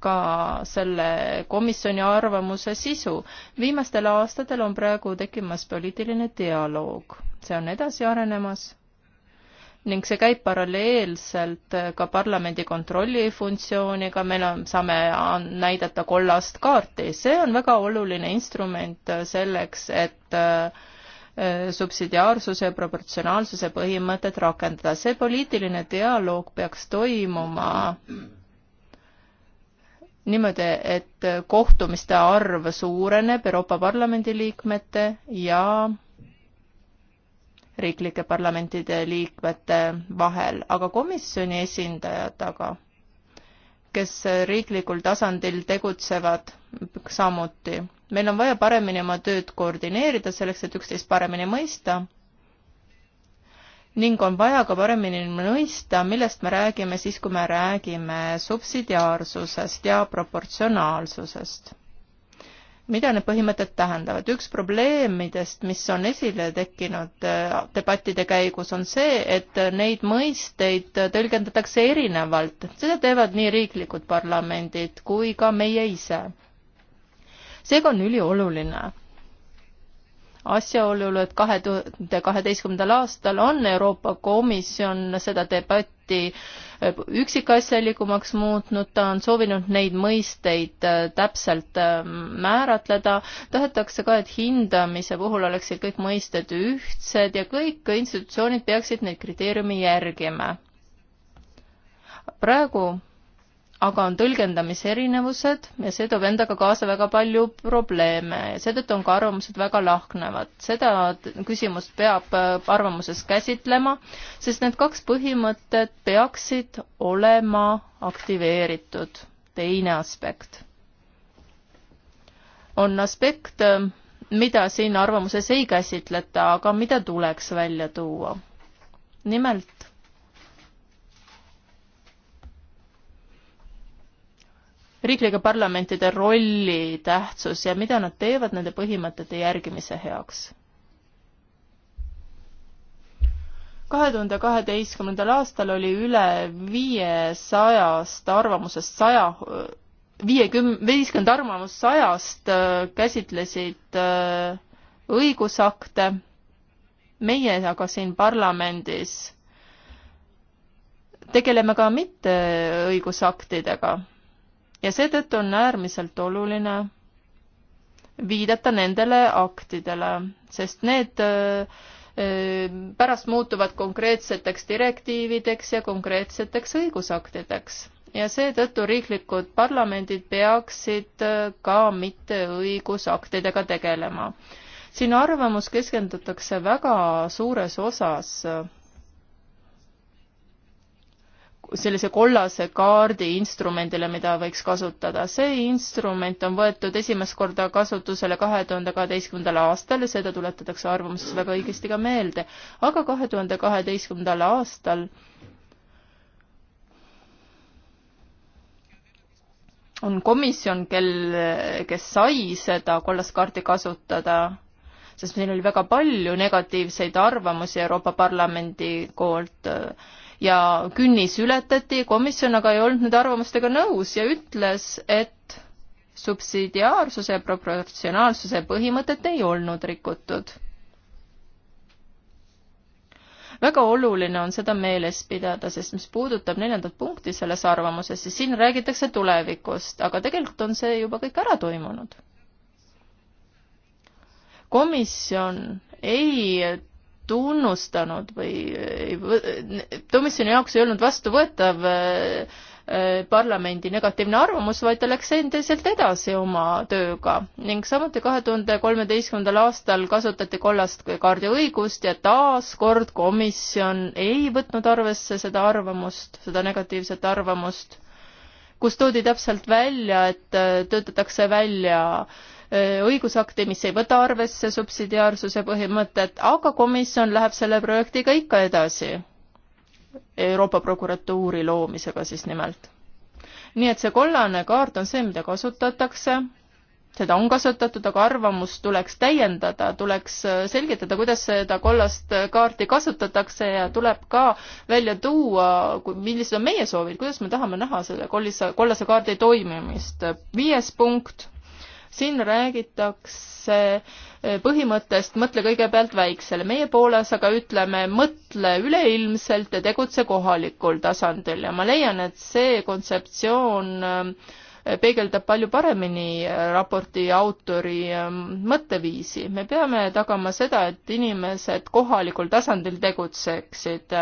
ka selle komisjoni arvamuse sisu. viimastel aastatel on praegu tekkimas poliitiline dialoog, see on edasi arenemas ning see käib paralleelselt ka parlamendi kontrollifunktsiooniga, meil on, saame näidata kollast kaarti, see on väga oluline instrument selleks, et äh, subsidiaarsuse ja proportsionaalsuse põhimõtet rakendada. see poliitiline dialoog peaks toimuma äh, niimoodi, et kohtumiste arv suureneb Euroopa Parlamendi liikmete ja riiklike parlamentide liikmete vahel, aga komisjoni esindajad aga, kes riiklikul tasandil tegutsevad samuti. meil on vaja paremini oma tööd koordineerida, selleks et üksteist paremini mõista ning on vaja ka paremini mõista, millest me räägime siis, kui me räägime subsidiaarsusest ja proportsionaalsusest. mida need põhimõtted tähendavad? üks probleemidest, mis on esile tekkinud äh, debattide käigus, on see, et neid mõisteid tõlgendatakse erinevalt. seda teevad nii riiklikud parlamendid kui ka meie ise. seega on ülioluline asjaolul, et kahe tuhande kaheteistkümnendal aastal on Euroopa Komisjon seda debatti äh, üksikasjalikumaks muutnud, ta on soovinud neid mõisteid äh, täpselt äh, määratleda, tahetakse ka, et hindamise puhul oleksid kõik mõisted ühtsed ja kõik institutsioonid peaksid neid kriteeriume järgima. praegu aga on tõlgendamise erinevused ja see toob endaga kaasa väga palju probleeme ja seetõttu on ka arvamused väga lahknevad. seda küsimust peab äh, arvamuses käsitlema, sest need kaks põhimõtet peaksid olema aktiveeritud. teine aspekt on aspekt, äh, mida siin arvamuses ei käsitleta, aga mida tuleks välja tuua. nimelt riiklike parlamentide rolli tähtsus ja mida nad teevad nende põhimõtete järgimise heaks. kahe tuhande kaheteistkümnendal aastal oli üle viiesajast arvamusest saja, viiekümne, viiskümmend arvamust sajast äh, käsitlesid äh, õigusakte, meie aga siin parlamendis tegeleme ka mitte õigusaktidega ja seetõttu on äärmiselt oluline viidata nendele aktidele, sest need äh, äh, pärast muutuvad konkreetseteks direktiivideks ja konkreetseteks õigusaktideks ja seetõttu riiklikud parlamendid peaksid äh, ka mitte õigusaktidega tegelema. siin arvamus keskendutakse väga suures osas sellise kollase kaardi instrumendile, mida võiks kasutada. see instrument on võetud esimest korda kasutusele kahe tuhande kaheteistkümnendal aastal ja seda tuletatakse arvamuses väga õigesti ka meelde. aga kahe tuhande kaheteistkümnendal aastal on komisjon, kel, kes sai seda kollast kaarti kasutada, sest meil oli väga palju negatiivseid arvamusi Euroopa Parlamendi poolt äh, ja künnis ületati, komisjon aga ei olnud nende arvamustega nõus ja ütles, et subsidiaarsuse ja proportsionaalsuse põhimõtet ei olnud rikutud. väga oluline on seda meeles pidada, sest mis puudutab neljandat punkti selles arvamuses, siis siin räägitakse tulevikust, aga tegelikult on see juba kõik ära toimunud. komisjon ei tunnustanud või komisjoni jaoks ei olnud vastuvõetav äh, äh, parlamendi negatiivne arvamus, vaid ta läks endiselt edasi oma tööga ning samuti kahe tuhande kolmeteistkümnendal aastal kasutati kollast kaardiõigust ja taas kord komisjon ei võtnud arvesse seda arvamust, seda negatiivset arvamust, kus toodi täpselt välja, et äh, töötatakse välja äh, Äh, õigusakti, mis ei võta arvesse subsidiaarsuse põhimõtet, aga komisjon läheb selle projektiga ikka edasi. Euroopa prokuratuuri loomisega siis nimelt. nii et see kollane kaart on see, mida kasutatakse, seda on kasutatud, aga arvamust tuleks täiendada, tuleks äh, selgitada, kuidas seda kollast kaarti kasutatakse ja tuleb ka välja tuua, millised on meie soovid, kuidas me tahame näha selle kollise, kollase kaardi toimimist. viies punkt siin räägitakse eh, põhimõttest mõtle kõigepealt väiksele. meie Poolas aga ütleme mõtle üleilmselt ja tegutse kohalikul tasandil ja ma leian, et see kontseptsioon äh, peegeldab palju paremini äh, raporti autori ähm, mõtteviisi. me peame tagama seda, et inimesed kohalikul tasandil tegutseksid.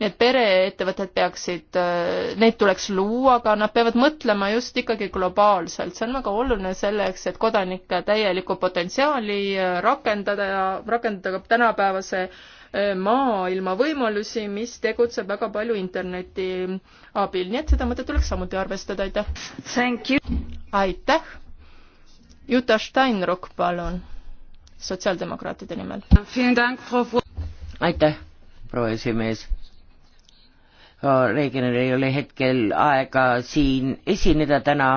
Need pereettevõtted peaksid, äh, neid tuleks luua, aga nad peavad mõtlema just ikkagi globaalselt. see on väga oluline selleks, et kodanike täielikku potentsiaali äh, rakendada ja rakendada ka tänapäevase Äh, maailma võimalusi, mis tegutseb väga palju interneti abil, nii et seda mõtet tuleks samuti arvestada, aitäh! aitäh! Juta Steinruck, palun, sotsiaaldemokraatide nimel. aitäh, proua esimees Reegenil ei ole hetkel aega siin esineda täna,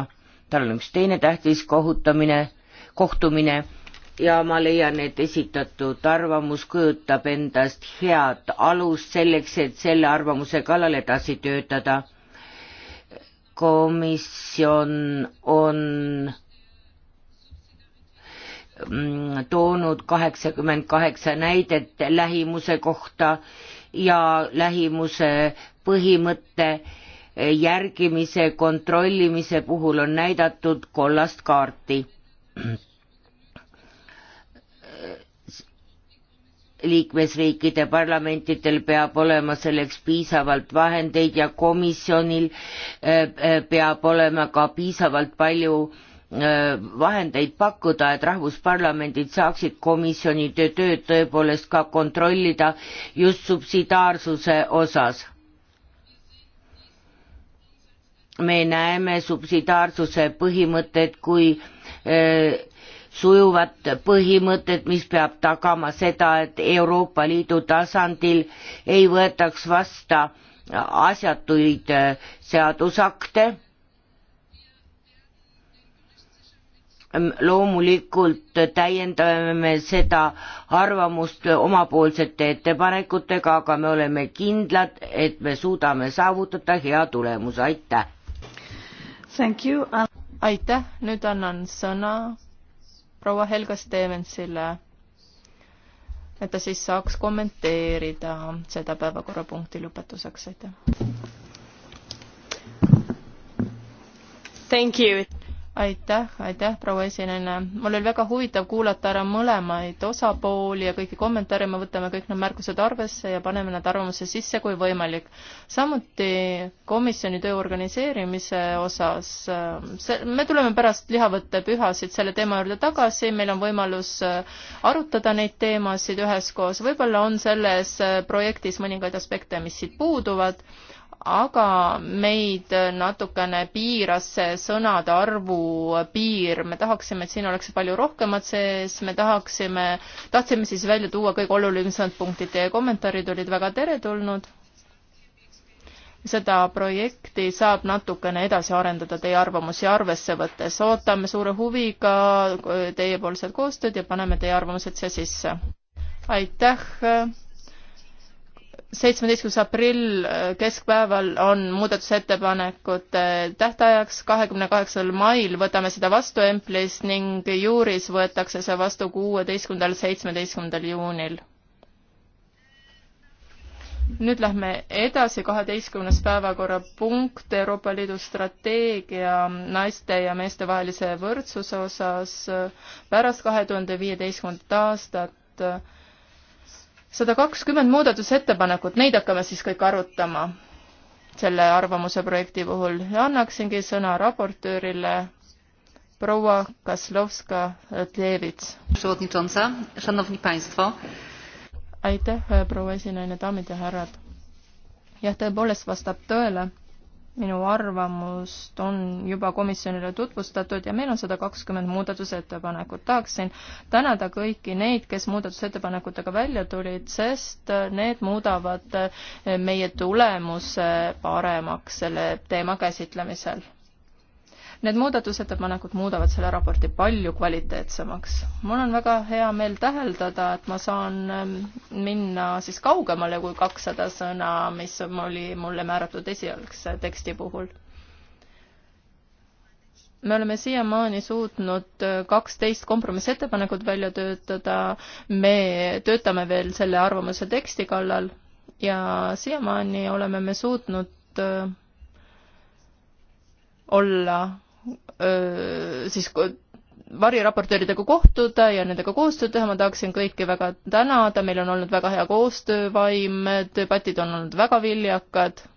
tal on üks teine tähtis kohutamine, kohtumine ja ma leian, et esitatud arvamus kujutab endast head alust selleks, et selle arvamuse kallal edasi töötada. komisjon on mm, toonud kaheksakümmend kaheksa näidet lähimuse kohta ja lähimuse põhimõtte järgimise kontrollimise puhul on näidatud kollast kaarti liikmesriikide parlamentidel peab olema selleks piisavalt vahendeid ja komisjonil äh, äh, peab olema ka piisavalt palju äh, vahendeid pakkuda, et rahvusparlamendid saaksid komisjoni tööd tõepoolest ka kontrollida just subsidiaarsuse osas. me näeme subsidiaarsuse põhimõtet kui sujuvat põhimõtet, mis peab tagama seda, et Euroopa Liidu tasandil ei võetaks vasta asjatuid äh, seadusakte. loomulikult täiendame me seda arvamust omapoolsete ettepanekutega, aga me oleme kindlad, et me suudame saavutada hea tulemuse, aitäh! aitäh, nüüd annan sõna proua Helga Stevensile, et ta siis saaks kommenteerida seda päevakorrapunkti lõpetuseks, aitäh aitäh, aitäh, proua esineja. mul oli väga huvitav kuulata ära mõlemaid osapooli ja kõiki kommentaare, me võtame kõik need märkused arvesse ja paneme need arvamuse sisse, kui võimalik. samuti komisjoni töö organiseerimise osas, ähm, see, me tuleme pärast lihavõtte pühasid selle teema juurde tagasi, meil on võimalus äh, arutada neid teemasid üheskoos, võib-olla on selles äh, projektis mõningaid aspekte, mis siit puuduvad aga meid natukene piiras see sõnade arvu piir, me tahaksime, et siin oleks palju rohkemat sees, me tahaksime, tahtsime siis välja tuua kõige olulisemad punktid, teie kommentaarid olid väga teretulnud. seda projekti saab natukene edasi arendada teie arvamusi arvesse võttes, ootame suure huviga teiepoolset koostööd ja paneme teie arvamused siia sisse. aitäh! seitsmeteistkümnes aprill äh, keskpäeval on muudatusettepanekute tähtajaks, kahekümne kaheksandal mail võtame seda vastu Emplis ning juuris võetakse see vastu kuueteistkümnendal, seitsmeteistkümnendal juunil. nüüd lähme edasi, kaheteistkümnes päevakorrapunkt Euroopa Liidu strateegia naiste ja meeste vahelise võrdsuse osas pärast kahe tuhande viieteistkümnendat aastat sada kakskümmend muudatusettepanekut, neid hakkame siis kõik arutama selle arvamuse projekti puhul ja annaksingi sõna raportöörile proua Kaslovska-Tlevits. aitäh, proua esinaine, daamid ja härrad. jah, tõepoolest vastab tõele minu arvamust on juba komisjonile tutvustatud ja meil on sada kakskümmend muudatusettepanekut. tahaksin tänada kõiki neid, kes muudatusettepanekutega välja tulid, sest need muudavad meie tulemuse paremaks selle teema käsitlemisel Need muudatusettepanekud muudavad selle raporti palju kvaliteetsemaks. mul on väga hea meel täheldada, et ma saan ähm, minna siis kaugemale kui kakssada sõna, mis oli mulle määratud esialgse teksti puhul me oleme siiamaani suutnud äh, kaksteist kompromissettepanekut välja töötada, me töötame veel selle arvamuse teksti kallal ja siiamaani oleme me suutnud äh, olla siis variraportööridega kohtuda ja nendega koostööd teha, ma tahaksin kõiki väga tänada, meil on olnud väga hea koostöövaim, debatid on olnud väga viljakad.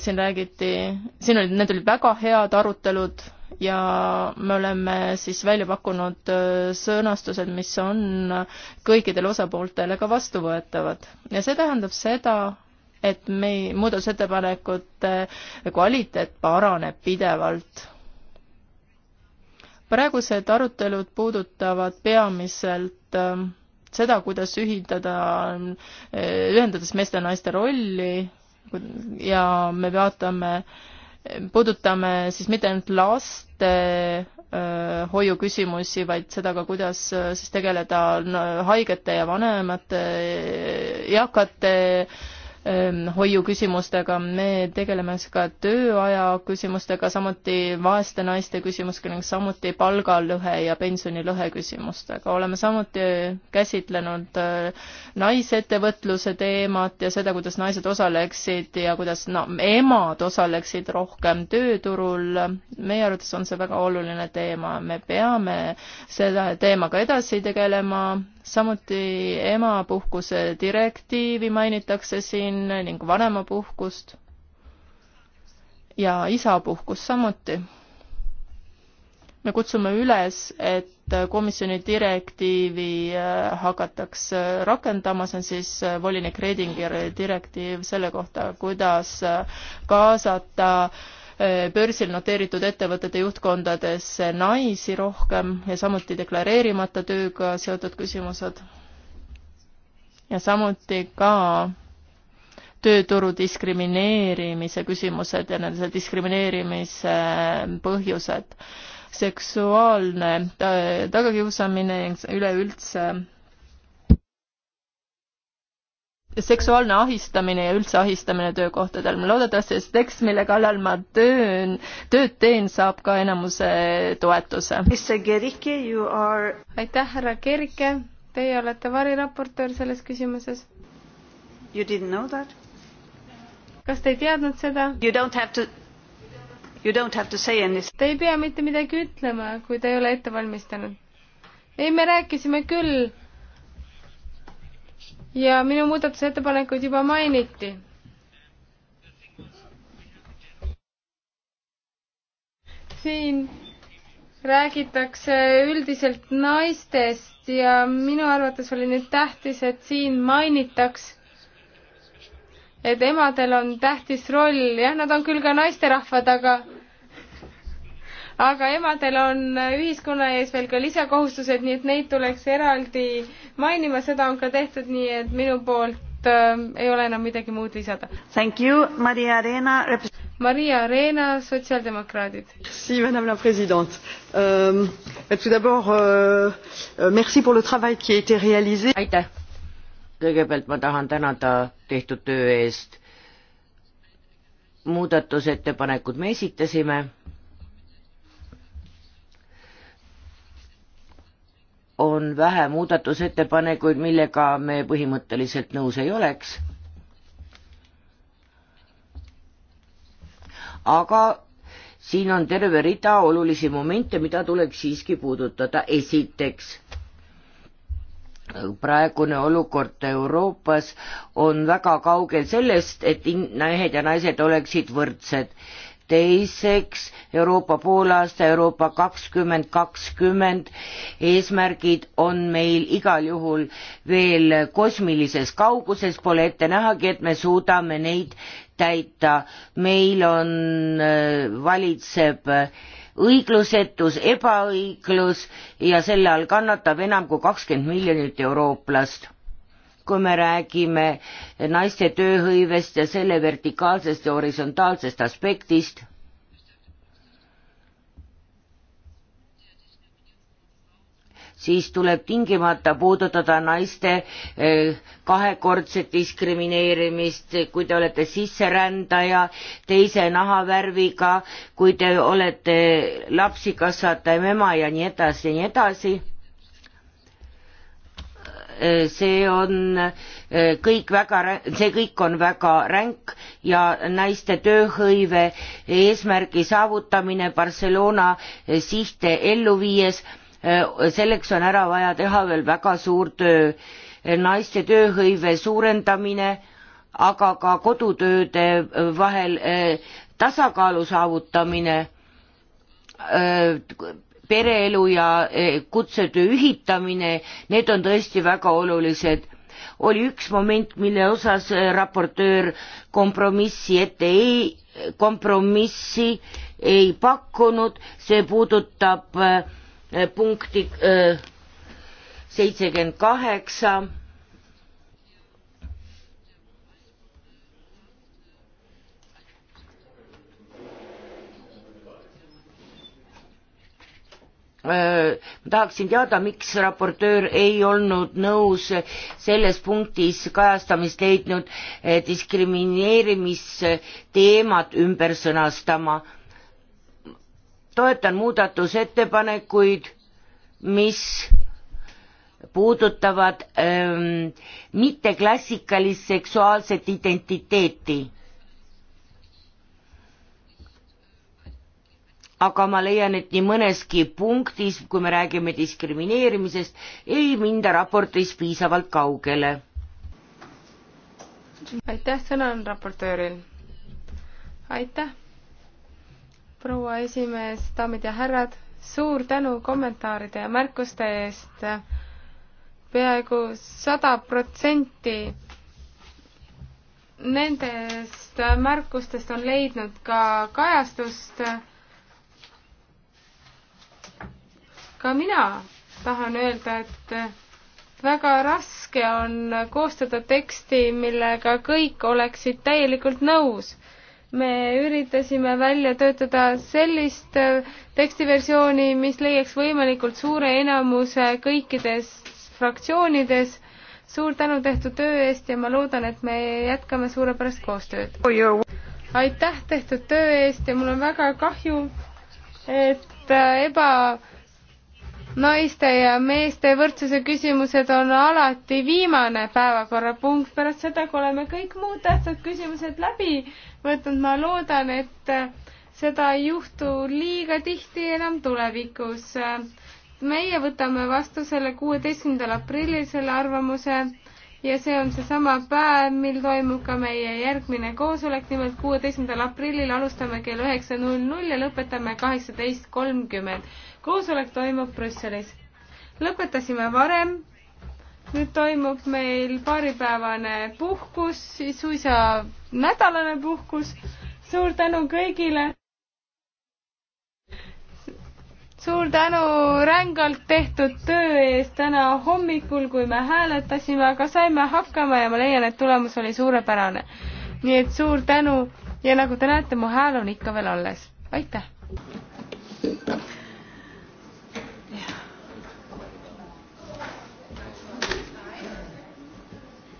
siin räägiti, siin olid, need olid väga head arutelud ja me oleme siis välja pakkunud sõnastused, mis on kõikidele osapooltele ka vastuvõetavad ja see tähendab seda, et meie muudatusettepanekute eh, kvaliteet paraneb pidevalt. praegused arutelud puudutavad peamiselt eh, seda, kuidas ühitada, eh, ühendades meeste ja naiste rolli ja me vaatame, puudutame siis mitte ainult laste hoiuküsimusi, vaid seda ka, kuidas siis tegeleda haigete ja vanemate, eakate hoiuküsimustega, me tegeleme ka tööaja küsimustega, samuti vaeste naiste küsimustega ning samuti palgalõhe ja pensionilõhe küsimustega. oleme samuti käsitlenud naisettevõtluse teemat ja seda, kuidas naised osaleksid ja kuidas no, emad osaleksid rohkem tööturul. meie arvates on see väga oluline teema, me peame selle teemaga edasi tegelema, samuti emapuhkuse direktiivi mainitakse siin ning vanemapuhkust ja isapuhkust samuti. me kutsume üles, et komisjoni direktiivi äh, hakataks rakendama, see on siis äh, volinik Redingeri direktiiv selle kohta, kuidas äh, kaasata äh, Äh, börsil noteeritud ettevõtete juhtkondadesse naisi rohkem ja samuti deklareerimata tööga seotud küsimused. ja samuti ka tööturu diskrimineerimise küsimused ja nende diskrimineerimise põhjused. seksuaalne tagakiusamine üleüldse seksuaalne ahistamine ja üldse ahistamine töökohtadel. loodetavasti see tekst, mille kallal ma töön, tööd teen, saab ka enamuse toetuse. Are... aitäh, härra Kerike, teie olete variraportöör selles küsimuses. You didn't know that? kas te ei teadnud seda? You don't have to You don't have to say anything. Te ei pea mitte midagi ütlema, kui te ei ole ette valmistanud. ei, me rääkisime küll ja minu muudatusettepanekuid juba mainiti. siin räägitakse üldiselt naistest ja minu arvates oli nüüd tähtis, et siin mainitaks, et emadel on tähtis roll, jah, nad on küll ka naisterahvad, aga aga emadel on ühiskonna ees veel ka lisakohustused, nii et neid tuleks eraldi mainima, seda on ka tehtud, nii et minu poolt äh, ei ole enam midagi muud lisada. Thank you, Maria Arena. Maria Arena, sotsiaaldemokraadid. Si, madame la présidente euh,. Tout d'abord euh, euh,, merci pour le travail qui a été réalisé. aitäh. kõigepealt ma tahan tänada tehtud töö eest. muudatusettepanekud me esitasime on vähe muudatusettepanekuid, millega me põhimõtteliselt nõus ei oleks. aga siin on terve rida olulisi momente, mida tuleks siiski puudutada. esiteks, praegune olukord Euroopas on väga kaugel sellest, et mehed ja naised oleksid võrdsed teiseks Euroopa poolaasta, Euroopa kakskümmend kakskümmend eesmärgid on meil igal juhul veel kosmilises kauguses, pole ette nähagi, et me suudame neid täita. meil on, äh, valitseb äh, õiglusetus, ebaõiglus ja selle all kannatab enam kui kakskümmend miljonit eurooplast kui me räägime naiste tööhõivest ja selle vertikaalsest ja horisontaalsest aspektist, siis tuleb tingimata puudutada naiste eh, kahekordset diskrimineerimist, kui te olete sisserändaja teise nahavärviga, kui te olete lapsi kasvatav ema ja nii edasi ja nii edasi see on eh, kõik väga, see kõik on väga ränk ja naiste tööhõive eesmärgi saavutamine Barcelona eh, sihte ellu viies, eh, selleks on ära vaja teha veel väga suur töö. naiste tööhõive suurendamine, aga ka kodutööde vahel tasakaalu saavutamine pereelu ja eh, kutsetöö ühitamine, need on tõesti väga olulised. oli üks moment, mille osas eh, raportöör kompromissi ette ei, kompromissi ei pakkunud, see puudutab eh, punkti seitsekümmend kaheksa Äh, ma tahaksin teada, miks raportöör ei olnud nõus selles punktis kajastamist leidnud äh, diskrimineerimisteemat ümber sõnastama. toetan muudatusettepanekuid, mis puudutavad ähm, mitteklassikalist seksuaalset identiteeti aga ma leian, et nii mõneski punktis, kui me räägime diskrimineerimisest, ei minda raportis piisavalt kaugele. aitäh, sõna on raportööril. aitäh, proua esimees, daamid ja härrad, suur tänu kommentaaride ja märkuste eest peaaegu. peaaegu sada protsenti nendest märkustest on leidnud ka kajastust ka mina tahan öelda, et väga raske on koostada teksti, millega kõik oleksid täielikult nõus. me üritasime välja töötada sellist tekstiversiooni, mis leiaks võimalikult suure enamuse kõikides fraktsioonides. suur tänu tehtud töö eest ja ma loodan, et me jätkame suurepärast koostööd. aitäh tehtud töö eest ja mul on väga kahju, et äh, eba naiste ja meeste võrdsuse küsimused on alati viimane päevakorrapunkt, pärast seda, kui oleme kõik muud tähtsad küsimused läbi võtnud, ma loodan, et seda ei juhtu liiga tihti enam tulevikus. meie võtame vastu selle kuueteistkümnendal aprillil selle arvamuse ja see on seesama päev, mil toimub ka meie järgmine koosolek, nimelt kuueteistkümnendal aprillil alustame kell üheksa null null ja lõpetame kaheksateist kolmkümmend koosolek toimub Brüsselis. lõpetasime varem, nüüd toimub meil paaripäevane puhkus, siis suisa nädalane puhkus. suur tänu kõigile. suur tänu rängalt tehtud töö eest täna hommikul, kui me hääletasime, aga saime hakkama ja ma leian, et tulemus oli suurepärane. nii et suur tänu ja nagu te näete, mu hääl on ikka veel alles. aitäh!